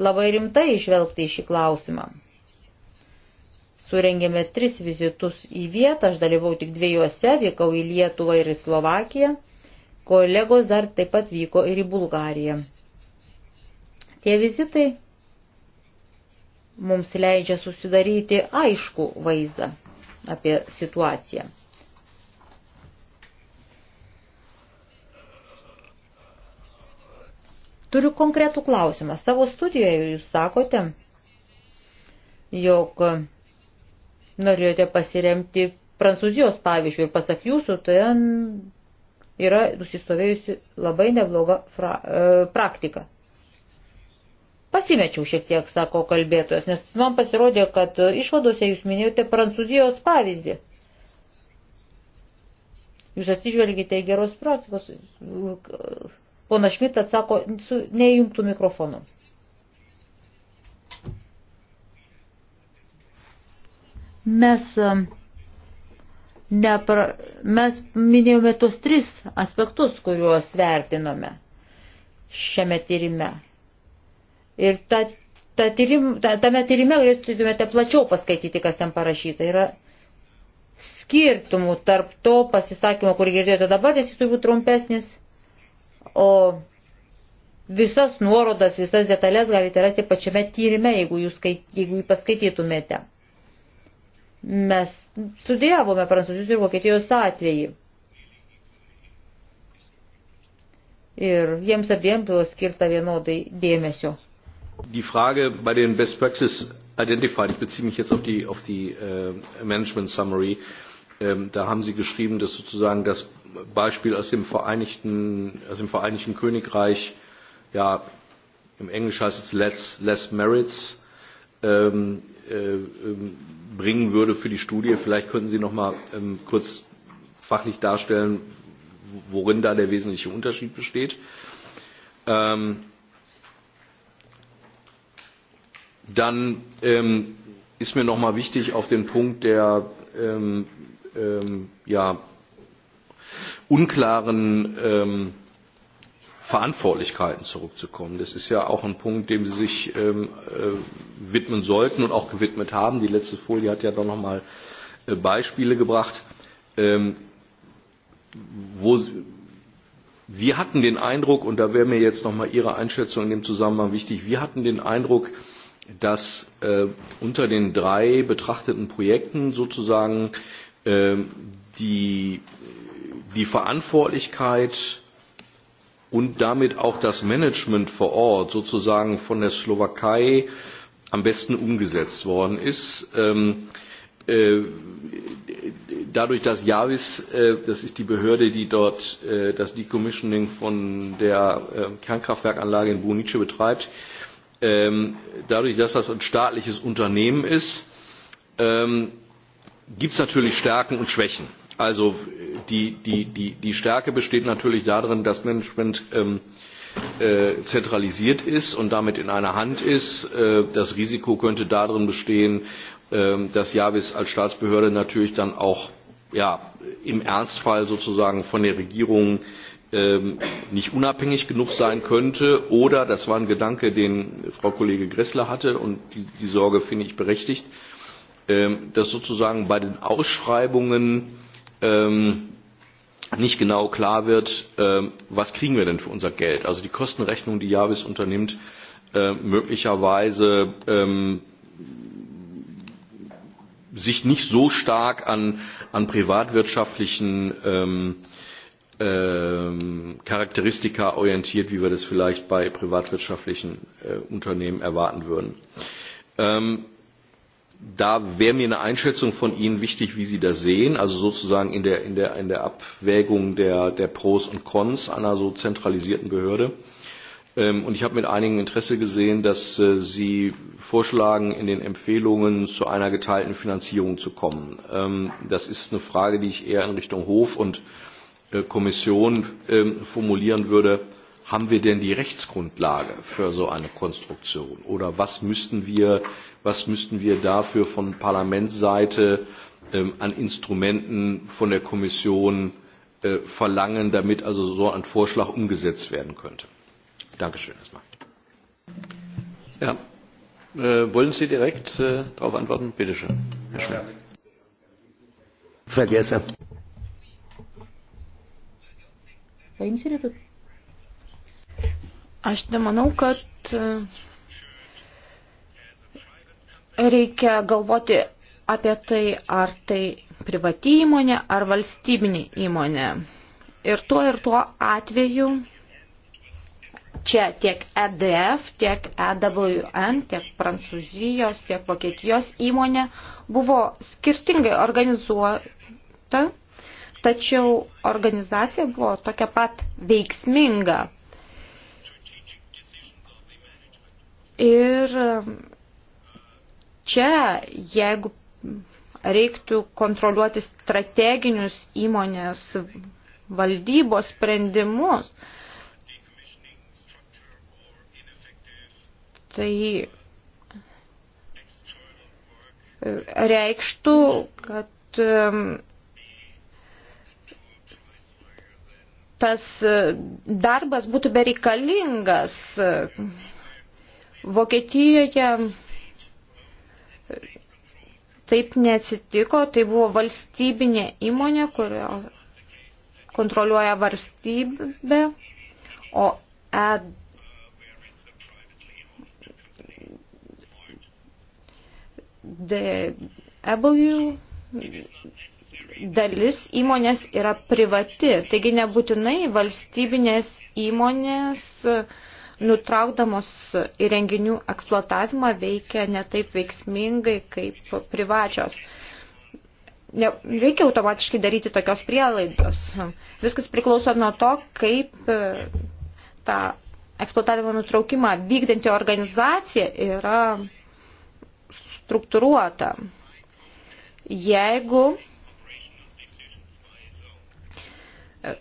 labai rimtai išvelgti į šį klausimą. Surengėme tris vizitus į vietą, aš dalyvau tik dviejose, vykau į Lietuvą ir į Slovakiją, kolegos dar taip pat vyko ir į Bulgariją. Tie vizitai mums leidžia susidaryti aišku vaizdą apie situaciją. Turiu konkretų klausimą. Savo studijoje jūs sakote, jog norėjote pasiremti Prancūzijos pavyzdžių ir pasak jūsų, ten tai yra nusistovėjusi labai nebloga fra, e, praktika. Pasimečiau šiek tiek, sako kalbėtojas, nes man pasirodė, kad išvadose jūs minėjote Prancūzijos pavyzdį. Jūs atsižvelgite į geros praktikos. Pona Šmit atsako su neįjungtų mikrofonu. Mes, um, nepra, mes minėjome tos tris aspektus, kuriuos vertinome šiame tyrime Ir ta, ta tyrim, ta, tame tyrime galėtumėte plačiau paskaityti, kas ten parašyta. Yra skirtumų tarp to pasisakymo, kurį girdėjote dabar, jis turi būti trumpesnis, o visas nuorodas, visas detalės galite rasti pačiame tyrime, jeigu, jūs, jeigu jį paskaitytumėte. Mes studijavome prancūzijos ir vokietijos atvejį. Ir jiems abiem buvo skirta vienodai dėmesio. Die Frage bei den Best Practice Identified, ich beziehe mich jetzt auf die, auf die äh, Management Summary, ähm, da haben Sie geschrieben, dass sozusagen das Beispiel aus dem Vereinigten, aus dem Vereinigten Königreich, ja, im Englisch heißt es less, less merits, ähm, äh, ähm, bringen würde für die Studie. Vielleicht könnten Sie noch mal ähm, kurz fachlich darstellen, worin da der wesentliche Unterschied besteht. Ähm, Dann ähm, ist mir nochmal wichtig auf den Punkt der ähm, ähm, ja, unklaren ähm, Verantwortlichkeiten zurückzukommen. Das ist ja auch ein Punkt, dem Sie sich ähm, äh, widmen sollten und auch gewidmet haben. Die letzte Folie hat ja doch nochmal äh, Beispiele gebracht. Ähm, wo, wir hatten den Eindruck, und da wäre mir jetzt nochmal Ihre Einschätzung in dem Zusammenhang wichtig, wir hatten den Eindruck, äh, dass äh, unter den drei betrachteten Projekten sozusagen äh, die, die Verantwortlichkeit und damit auch das Management vor Ort sozusagen von der Slowakei am besten umgesetzt worden ist. Ähm, äh, dadurch, dass Javis, äh, das ist die Behörde, die dort äh, das Decommissioning von der äh, Kernkraftwerkanlage in Brunice betreibt, äh, ähm, dadurch, dass das ein staatliches Unternehmen ist, ähm, gibt es natürlich Stärken und Schwächen. Also die, die, die, die Stärke besteht natürlich darin, dass Management ähm, äh, zentralisiert ist und damit in einer Hand ist. Äh, das Risiko könnte darin bestehen, äh, dass Javis als Staatsbehörde natürlich dann auch ja, im Ernstfall sozusagen von der Regierung äh, Ähm, nicht unabhängig genug sein könnte oder das war ein Gedanke, den Frau Kollege Gressler hatte und die, die Sorge finde ich berechtigt, ähm, dass sozusagen bei den Ausschreibungen ähm, nicht genau klar wird, was kriegen wir denn für unser Geld. Also die Kostenrechnung, die Javis unternimmt, möglicherweise sich nicht so stark an, an privatwirtschaftlichen ähm, ähm, Charakteristika orientiert, wie wir das vielleicht bei privatwirtschaftlichen äh, Unternehmen erwarten würden. Ähm, da wäre mir eine Einschätzung von Ihnen wichtig, wie Sie das sehen, also sozusagen in der, in der, in der Abwägung der, der Pros und Cons einer so zentralisierten Behörde. Ähm, und ich habe mit einigem Interesse gesehen, dass äh, Sie vorschlagen, in den Empfehlungen zu einer geteilten Finanzierung zu kommen. Ähm, das ist eine Frage, die ich eher in Richtung Hof und äh, Äh, Kommission ähm, formulieren würde, haben wir denn die Rechtsgrundlage für so eine Konstruktion? Oder was müssten wir, was müssten wir dafür von Parlamentsseite ähm, an Instrumenten von der Kommission äh, verlangen, damit also so ein Vorschlag umgesetzt werden könnte? Dankeschön erstmal. Ja. Äh, wollen Sie direkt äh, darauf antworten? Bitte schön, Herr Schwer. Vergessen. paimsirėtų? Aš nemanau, kad e, reikia galvoti apie tai, ar tai privati įmonė, ar valstybinė įmonė. Ir tuo ir tuo atveju čia tiek EDF, tiek EWN, tiek Prancūzijos, tiek Vokietijos įmonė buvo skirtingai organizuota tačiau organizacija buvo tokia pat veiksminga. Ir čia, jeigu reiktų kontroliuoti strateginius įmonės valdybos sprendimus, tai reikštų, kad tas e, darbas būtų bereikalingas. E, Vokietijoje taip neatsitiko, tai buvo valstybinė įmonė, kurio kontroliuoja valstybė, o e, d, e w dalis įmonės yra privati, taigi nebūtinai valstybinės įmonės e, nutraukdamos įrenginių eksploatavimą veikia netaip veiksmingai kaip privačios. Ne, reikia automatiškai daryti tokios prielaidos. Viskas priklauso nuo to, kaip e, tą eksploatavimo nutraukimą vykdanti organizacija yra struktūruota. Jeigu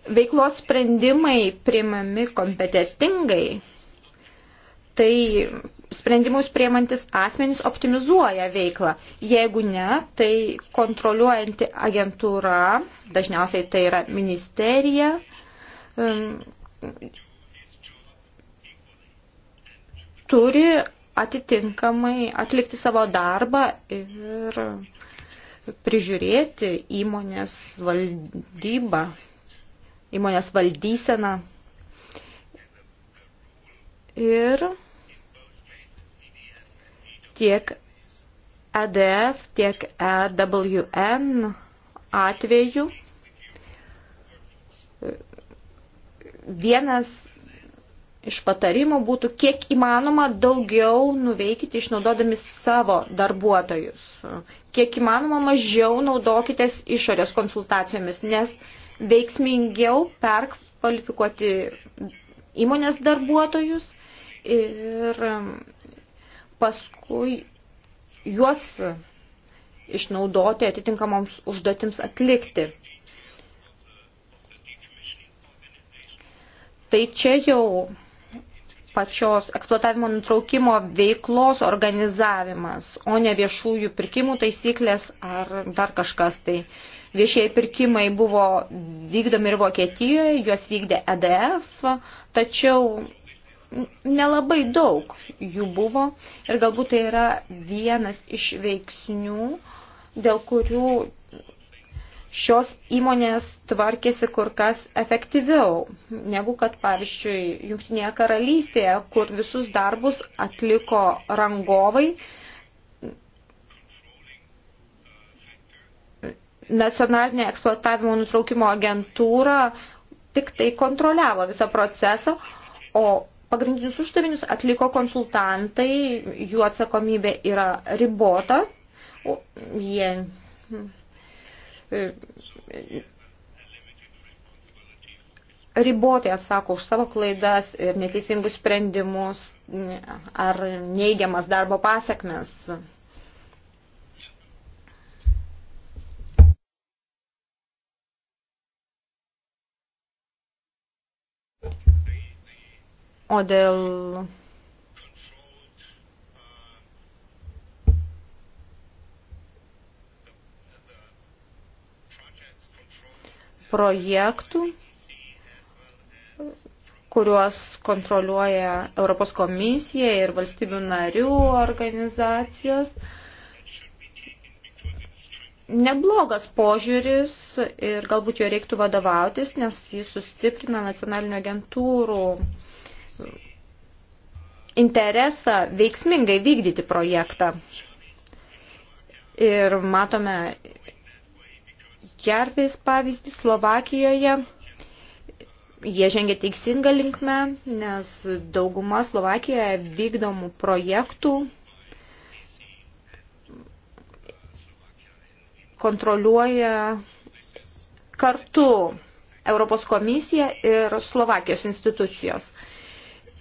veiklos sprendimai priimami kompetitingai, tai sprendimus priemantis asmenys optimizuoja veiklą. Jeigu ne, tai kontroliuojanti agentūra, dažniausiai tai yra ministerija, um, turi atitinkamai atlikti savo darbą ir prižiūrėti įmonės valdybą įmonės valdyseną. Ir tiek EDF, tiek EWN atveju vienas iš patarimų būtų kiek įmanoma daugiau nuveikite išnaudodami savo darbuotojus. Kiek įmanoma mažiau naudokitės išorės konsultacijomis, nes uh, veiksmingiau perkvalifikuoti įmonės darbuotojus ir um, paskui juos išnaudoti atitinkamoms užduotims atlikti. Tai čia jau pačios eksploatavimo nutraukimo veiklos organizavimas, o ne viešųjų pirkimų taisyklės ar dar kažkas tai. Uh, Viešieji pirkimai buvo vykdomi ir Vokietijoje, juos vykdė EDF, tačiau nelabai daug jų buvo ir galbūt tai yra vienas iš veiksnių, dėl kurių šios įmonės tvarkėsi kur kas efektyviau negu kad, pavyzdžiui, Junktinėje karalystėje, kur visus darbus atliko rangovai, nacionalinė eksploatavimo nutraukimo agentūra tik tai kontroliavo visą procesą, o pagrindinius uždavinius atliko konsultantai, jų atsakomybė yra ribota, jie e, ribotai atsako už savo klaidas ir neteisingus sprendimus ar neigiamas darbo pasiekmes. O dėl projektų, kuriuos kontroliuoja Europos komisija ir valstybių narių organizacijos. Neblogas požiūris ir galbūt jo reiktų vadovautis, nes jis sustiprina nacionalinių agentūrų interesą veiksmingai vykdyti projektą. Ir matome gervės pavyzdį Slovakijoje. Jie žengia teiksingą linkmę, nes dauguma Slovakijoje vykdomų projektų kontroliuoja kartu Europos komisija ir Slovakijos institucijos.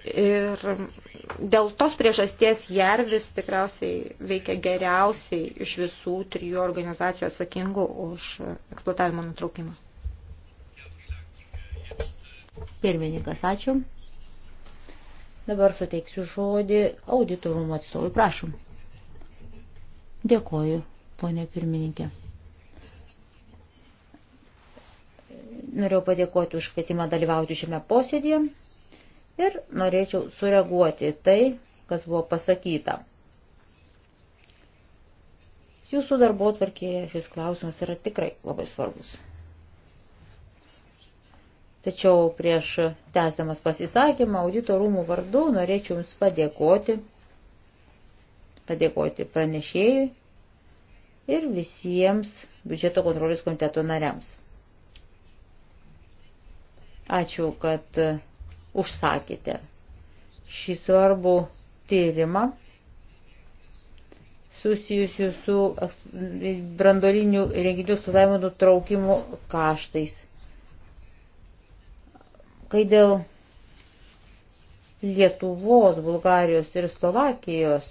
Ir dėl tos priežasties Jervis tikriausiai veikia geriausiai iš visų trijų organizacijų atsakingų už eksploatavimo nutraukimą. Pirmininkas, ačiū. Dabar suteiksiu žodį auditorumo atstovui. Prašom. Dėkoju, ponė pirmininkė. Norėjau padėkoti už kvietimą dalyvauti šiame posėdėje ir norėčiau sureaguoti tai, kas buvo pasakyta. Jūsų darbo tvarkėje šis klausimas yra tikrai labai svarbus. Tačiau prieš tęsdamas pasisakymą audito rūmų vardu norėčiau Jums padėkoti, padėkoti pranešėjui ir visiems biudžeto kontrolės komiteto nariams. Ačiū, kad užsakėte šį svarbų tyrimą susijusių su brandolinių renginių sudavimo nutraukimo kaštais. Kai dėl Lietuvos, Bulgarijos ir Slovakijos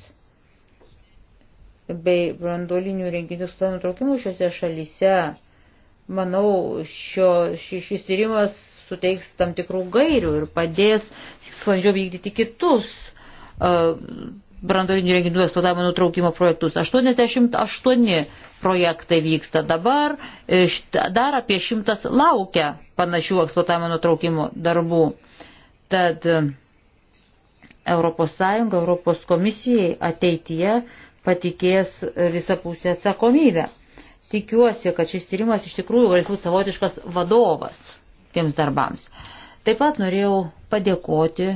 bei brandolinių renginių sudavimo nutraukimų šiuose šalyse, manau, šio, šis tyrimas suteiks tam tikrų gairių ir padės sklandžiau vykdyti kitus e, brandolinių renginių eksploatavimo nutraukimo projektus. 88 projektai vyksta dabar, e, dar apie šimtas laukia panašių eksploatavimo nutraukimo darbų. Tad ES, Europos komisijai ateityje patikės visapusę atsakomybę. Tikiuosi, kad šis tyrimas iš tikrųjų galės būti savotiškas vadovas tiems darbams. Taip pat norėjau padėkoti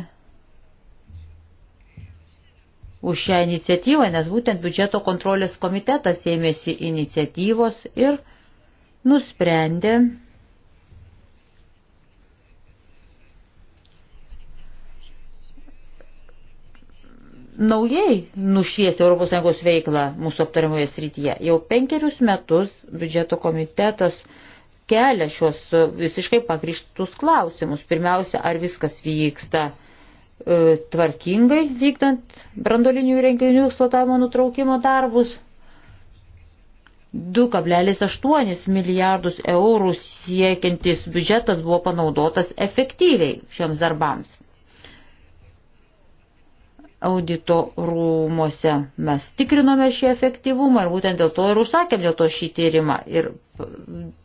už šią iniciatyvą, nes būtent biudžeto kontrolės komitetas ėmėsi iniciatyvos ir nusprendė naujai nušviesti ES veiklą mūsų aptariamoje srityje. Jau penkerius metus biudžeto komitetas uh, kelia šios visiškai pagrištus klausimus. Pirmiausia, ar viskas vyksta e, tvarkingai vykdant brandolinių įrenginių eksploatavimo nutraukimo darbus. 2,8 milijardus eurų siekiantis biudžetas buvo panaudotas efektyviai šiems darbams audito rūmose. Mes tikrinome šį efektyvumą ir būtent dėl to ir užsakėm dėl to šį tyrimą. Ir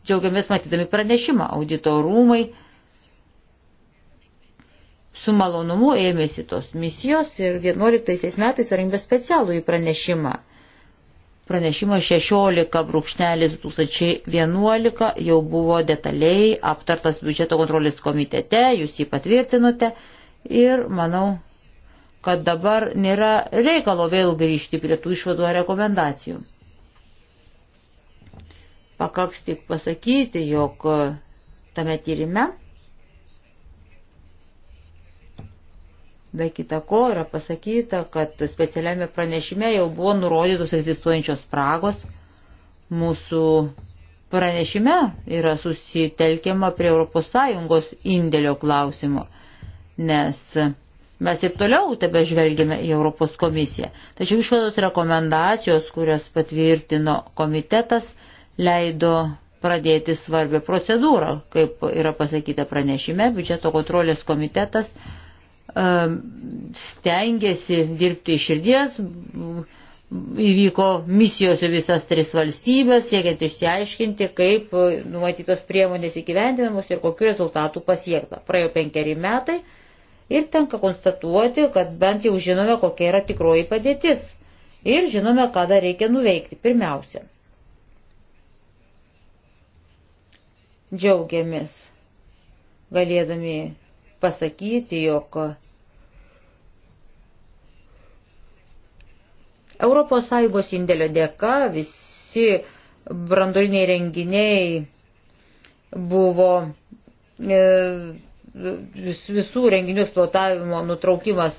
džiaugiamės matydami pranešimą. Audito rūmai su malonumu ėmėsi tos misijos ir 11 metais parengė specialų į pranešimą. Pranešimas 16.2011 jau buvo detaliai aptartas biudžeto kontrolės komitete, jūs jį patvirtinote ir, manau, kad dabar nėra reikalo vėl grįžti prie tų išvadų ar rekomendacijų. Pakaks tik pasakyti, jog e, tame tyrime be kita ko yra pasakyta, kad specialiame pranešime jau buvo nurodytos egzistuojančios spragos. Mūsų pranešime yra susitelkiama prie ES indėlio klausimo, nes Mes ir toliau tebe žvelgime į Europos komisiją. Tačiau išvados rekomendacijos, kurias patvirtino komitetas, leido pradėti svarbią procedūrą, kaip yra pasakyta pranešime, biudžeto kontrolės komitetas ehm, stengiasi dirbti iš širdies, įvyko misijos į visas tris valstybės, siekiant išsiaiškinti, kaip numatytos priemonės įgyvendinamos ir kokiu rezultatu pasiekta. Praėjo penkeri metai ir tenka konstatuoti, kad bent jau žinome, kokia yra tikroji padėtis ir žinome, ką dar reikia nuveikti pirmiausia. Džiaugiamės galėdami pasakyti, jog ES indėlio dėka visi brandoliniai renginiai buvo e, vis, visų renginių eksploatavimo nutraukimas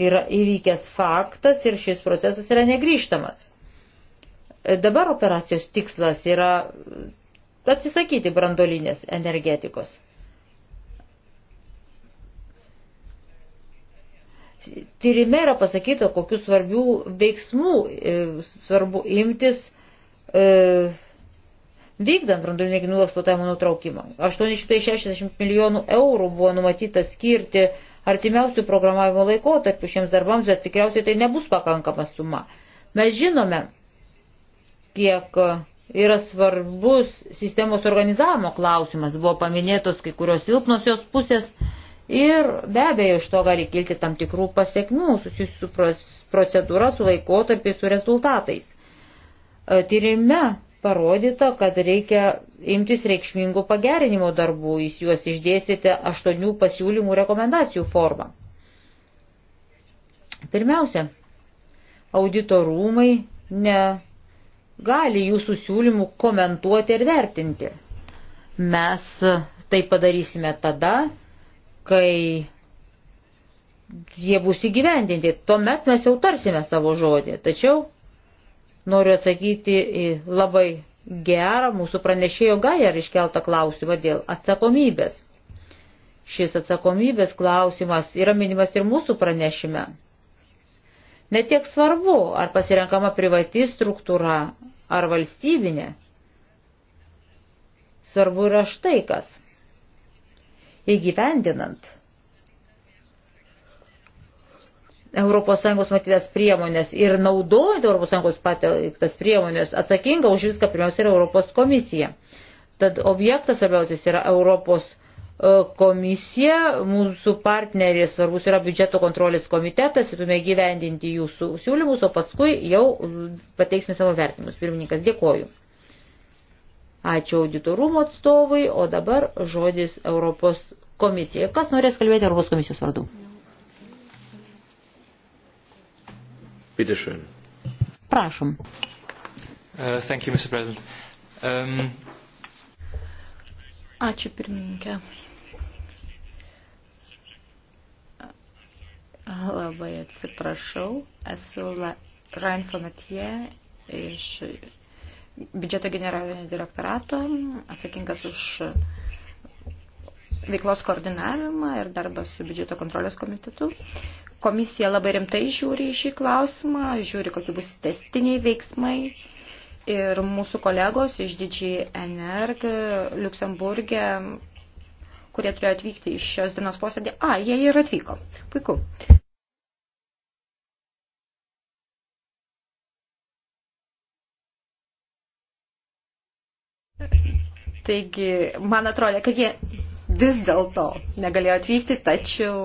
yra įvykęs faktas ir šis procesas yra negryžtamas. Dabar operacijos tikslas yra atsisakyti brandolinės energetikos. Tyrime yra pasakyta, kokius svarbių veiksmų e, svarbu imtis e, vykdant branduolinio ginklų eksploatavimo nutraukimą. 860 milijonų eurų buvo numatyta skirti artimiausių programavimo laikotarpių šiems darbams, bet tikriausiai tai nebus pakankama suma. Mes žinome, kiek yra svarbus sistemos organizavimo klausimas, buvo paminėtos kai kurios silpnosios pusės ir be abejo iš to gali kilti tam tikrų pasiekmių susijusių su procedūra, su laikotarpiais, su rezultatais. E, tyrime parodyta, kad reikia imtis reikšmingų pagerinimo darbų, jūs juos išdėstėte aštuonių pasiūlymų rekomendacijų formą. Pirmiausia, audito rūmai negali jūsų siūlymų komentuoti ir vertinti. Mes tai padarysime tada, kai jie bus įgyvendinti. Tuomet mes jau tarsime savo žodį. Tačiau Noriu atsakyti į labai gerą mūsų pranešėjo Gajar iškeltą klausimą dėl atsakomybės. Šis atsakomybės klausimas yra minimas ir mūsų pranešime. Netiek svarbu, ar pasirenkama privati struktūra ar valstybinė. Svarbu yra štai kas. Įgyvendinant ES matytas priemonės ir naudojant ES pateiktas priemonės atsakinga už viską pirmiausia yra Europos komisija. Tad objektas svarbiausias yra Europos e, komisija, mūsų partneris svarbus yra biudžeto kontrolės komitetas, turime gyvendinti jūsų siūlymus, o paskui jau pateiksime savo vertimus. Pirmininkas, dėkoju. Ačiū auditorumo atstovui, o dabar žodis Europos komisijai. Kas norės kalbėti Europos komisijos vardu? Bitte schön. Prašom. Uh, thank you, Mr. President. Um... Ačiū pirmininkė. Labai atsiprašau, esu Rain Fonatie iš biudžeto generalinio direktorato, atsakingas už uh, veiklos koordinavimą ir darbą su biudžeto kontrolės komitetu. Komisija labai rimtai žiūri į šį klausimą, žiūri, kokie bus testiniai veiksmai. Ir mūsų kolegos iš Didžiai Energ Luksemburgė, kurie turėjo atvykti iš šios dienos posėdį, a, jie ir atvyko. Puiku. Taigi, man atrodo, kad jie vis dėlto negalėjo atvykti, tačiau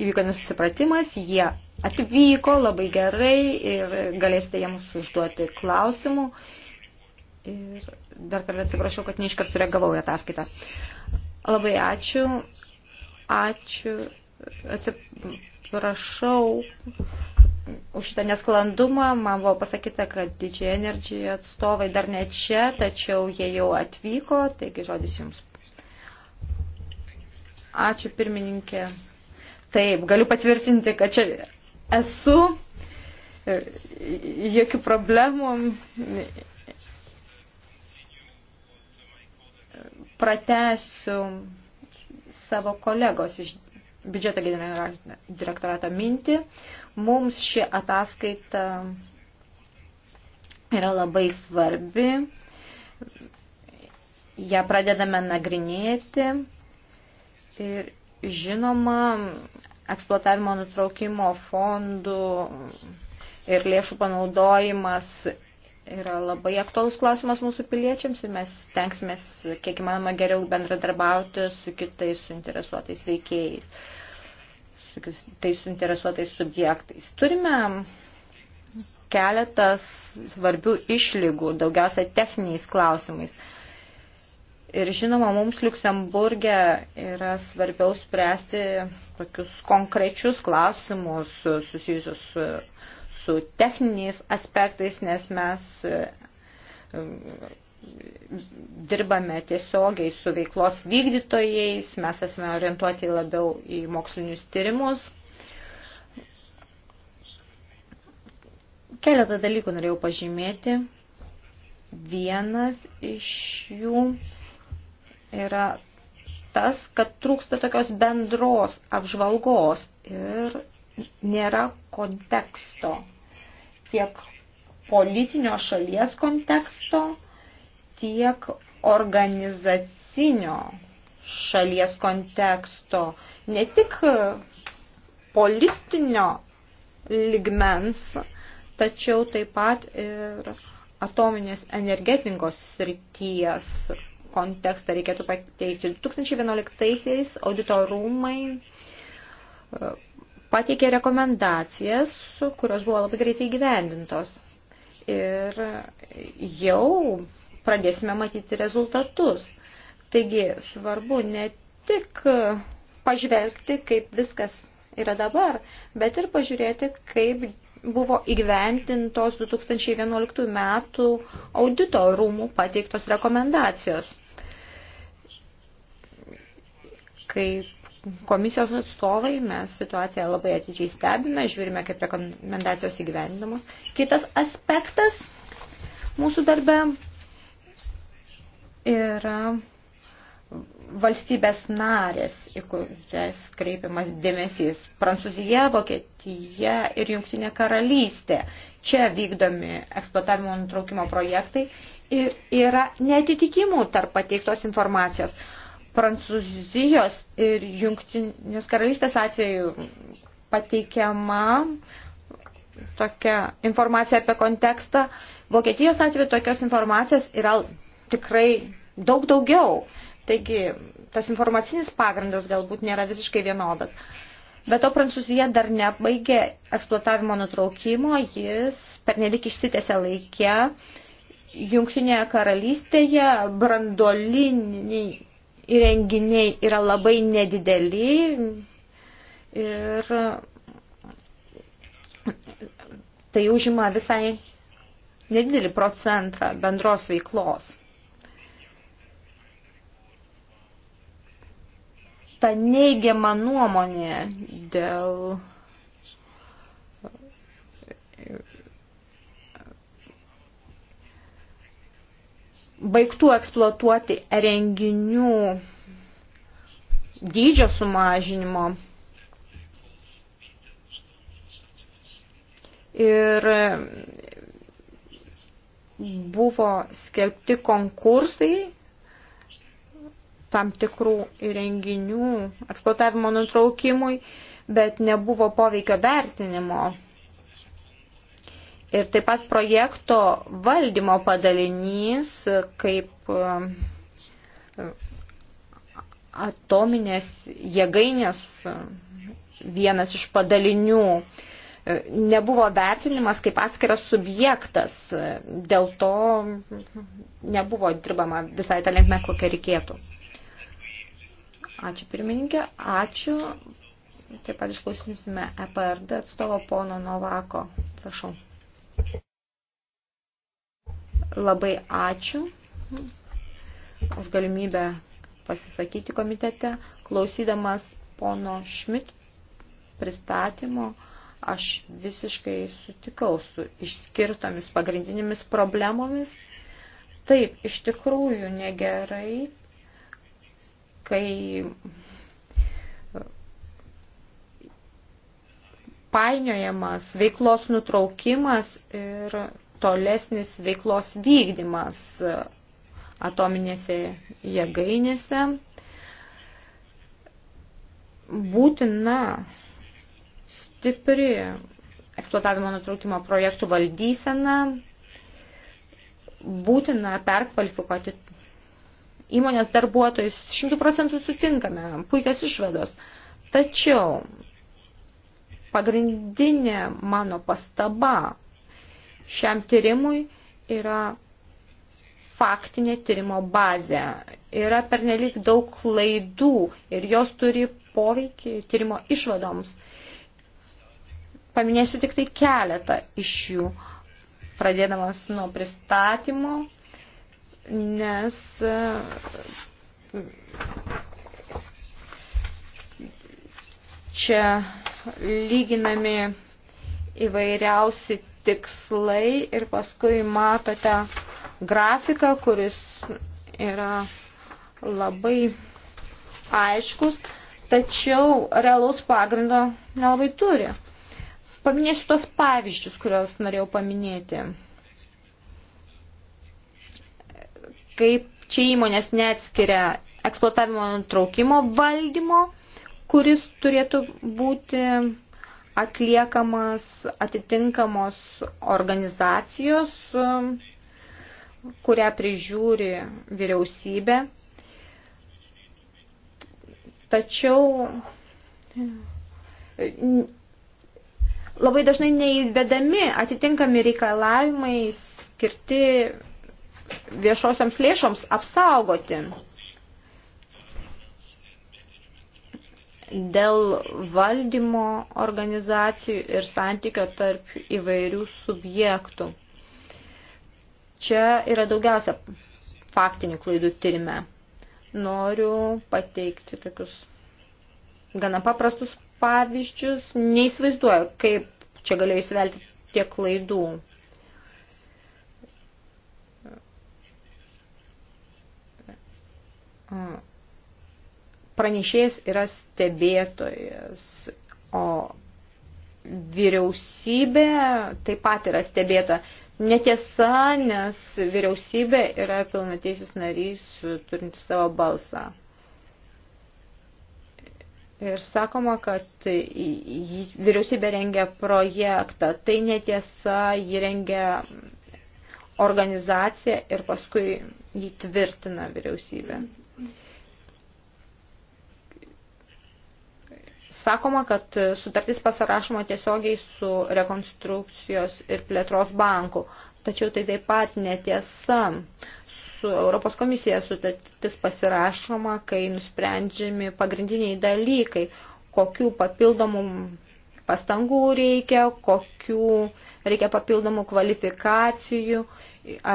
įvyko nesusipratimas, jie atvyko labai gerai ir galėsite jiems užduoti klausimų. Ir dar kartą atsiprašau, kad neiškart sureagavau į ataskaitą. Labai ačiū. Ačiū. Atsiprašau už šitą nesklandumą. Man buvo pasakyta, kad DJ Energy atstovai dar ne čia, tačiau jie jau atvyko, taigi žodis jums. Ačiū pirmininkė. Taip, galiu patvirtinti, kad čia esu, jokių problemų. Pratesiu savo kolegos iš biudžeto generalinio direktorato mintį. Mums ši ataskaita yra labai svarbi. Ja pradedame nagrinėti Tai ir žinoma, eksploatavimo nutraukimo fondų ir lėšų panaudojimas yra labai aktuolus klausimas mūsų piliečiams ir mes tenksime kiek įmanoma geriau bendradarbiauti su kitais suinteresuotais veikėjais, su kitais suinteresuotais subjektais. Turime keletas svarbių išlygų, daugiausia techniniais klausimais. Ir žinoma, mums Luksemburgė yra svarbiau spręsti tokius konkrečius klausimus susijusius su, su techniniais aspektais, nes mes e, dirbame tiesiogiai su veiklos vykdytojais, mes esame orientuoti labiau į mokslinius tyrimus. Keletą dalykų norėjau pažymėti. Vienas iš jų yra tas, kad trūksta tokios bendros apžvalgos ir nėra konteksto. Tiek politinio šalies konteksto, tiek organizacinio šalies konteksto. Ne tik politinio ligmens, tačiau taip pat ir atominės energetikos srities kontekstą reikėtų pateikti. 2011-aisiais auditorumai e, pateikė rekomendacijas, kurios buvo labai greitai gyvendintos. Ir jau pradėsime matyti rezultatus. Taigi svarbu ne tik pažvelgti, kaip viskas yra dabar, bet ir pažiūrėti, kaip buvo įgyventintos 2011 metų audito rūmų pateiktos rekomendacijos. Kaip komisijos atstovai mes situaciją labai atidžiai stebime, žiūrime, kaip rekomendacijos įgyvendinamos. Kitas aspektas mūsų darbe yra valstybės narės, į kurias kreipiamas dėmesys - Prancūzija, Vokietija ir Jungtinė karalystė. Čia vykdomi eksploatavimo nutraukimo projektai ir yra netitikimų tarp pateiktos informacijos. Prancūzijos ir Jungtinės karalystės atveju pateikiama tokia informacija apie kontekstą. Vokietijos atveju tokios informacijos yra tikrai daug daugiau. Taigi tas informacinis pagrindas galbūt nėra visiškai vienodas. Bet to Prancūzija dar nebaigė eksploatavimo nutraukimo, jis pernelik išsitėse laikė. Jungtinėje karalystėje brandoliniai įrenginiai yra labai nedideli ir tai užima visai nedidelį procentą bendros veiklos. Ta neigiama nuomonė dėl baigtų eksploatuoti renginių dydžio sumažinimo. Ir buvo skelbti konkursai tam tikrų įrenginių eksploatavimo nutraukimui, bet nebuvo poveikio vertinimo ir taip pat projekto valdymo padalinys kaip e, atominės jėgainės e, vienas iš padalinių e, nebuvo vertinimas kaip atskiras subjektas, dėl to nebuvo dirbama visai tą linkmę, kokią reikėtų. Ačiū pirmininkė, ačiū. Taip pat išklausysime EPRD atstovo pono Novako. Prašau. Labai ačiū už galimybę pasisakyti komitete. Klausydamas pono Šmit pristatymo, aš visiškai sutikau su išskirtomis pagrindinėmis problemomis. Taip, iš tikrųjų negerai, kai painiojamas veiklos nutraukimas ir tolesnis veiklos vykdymas atominėse jėgainėse. Būtina stipri eksploatavimo nutraukimo projektų valdysena, būtina perkvalifikuoti įmonės darbuotojus, šimtų procentų sutinkame, puikios išvados. Tačiau Pagrindinė mano pastaba šiam tyrimui yra faktinė tyrimo bazė. Yra pernelyg daug klaidų ir jos turi poveikį tyrimo išvadoms. Paminėsiu tik tai keletą iš jų, pradėdamas nuo pristatymo, nes e, čia lyginami įvairiausi tikslai ir paskui matote grafiką, kuris yra labai aiškus, tačiau realaus pagrindo nelabai turi. Paminėsiu tos pavyzdžius, kuriuos norėjau paminėti. Kaip čia įmonės neatskiria eksploatavimo nutraukimo valdymo kuris turėtų būti atliekamas atitinkamos organizacijos, kurią prižiūri vyriausybė. Tačiau labai dažnai neįvedami atitinkami reikalavimai skirti viešosioms lėšoms apsaugoti. dėl valdymo organizacijų ir santykio tarp įvairių subjektų. Čia yra daugiausia faktinių klaidų tyrime. Noriu pateikti tokius gana paprastus pavyzdžius. Neįsivaizduoju, kaip čia galėjo įsivelti tiek klaidų. Uh pranešėjas yra stebėtojas, o vyriausybė taip pat yra stebėta. Netiesa, nes vyriausybė yra pilnateisis narys, turinti savo balsą. Ir sakoma, kad vyriausybė rengia projektą. Tai netiesa, jį rengia organizacija ir paskui jį tvirtina vyriausybė. Mhm. sakoma, kad sutartis pasirašoma tiesiogiai su rekonstrukcijos ir plėtros banku. Tačiau tai taip pat netiesa. Su Europos komisija sutartis pasirašoma, kai nusprendžiami pagrindiniai dalykai, kokių papildomų pastangų reikia, kokių reikia papildomų kvalifikacijų,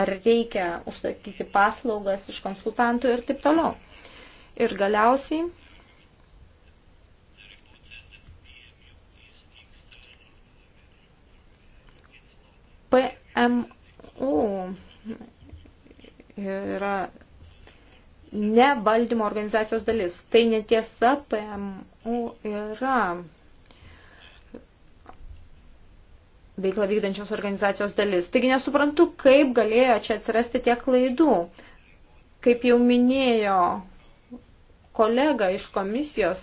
ar reikia užsakyti paslaugas iš konsultantų ir taip toliau. Ir galiausiai PMU yra ne valdymo organizacijos dalis. Tai netiesa, PMU yra veiklą vykdančios organizacijos dalis. Taigi nesuprantu, kaip galėjo čia atsirasti tiek klaidų. Kaip jau minėjo kolega iš komisijos,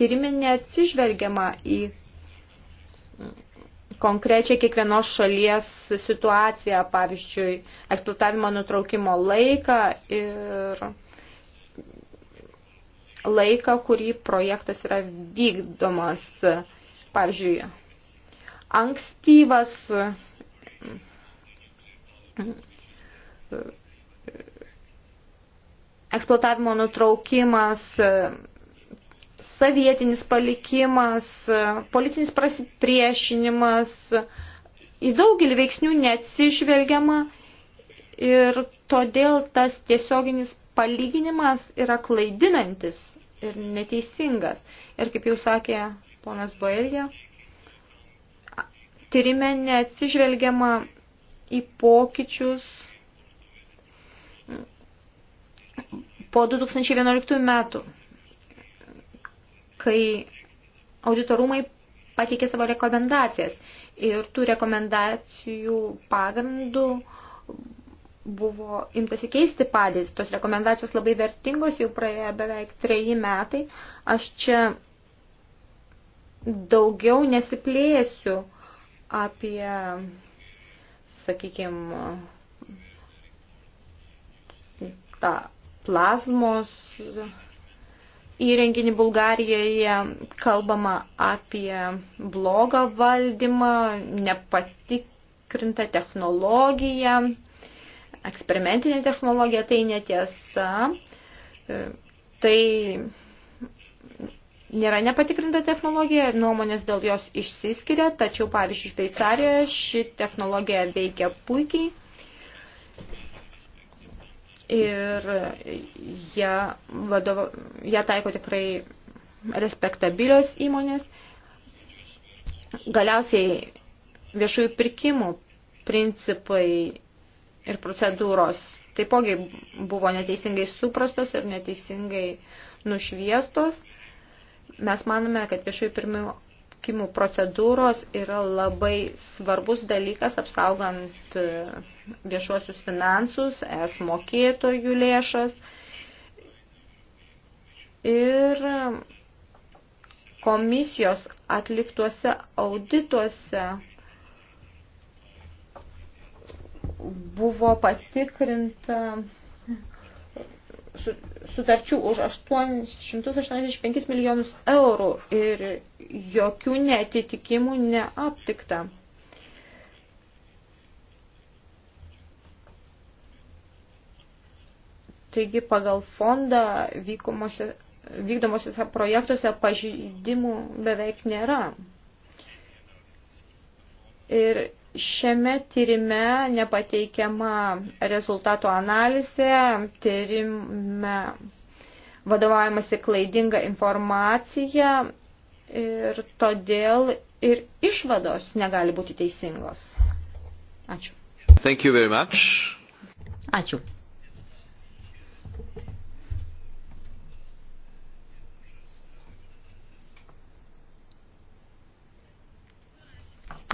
tyrimė neatsižvelgiama į konkrečiai kiekvienos šalies situaciją, pavyzdžiui, eksploatavimo nutraukimo laiką ir laiką, kurį projektas yra vykdomas. Pavyzdžiui, ankstyvas eksploatavimo nutraukimas sovietinis palikimas, e, politinis prasipriešinimas, į daugelį veiksnių neatsižvelgiama ir todėl tas tiesioginis palyginimas yra klaidinantis ir neteisingas. Ir kaip jau sakė ponas Boerija, tyrime neatsižvelgiama į pokyčius po 2011 metų kai auditorumai pateikė savo rekomendacijas. Ir tų rekomendacijų pagrindų buvo imtasi keisti padėtį. Tos rekomendacijos labai vertingos, jau praėjo beveik treji metai. Aš čia daugiau nesiplėsiu apie, sakykime, tą plazmos įrenginį Bulgarijoje, kalbama apie blogą valdymą, nepatikrintą technologiją, eksperimentinę technologiją, tai netiesa. E, tai nėra nepatikrinta technologija, nuomonės dėl jos išsiskiria, tačiau, pavyzdžiui, Šveicarijoje ši technologija veikia puikiai ir ją, vadovo, ją taiko tikrai respektabilios įmonės. Galiausiai viešųjų pirkimų principai ir procedūros taipogi buvo neteisingai suprastos ir neteisingai nušviestos. Mes manome, kad viešųjų pirmimų pirkimų procedūros yra labai svarbus dalykas apsaugant e, viešuosius finansus, es mokėtojų lėšas. Ir komisijos atliktuose audituose buvo patikrinta sutarčių už 885 milijonus eurų ir jokių netitikimų neaptikta. Taigi pagal fondą vykdomosiuose projektuose pažydimų beveik nėra. Ir Šiame tyrime nepateikiama rezultatų analizė, tyrime vadovaujamasi klaidinga informacija ir todėl ir išvados negali būti teisingos. Ačiū. Thank you very much. Ačiū.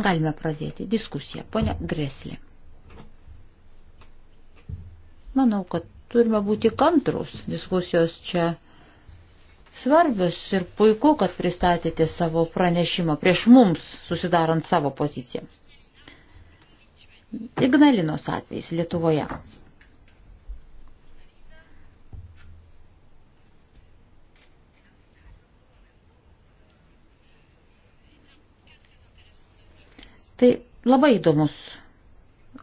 Galime pradėti diskusiją. Pone Greslė. Manau, kad turime būti kantrus. Diskusijos čia svarbios ir puiku, kad pristatėte savo pranešimą prieš mums, susidarant savo poziciją. Ignalinos atvejs Lietuvoje. Tai labai įdomus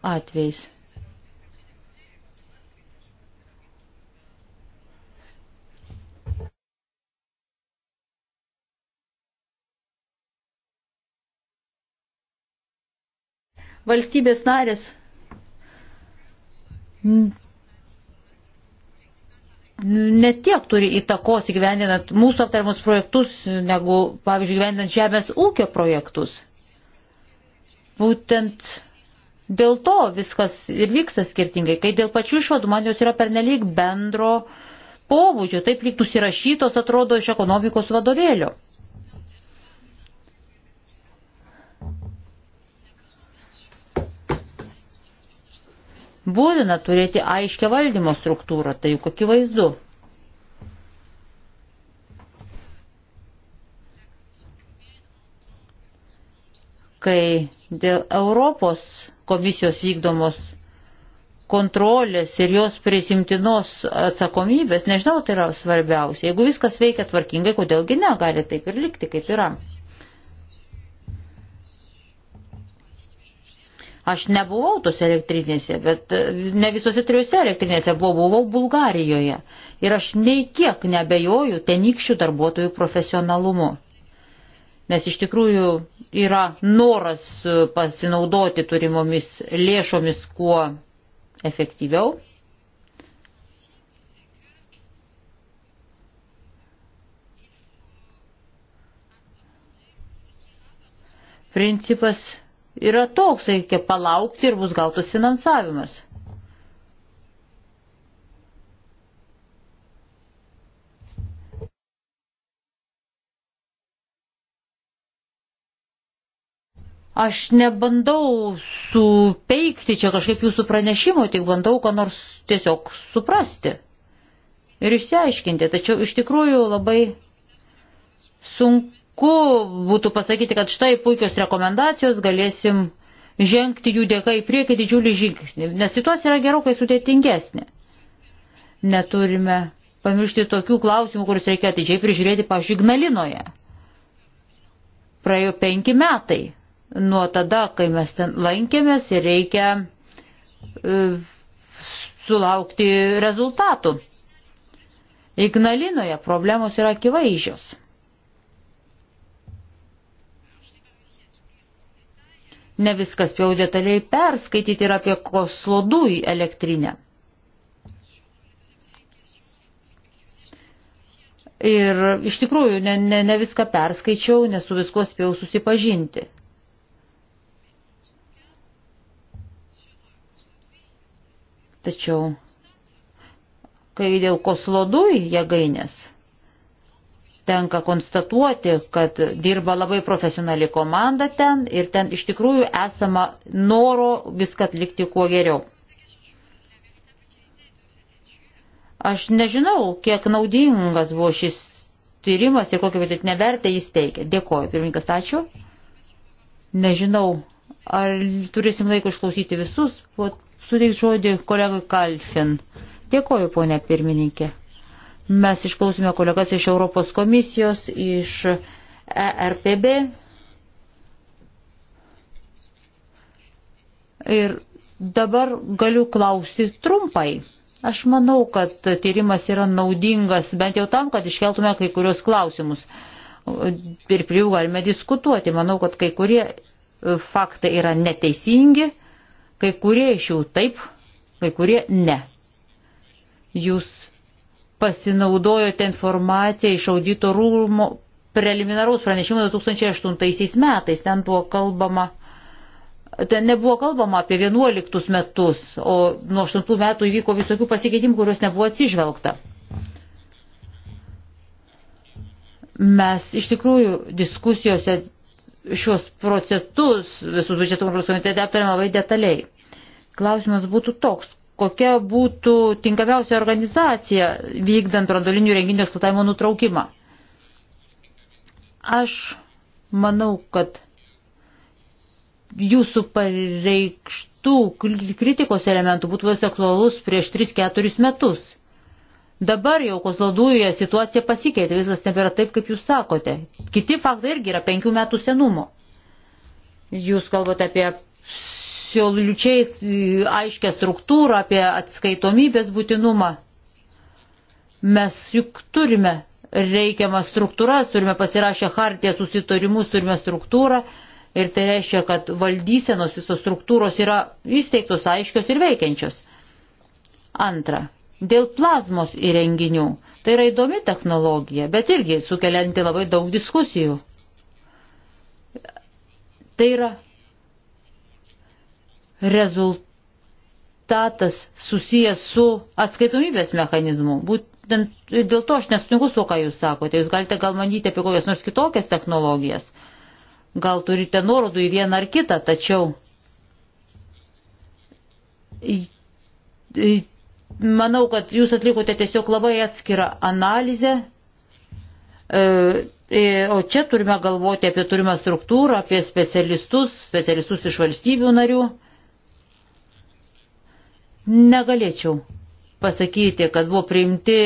atvejs. valstybės narės netiek turi įtakos įgyvendinant mūsų aptariamus projektus, negu, pavyzdžiui, įgyvendinant žemės ūkio projektus. Būtent dėl to viskas ir vyksta skirtingai, kai dėl pačių išvadų man jos yra pernelyg bendro pobūdžio, taip lyg nusirašytos atrodo iš ekonomikos vadovėlio. Būtina turėti aiškę valdymo struktūrą, tai juk akivaizdu. Kai dėl Europos komisijos vykdomos kontrolės ir jos prisimtinos atsakomybės, nežinau, tai yra svarbiausia. Jeigu viskas veikia tvarkingai, kodėlgi ne, gali taip ir likti, kaip yra. Aš nebuvau tose elektrinėse, bet ne visose trijose elektrinėse buvau, buvau Bulgarijoje. Ir aš nei kiek nebejoju tenykščių darbuotojų profesionalumu nes iš tikrųjų yra noras pasinaudoti turimomis lėšomis kuo efektyviau. Principas yra toks, reikia palaukti ir bus gautas finansavimas. Aš nebandau supeikti čia kažkaip jūsų pranešimo, tik bandau ką nors tiesiog suprasti ir išsiaiškinti. Tačiau iš tikrųjų labai sunku būtų pasakyti, kad štai puikios rekomendacijos galėsim žengti jų dėka į priekį didžiulį žingsnį, nes situacija yra gerokai sudėtingesnė. Neturime pamiršti tokių klausimų, kuriuos reikia atidžiai prižiūrėti, pavyzdžiui, Ignalinoje. Praėjo penki metai nuo tada, kai mes ten lankėmės ir reikia e, sulaukti rezultatų. Ignalinoje problemos yra akivaizdžios. Ne viskas jau detaliai perskaityti ir apie koslodų elektrinę. Ir iš tikrųjų ne, ne, ne viską perskaičiau, nesu visko spėjau susipažinti. Tačiau, kai dėl koslodui jėgainės tenka konstatuoti, kad dirba labai profesionali komanda ten ir ten iš tikrųjų esama noro viską atlikti kuo geriau. Aš nežinau, kiek naudingas buvo šis tyrimas ir kokią vidutinę vertę jis teikia. Dėkoju, pirmininkas, ačiū. Nežinau, ar turėsim laiko išklausyti visus, o suteiks žodį kolegai Kalfin. Dėkoju, ponė pirmininkė. Mes išklausime kolegas iš Europos komisijos, iš ERPB. Ir dabar galiu klausyti trumpai. Aš manau, kad tyrimas yra naudingas bent jau tam, kad iškeltume kai kurios klausimus. Ir prie jų galime diskutuoti. Manau, kad kai kurie faktai yra neteisingi Kai kurie iš jų taip, kai kurie ne. Jūs pasinaudojote informaciją iš audito rūmo preliminaraus pranešimo 2008 metais. Ten buvo kalbama, ten nebuvo kalbama apie 11 metus, o nuo 8 metų įvyko visokių pasikeitimų, kuriuos nebuvo atsižvelgta. Mes iš tikrųjų diskusijose šios procesus visus biudžeto kontrolės komitete aptarėme labai detaliai. Klausimas būtų toks, kokia būtų tinkamiausia organizacija vykdant brandolinių renginių eksploatavimo nutraukimą. Aš manau, kad jūsų pareikštų kritikos elementų būtų aktualus prieš 3-4 metus Dabar jau Kozlodūjoje situacija pasikeitė, viskas nebėra taip, kaip jūs sakote. Kiti faktai irgi yra penkių metų senumo. Jūs kalbate apie absoliučiai e, aiškę struktūrą, apie atskaitomybės būtinumą. Mes juk turime reikiamas struktūras, turime pasirašę hartiją susitarimus, turime struktūrą ir tai reiškia, kad valdysenos visos struktūros yra įsteigtos, aiškios ir veikiančios. Antra dėl plazmos įrenginių. Tai yra įdomi technologija, bet irgi sukelianti labai daug diskusijų. Tai yra rezultatas susijęs su atskaitomybės mechanizmu. Būtent dėl to aš nesutinku su to, ką jūs sakote. Jūs galite gal manyti apie kokias nors kitokias technologijas. Gal turite nuorodų į vieną ar kitą, tačiau manau, kad jūs atlikote tiesiog labai atskirą analizę. E, e, o čia turime galvoti apie turimą struktūrą, apie specialistus, specialistus iš valstybių narių. Negalėčiau pasakyti, kad buvo priimti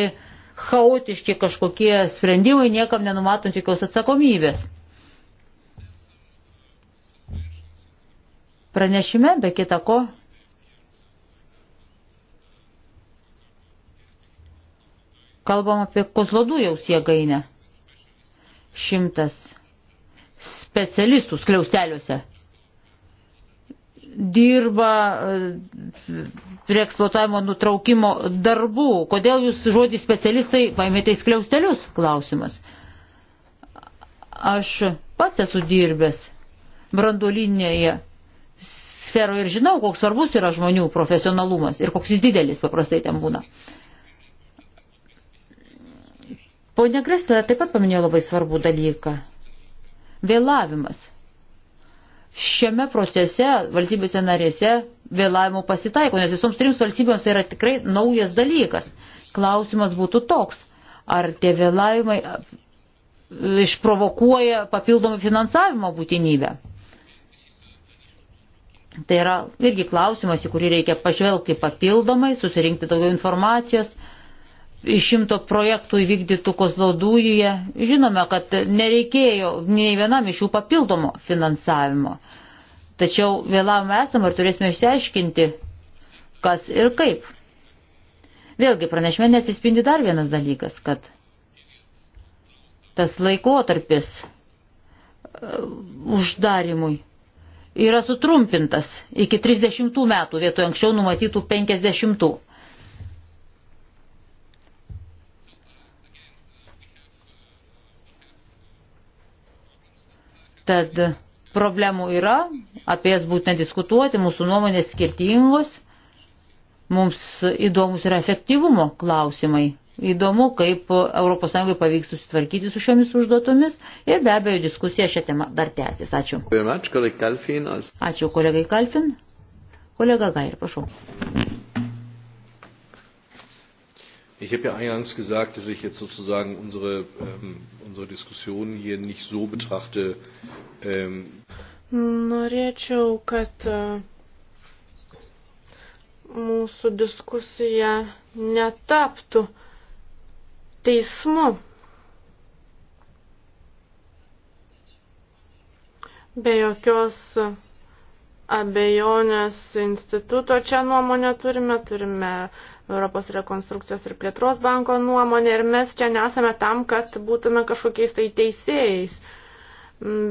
chaotiški kažkokie sprendimai, niekam nenumatant jokios atsakomybės. Pranešime, be kita ko, Kalbam apie kozlodujaus jėgainę. Šimtas specialistų skliausteliuose dirba e, prie eksploatavimo nutraukimo darbų. Kodėl jūs žodį specialistai paimėte į skliaustelius? Klausimas. Aš pats esu dirbęs branduolinėje sferoje ir žinau, koks svarbus yra žmonių profesionalumas ir koks jis didelis paprastai ten būna. Uh, Pone Grestė taip pat paminėjo labai svarbų dalyką. Vėlavimas. Šiame procese valstybėse narėse vėlavimų pasitaiko, nes visoms trims valstybėms tai yra tikrai naujas dalykas. Klausimas būtų toks, ar tie vėlavimai išprovokuoja papildomą finansavimo būtinybę. Tai yra irgi klausimas, į kurį reikia pažvelgti papildomai, susirinkti daugiau informacijos šimto projektų įvykdytų Kozlodūjuje. Žinome, kad nereikėjo nei vienam iš jų papildomo finansavimo. Tačiau vėlavome esam ir turėsime išsiaiškinti, kas ir kaip. Vėlgi pranešime neatsispindi dar vienas dalykas, kad tas laikotarpis uh, uždarimui yra sutrumpintas iki 30 metų vietoj anksčiau numatytų 50. -tų. Tad problemų yra, apie jas būtina diskutuoti, mūsų nuomonės skirtingos, mums įdomus yra efektyvumo klausimai. Įdomu, kaip ES pavyks susitvarkyti su šiomis užduotomis ir be abejo diskusija šią temą dar tęsis. Ačiū. Ačiū kolegai Kalfin. Kolega Gair, prašau. Ich habe ja eingangs gesagt, dass ich jetzt sozusagen unsere, ähm, unsere Diskussion hier nicht so betrachte. Ähm Norėčiau, kad äh, mūsų diskusija netaptų teismu. Be jokios abejonės instituto čia nuomonę turime, turime Europos rekonstrukcijos ir plėtros banko nuomonė ir mes čia nesame tam, kad būtume kažkokiais tai teisėjais.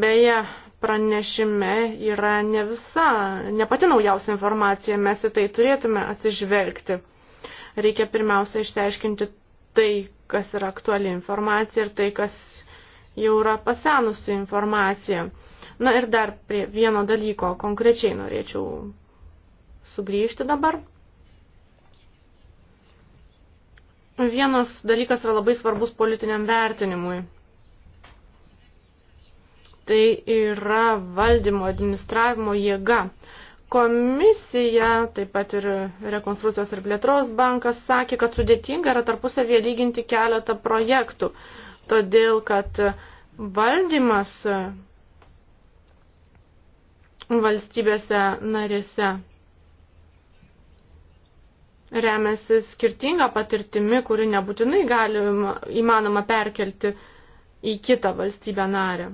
Beje, pranešime yra ne visa, ne pati naujausia informacija, mes į tai turėtume atsižvelgti. Reikia pirmiausia išteiškinti tai, kas yra aktuali informacija ir tai, kas jau yra pasenusi informacija. Na ir dar prie vieno dalyko konkrečiai norėčiau sugrįžti dabar. Vienas dalykas yra labai svarbus politiniam vertinimui. Tai yra valdymo, administravimo jėga. Komisija, taip pat ir rekonstrukcijos ir plėtros bankas sakė, kad sudėtinga yra tarpusavėje lyginti keletą projektų, todėl kad valdymas valstybėse narėse remiasi skirtinga patirtimi, kuri nebūtinai gali, įmanoma perkelti į kitą valstybę narę.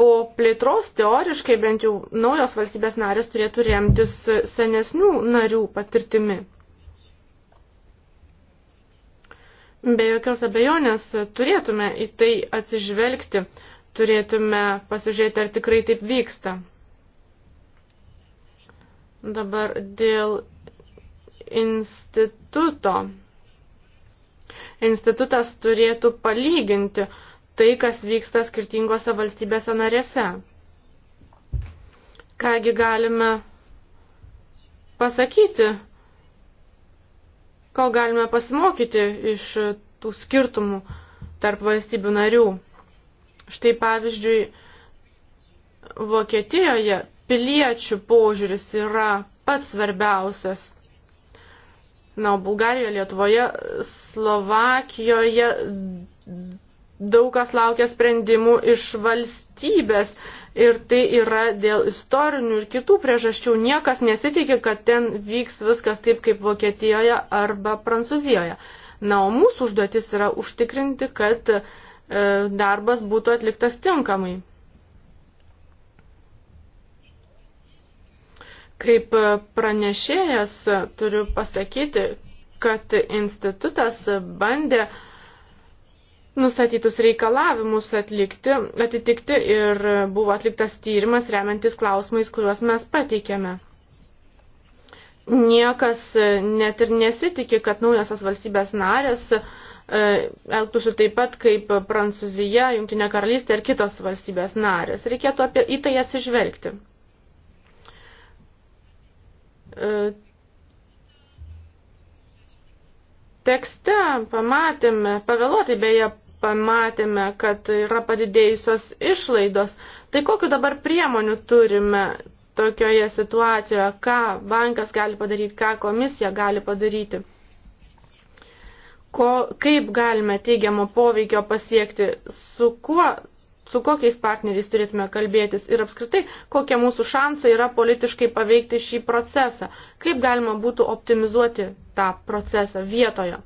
Po plėtros teoriškai bent jau naujos valstybės narės turėtų remtis senesnių narių patirtimi. Be jokios abejonės turėtume į tai atsižvelgti turėtume pasižiūrėti, ar tikrai taip vyksta. Dabar dėl instituto. Institutas turėtų palyginti tai, kas vyksta skirtingose valstybėse narėse. Kągi galime pasakyti, ko galime pasimokyti iš tų skirtumų tarp valstybių narių. Štai pavyzdžiui, Vokietijoje piliečių požiūris yra pats svarbiausias. Na, Bulgarijoje, Lietuvoje, Slovakijoje daug kas laukia sprendimų iš valstybės ir tai yra dėl istorinių ir kitų priežasčių. Niekas nesitikė, kad ten vyks viskas taip kaip Vokietijoje arba Prancūzijoje. Na, o mūsų užduotis yra užtikrinti, kad uh, E, darbas būtų atliktas tinkamai. Kaip pranešėjas turiu pasakyti, kad institutas bandė nustatytus reikalavimus atlikti, atitikti ir buvo atliktas tyrimas remiantis klausimais, kuriuos mes pateikėme. Niekas net ir nesitikė, kad naujasios valstybės narės uh, E, elgtųsi taip pat kaip Prancūzija, Jungtinė karalystė ir kitos valstybės narės. Reikėtų apie, į tai atsižvelgti. E, tekste pamatėme, pavėluotai beje pamatėme, kad yra padidėjusios išlaidos. Tai kokiu dabar priemonių turime tokioje situacijoje, ką bankas gali padaryti, ką komisija gali padaryti? ko, kaip galime teigiamo poveikio pasiekti, su kuo su kokiais partneriais turėtume kalbėtis ir apskritai, kokie mūsų šansai yra politiškai paveikti šį procesą, kaip galima būtų optimizuoti tą procesą vietoje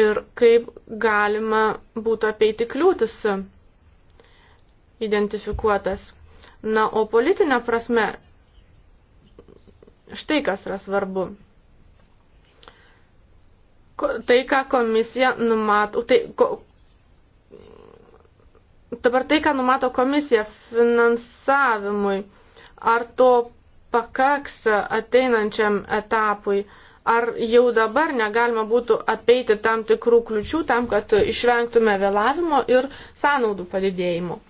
ir kaip galima būtų apeiti kliūtis identifikuotas. Na, o politinė prasme, štai kas yra svarbu tai, ką komisija numato, tai, ko, dabar tai, ką numato komisija finansavimui, ar to pakaks ateinančiam etapui, ar jau dabar negalima būtų apeiti tam tikrų kliučių tam, kad išvengtume vėlavimo ir sąnaudų padidėjimo.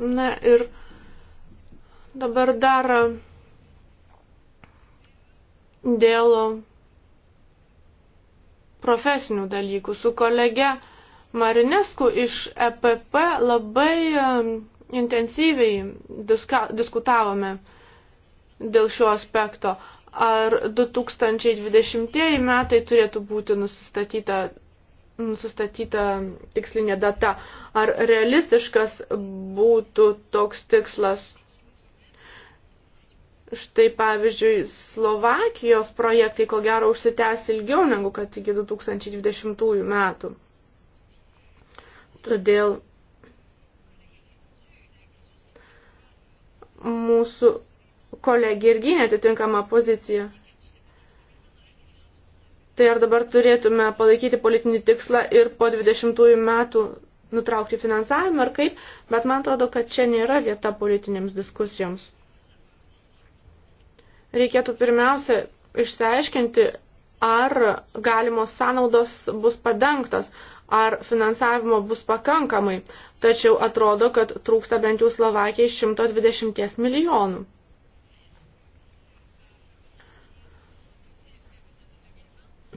Na ir Dabar dar dėl profesinių dalykų. Su kolege Marinesku iš EPP labai um, intensyviai diska, diskutavome dėl šio aspekto. Ar 2020 metai turėtų būti nusistatyta, nusistatyta tikslinė data? Ar realistiškas būtų toks tikslas Štai pavyzdžiui, Slovakijos projektai ko gero užsitęs ilgiau negu kad iki 2020 metų. Todėl mūsų kolegė irgi netitinkama pozicija. Tai ar dabar turėtume palaikyti politinį tikslą ir po 20 metų nutraukti finansavimą ar kaip, bet man atrodo, kad čia nėra vieta politinėms diskusijoms reikėtų pirmiausia išsiaiškinti, ar galimos sąnaudos bus padengtos, ar finansavimo bus pakankamai, tačiau atrodo, kad trūksta bent jau Slovakijai 120 milijonų.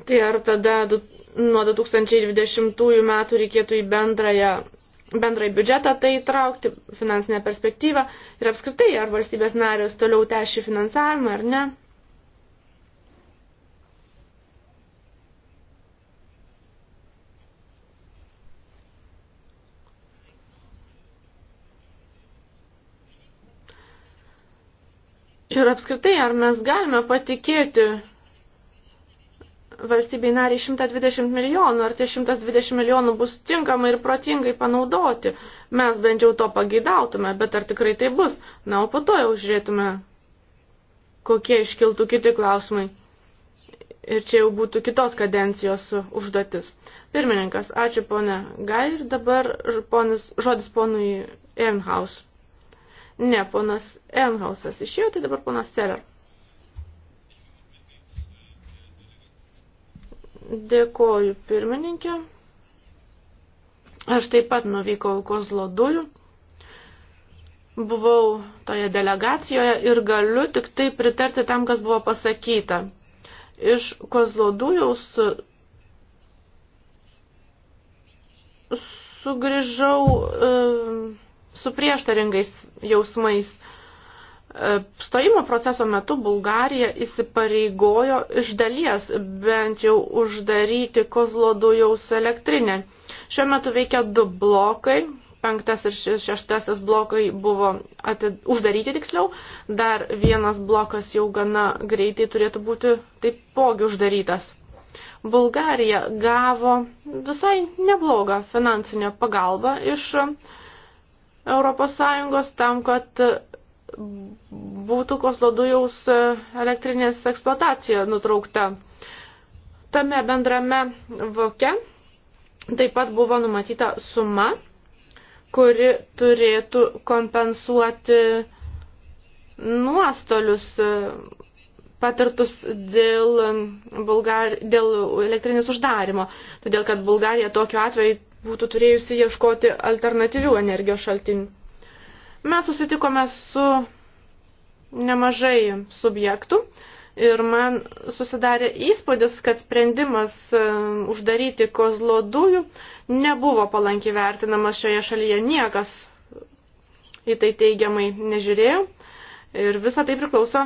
Tai ar tada nuo 2020 metų reikėtų į bendrąją bendrai biudžetą tai įtraukti, finansinę perspektyvą ir apskritai, ar valstybės narės toliau teši finansavimą ar ne. Ir apskritai, ar mes galime patikėti valstybei nariai 120 milijonų, ar tie 120 milijonų bus tinkamai ir protingai panaudoti. Mes bent jau to pageidautume, bet ar tikrai tai bus? Na, o po to jau žiūrėtume, kokie iškiltų kiti klausimai. Ir čia jau būtų kitos kadencijos užduotis. Pirmininkas, ačiū ponė Gai ir dabar ponis, žodis ponui Ehrenhaus. Ne, ponas Ehrenhausas išėjo, tai dabar ponas Cerer. Dėkoju pirmininkė. Aš taip pat nuvykau Kozlo dujų. Buvau toje delegacijoje ir galiu tik tai pritarti tam, kas buvo pasakyta. Iš Kozlo dujaus sugrįžau e, su prieštaringais jausmais. E, E, stojimo proceso metu Bulgarija įsipareigojo iš dalies bent jau uždaryti Kozlodujaus elektrinę. Šiuo metu veikia du blokai, penktas ir šeštasis blokai buvo atid... uždaryti tiksliau, dar vienas blokas jau gana greitai turėtų būti taipogi uždarytas. Bulgarija gavo visai neblogą finansinę pagalbą iš ES tam, kad būtų koslodujaus elektrinės eksploatacija nutraukta. Tame bendrame voke taip pat buvo numatyta suma, kuri turėtų kompensuoti nuostolius patirtus dėl, Bulgar... dėl elektrinės uždarimo, todėl kad Bulgarija tokiu atveju būtų turėjusi ieškoti alternatyvių energijos šaltinių. Mes susitikome su nemažai subjektų ir man susidarė įspūdis, kad sprendimas e, uždaryti kozlo dujų nebuvo palankiai vertinamas šioje šalyje niekas į tai teigiamai nežiūrėjo ir visa tai priklauso,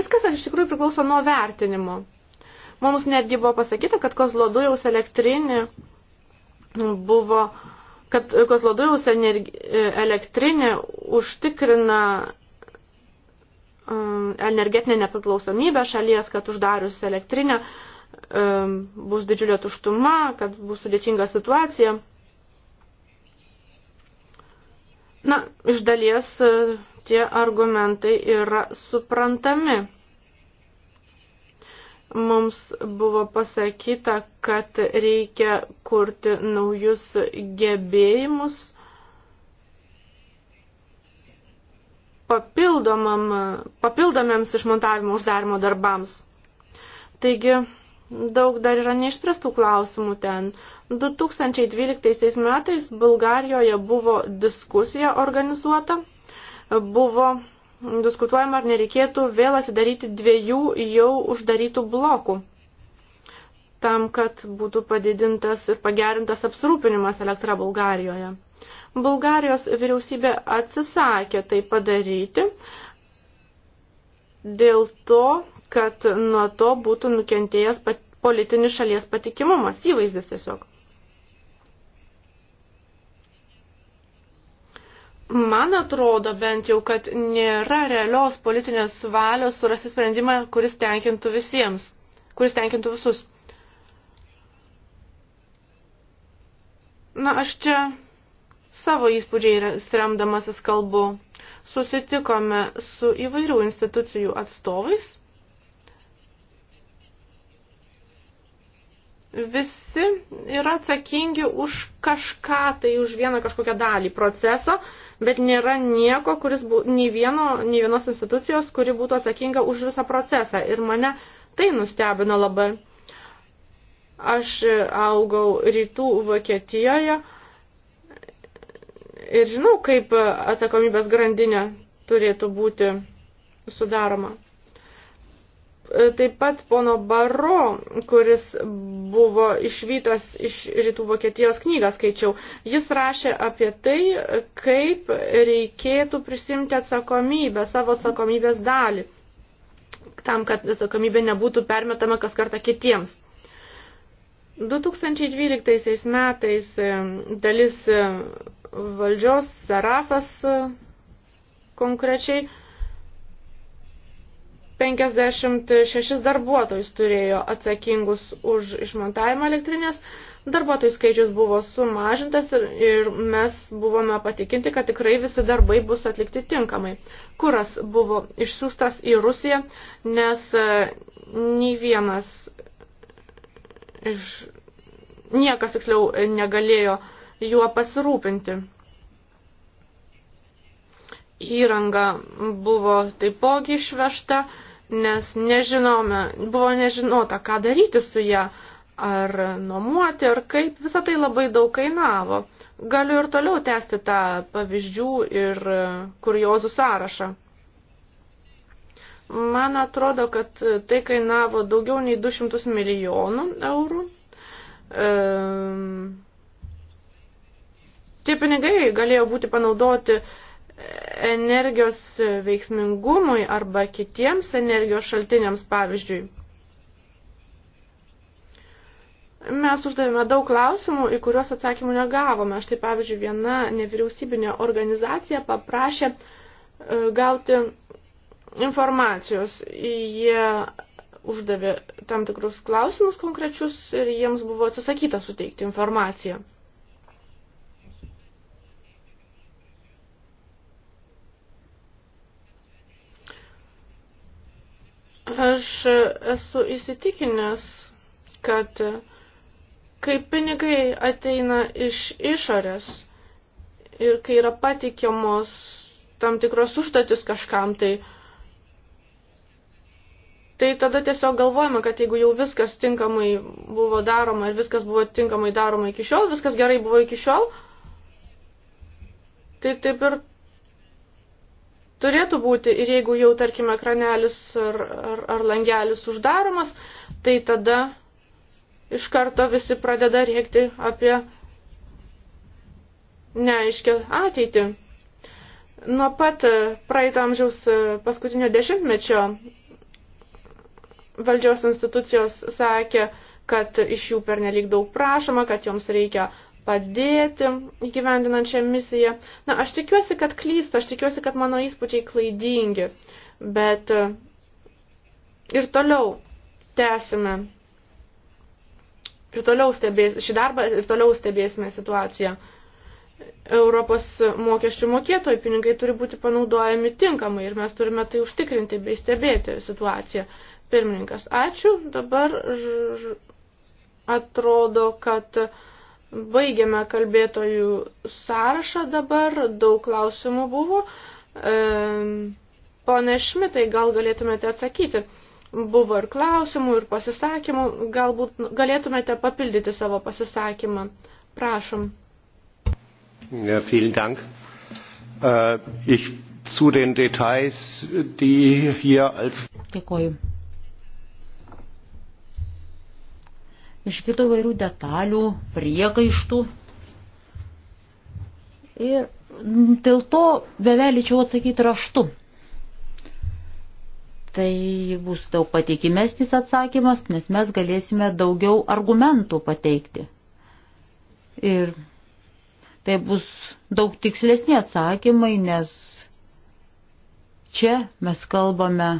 viskas iš tikrųjų priklauso nuo vertinimo. Mums netgi buvo pasakyta, kad kozlo dujaus elektrinė buvo uh, kad Kozlodujaus elektrinė užtikrina um, energetinė nepriklausomybė šalies, kad uždarius elektrinę um, bus didžiulė tuštuma, kad bus sudėtinga situacija. Na, iš dalies uh, tie argumentai yra suprantami mums buvo pasakyta, kad reikia kurti naujus gebėjimus papildomiams išmontavimo uždarimo darbams. Taigi, daug dar yra neišspręstų klausimų ten. 2012 metais Bulgarijoje buvo diskusija organizuota, buvo diskutuojama, ar nereikėtų vėl atsidaryti dviejų jau uždarytų blokų tam, kad būtų padidintas ir pagerintas apsirūpinimas elektra Bulgarijoje. Bulgarijos vyriausybė atsisakė tai padaryti dėl to, kad nuo to būtų nukentėjęs politinis šalies patikimumas, įvaizdis tiesiog. Man atrodo bent jau, kad nėra realios politinės valios surasti sprendimą, kuris tenkintų visiems, kuris tenkintų visus. Na, aš čia savo įspūdžiai remdamasis kalbu. Susitikome su įvairių institucijų atstovais visi yra atsakingi už kažką, tai už vieną kažkokią dalį proceso, bet nėra nieko, kuris būtų, nei, vieno, nei vienos institucijos, kuri būtų atsakinga už visą procesą. Ir mane tai nustebino labai. Aš augau rytų Vokietijoje ir žinau, kaip atsakomybės grandinė turėtų būti sudaroma. E, taip pat pono Baro, kuris buvo išvytas iš rytų Vokietijos knygą skaičiau, jis rašė apie tai, kaip reikėtų prisimti atsakomybę, savo atsakomybės dalį, tam, kad atsakomybė nebūtų permetama kas kartą kitiems. 2012 metais e, dalis e, valdžios Sarafas konkrečiai 56 darbuotojus turėjo atsakingus už išmontavimą elektrinės. Darbuotojų skaičius buvo sumažintas ir, ir mes buvome patikinti, kad tikrai visi darbai bus atlikti tinkamai. Kuras buvo išsiųstas į Rusiją, nes e, nei vienas iš niekas tiksliau negalėjo juo pasirūpinti. Įranga buvo taipogi išvežta, nes nežinome, buvo nežinota, ką daryti su ją, ar nuomuoti, ar kaip, visą tai labai daug kainavo. Galiu ir toliau tęsti tą pavyzdžių ir kuriozų sąrašą. Man atrodo, kad tai kainavo daugiau nei 200 milijonų eurų. E, tie pinigai galėjo būti panaudoti e, energijos veiksmingumui arba kitiems energijos šaltiniams, pavyzdžiui. Mes uždavėme daug klausimų, į kuriuos atsakymų negavome. Štai pavyzdžiui, viena nevyriausybinė organizacija paprašė e, gauti informacijos. Jie uždavė tam tikrus klausimus konkrečius ir jiems buvo atsisakyta suteikti informaciją. Aš esu įsitikinęs, kad kai pinigai ateina iš išorės ir kai yra patikiamos tam tikros užduotis kažkam, tai, tai tada tiesiog galvojama, kad jeigu jau viskas tinkamai buvo daroma ir viskas buvo tinkamai daroma iki šiol, viskas gerai buvo iki šiol, tai taip ir turėtų būti ir jeigu jau, tarkime, kranelis ar, ar, ar langelis uždaromas, tai tada iš karto visi pradeda rėkti apie neaiškę ateitį. Nuo pat praeito amžiaus paskutinio dešimtmečio valdžios institucijos sakė, kad iš jų pernelyg daug prašoma, kad joms reikia padėti įgyvendinant šią misiją. Na, aš tikiuosi, kad klystu, aš tikiuosi, kad mano įspūdžiai klaidingi, bet e, ir toliau tęsime. Ir toliau stebės, šį darbą ir toliau stebėsime situaciją. Europos mokesčių mokėtojų pinigai turi būti panaudojami tinkamai ir mes turime tai užtikrinti bei stebėti situaciją. Pirmininkas, ačiū. Dabar ž... atrodo, kad uh, Baigiame kalbėtojų sąrašą dabar, daug klausimų buvo. E, Pone Šmitai, gal galėtumėte atsakyti? Buvo ir klausimų, ir pasisakymų, galbūt galėtumėte papildyti savo pasisakymą. Prašom. Ja, vielen Dank. Äh, ich zu den Details, die hier als. Dėkoju. Išgirdo įvairių detalių, priekaištų. Ir dėl to bevelyčiau atsakyti raštu. Tai bus daug patikimesnis atsakymas, nes mes galėsime daugiau argumentų pateikti. Ir tai bus daug tikslesni atsakymai, nes čia mes kalbame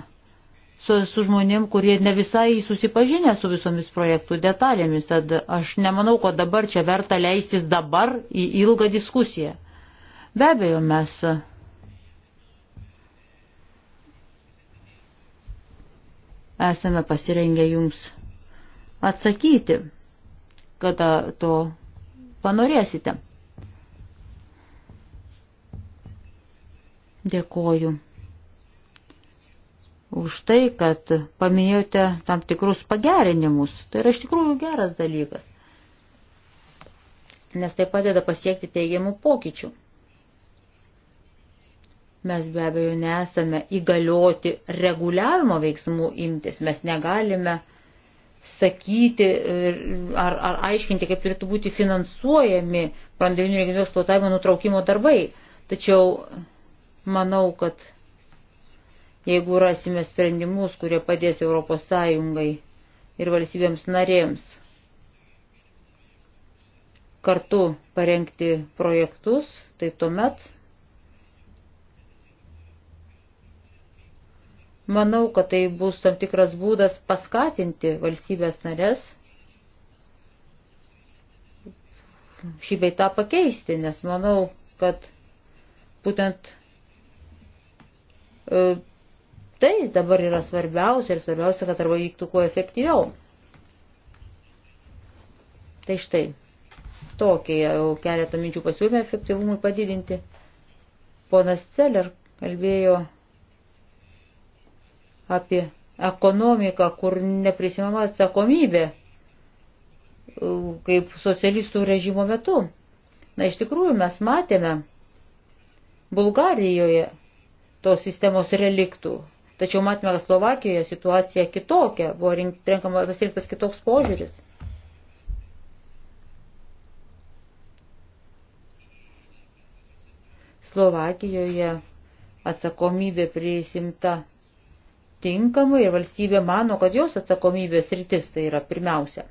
su, su žmonėm, kurie ne visai susipažinę su visomis projektų detalėmis. Tad aš nemanau, kad dabar čia verta leistis dabar į ilgą diskusiją. Be abejo, mes esame pasirengę jums atsakyti, kada to panorėsite. Dėkoju už tai, kad paminėjote tam tikrus pagerinimus. Tai yra iš tikrųjų geras dalykas, nes tai padeda pasiekti teigiamų pokyčių. Mes be abejo nesame įgalioti reguliavimo veiksmų imtis, mes negalime sakyti ar, ar aiškinti, kaip turėtų būti finansuojami brandalinių renginių eksploatavimo nutraukimo darbai. Tačiau manau, kad jeigu rasime sprendimus, kurie padės ES ir valstybėms narėms kartu parengti projektus, tai tuomet manau, kad tai bus tam tikras būdas paskatinti valstybės narės šį beitą pakeisti, nes manau, kad būtent e, Tai dabar yra svarbiausia ir svarbiausia, kad arba vyktų kuo efektyviau. Tai štai, tokie jau keletą minčių pasiūlymę efektyvumui padidinti. Ponas Celler kalbėjo apie ekonomiką, kur neprisimama atsakomybė kaip socialistų režimo metu. Na, iš tikrųjų, mes matėme Bulgarijoje tos sistemos reliktų. Tačiau matome, kad Slovakijoje situacija kitokia, buvo renkama, pasirinktas kitoks požiūris. Slovakijoje atsakomybė prisimta tinkamai ir valstybė mano, kad jos atsakomybės rytis tai yra pirmiausia.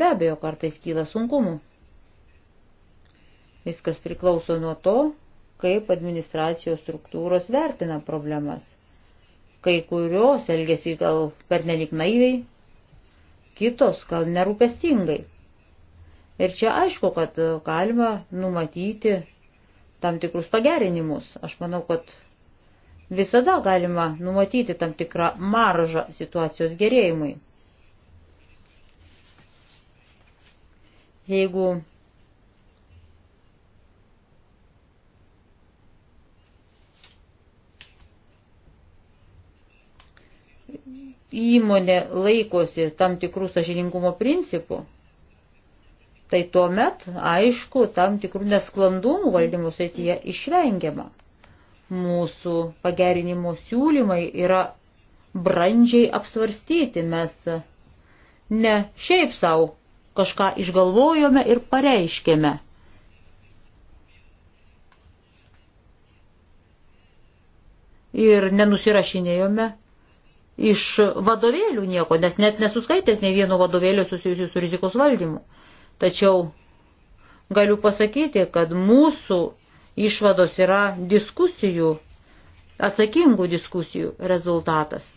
Be abejo, kartais kyla sunkumų. Viskas priklauso nuo to, kaip administracijos struktūros vertina problemas. Kai kurios elgesi gal pernelik naiviai, kitos gal nerūpestingai. Ir čia aišku, kad galima numatyti tam tikrus pagerinimus. Aš manau, kad visada galima numatyti tam tikrą maržą situacijos gerėjimui. Jeigu įmonė laikosi tam tikrų sažiningumo principų, tai tuo met, aišku, tam tikrų nesklandumų valdymo srityje išvengiama. Mūsų pagerinimo siūlymai yra brandžiai apsvarstyti, mes ne šiaip savo kažką išgalvojome ir pareiškėme. Ir nenusirašinėjome iš vadovėlių nieko, nes net nesuskaitęs ne vieno vadovėlio susijusiu su rizikos valdymu. Tačiau galiu pasakyti, kad mūsų išvados yra diskusijų, atsakingų diskusijų rezultatas.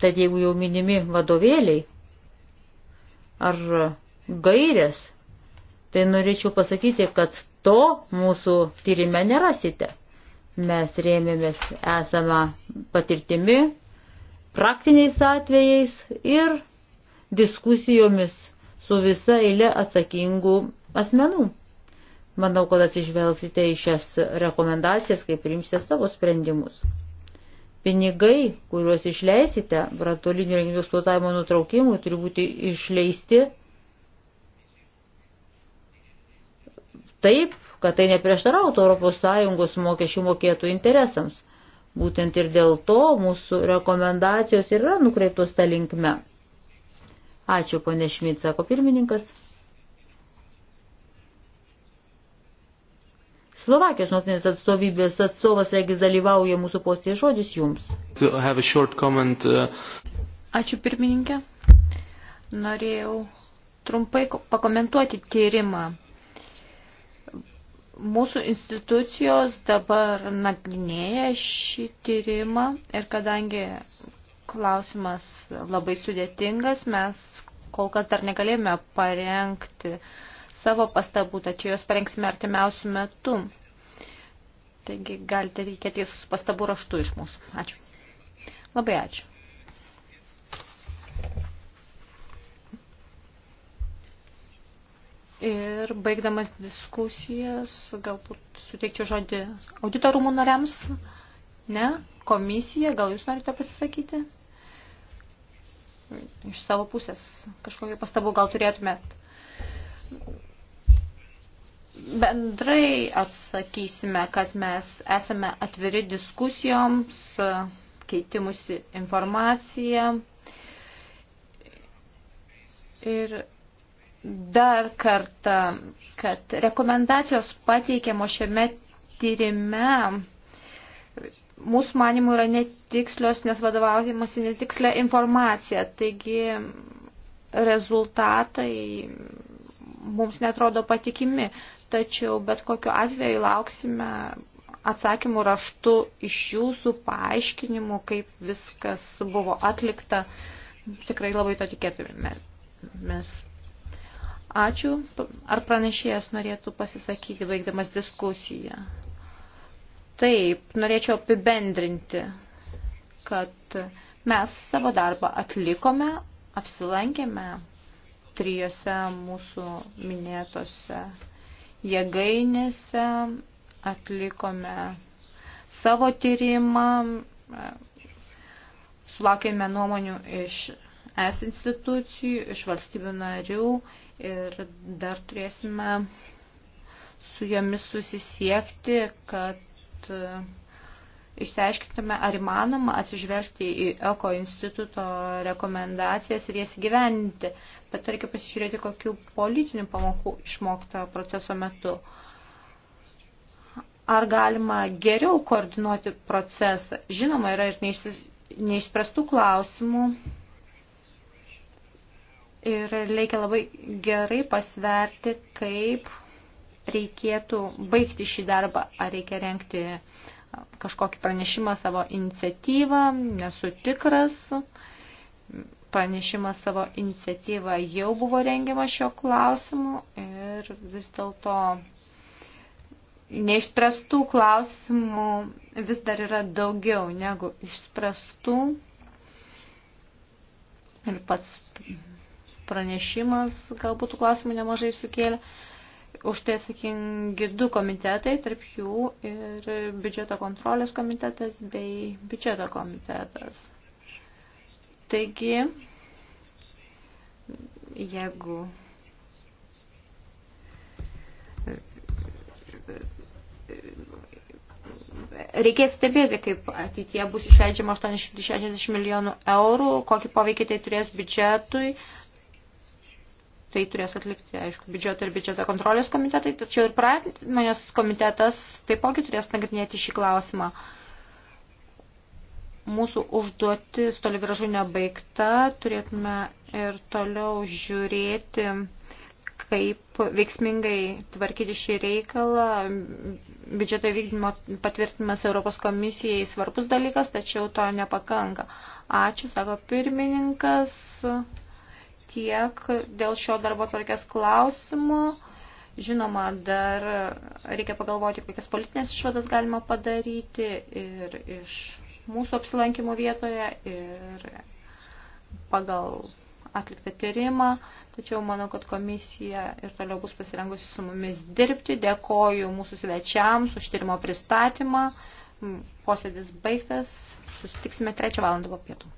Tad jeigu jau minimi vadovėliai ar gairės, tai norėčiau pasakyti, kad to mūsų tyrime nerasite. Mes rėmėmės esamą patirtimi, praktiniais atvejais ir diskusijomis su visa eilė atsakingų asmenų. Manau, kad atsižvelgsite į šias rekomendacijas, kaip rimsite savo sprendimus. Pinigai, kuriuos išleisite branduolinių renginių eksploatavimo nutraukimui, turi būti išleisti taip, kad tai neprieštarautų ES mokesčių mokėtų interesams. Būtent ir dėl to mūsų rekomendacijos yra nukreiptos tą linkme. Ačiū, ponė Šmit, sako pirmininkas. Slovakijos nuotinės atstovybės atstovas regis dalyvauja mūsų postėje žodis jums. Uh, Ačiū pirmininkė. Norėjau trumpai pakomentuoti tyrimą Mūsų institucijos dabar nagrinėja šį tyrimą ir kadangi klausimas labai sudėtingas, mes kol kas dar negalėjome parengti savo pastabų, tačiau jos parengsime artimiausių metų. Taigi galite reikėti pastabų raštų iš mūsų. Ačiū. Labai ačiū. Ir baigdamas diskusijas, galbūt suteikčiau žodį auditorumų nariams. Ne? Komisija, gal jūs norite pasisakyti? Iš savo pusės kažkokį pastabų gal turėtumėt. Bendrai atsakysime, kad mes esame atviri diskusijoms, keitimusi informaciją ir dar kartą, kad rekomendacijos pateikiamo šiame tyrime mūsų manimų yra netikslios, nes vadovaujamas į netikslę informaciją. Taigi rezultatai mums netrodo patikimi, tačiau bet kokiu atveju lauksime atsakymų raštu iš jūsų paaiškinimų, kaip viskas buvo atlikta. Tikrai labai to tikėtumėmės. Ačiū. Ar pranešėjas norėtų pasisakyti, baigdamas diskusiją? Taip, norėčiau apibendrinti, kad mes savo darbą atlikome, apsilankėme trijose mūsų minėtose jėgainėse, atlikome savo tyrimą, sulaukėme nuomonių iš es institucijų, iš valstybių narių ir dar turėsime su jomis susisiekti, kad e, išsiaiškintume, ar įmanoma atsižvelgti į Eko instituto rekomendacijas ir jas gyventi, bet reikia pasižiūrėti, kokiu politiniu pamokų išmokta proceso metu. Ar galima geriau koordinuoti procesą? Žinoma, yra ir neišspręstų klausimų, ir reikia labai gerai pasverti, kaip reikėtų baigti šį darbą, ar reikia renkti kažkokį pranešimą savo iniciatyvą, nesu tikras. Pranešimas savo iniciatyvą jau buvo rengiamas šio klausimu ir vis dėlto neišspręstų klausimų vis dar yra daugiau negu išspręstų. Ir pats pranešimas galbūt klausimų nemažai sukėlė. Už tai atsakingi du komitetai, tarp jų ir biudžeto kontrolės komitetas bei biudžeto komitetas. Taigi, jeigu reikės stebėti, kaip ateityje bus išleidžiama 860 milijonų eurų, kokį poveikį tai turės biudžetui, uh, tai turės atlikti, aišku, biudžeto ir biudžeto kontrolės komitetai, tačiau ir pramonės komitetas taipogi turės nagrinėti šį klausimą. Mūsų užduotis toli gražu nebaigta, turėtume ir toliau žiūrėti, kaip veiksmingai tvarkyti šį reikalą. Biudžeto vykdymo patvirtinimas Europos komisijai svarbus dalykas, tačiau to nepakanka. Ačiū, sako pirmininkas tiek dėl šio darbo tvarkės klausimo. Žinoma, dar reikia pagalvoti, kokias politinės išvadas galima padaryti ir iš mūsų apsilankimo vietoje ir pagal atliktą tyrimą. Tačiau manau, kad komisija ir toliau bus pasirengusi su mumis dirbti. Dėkoju mūsų svečiams už tyrimo pristatymą. Posėdis baigtas. Susitiksime trečią valandą po pietų.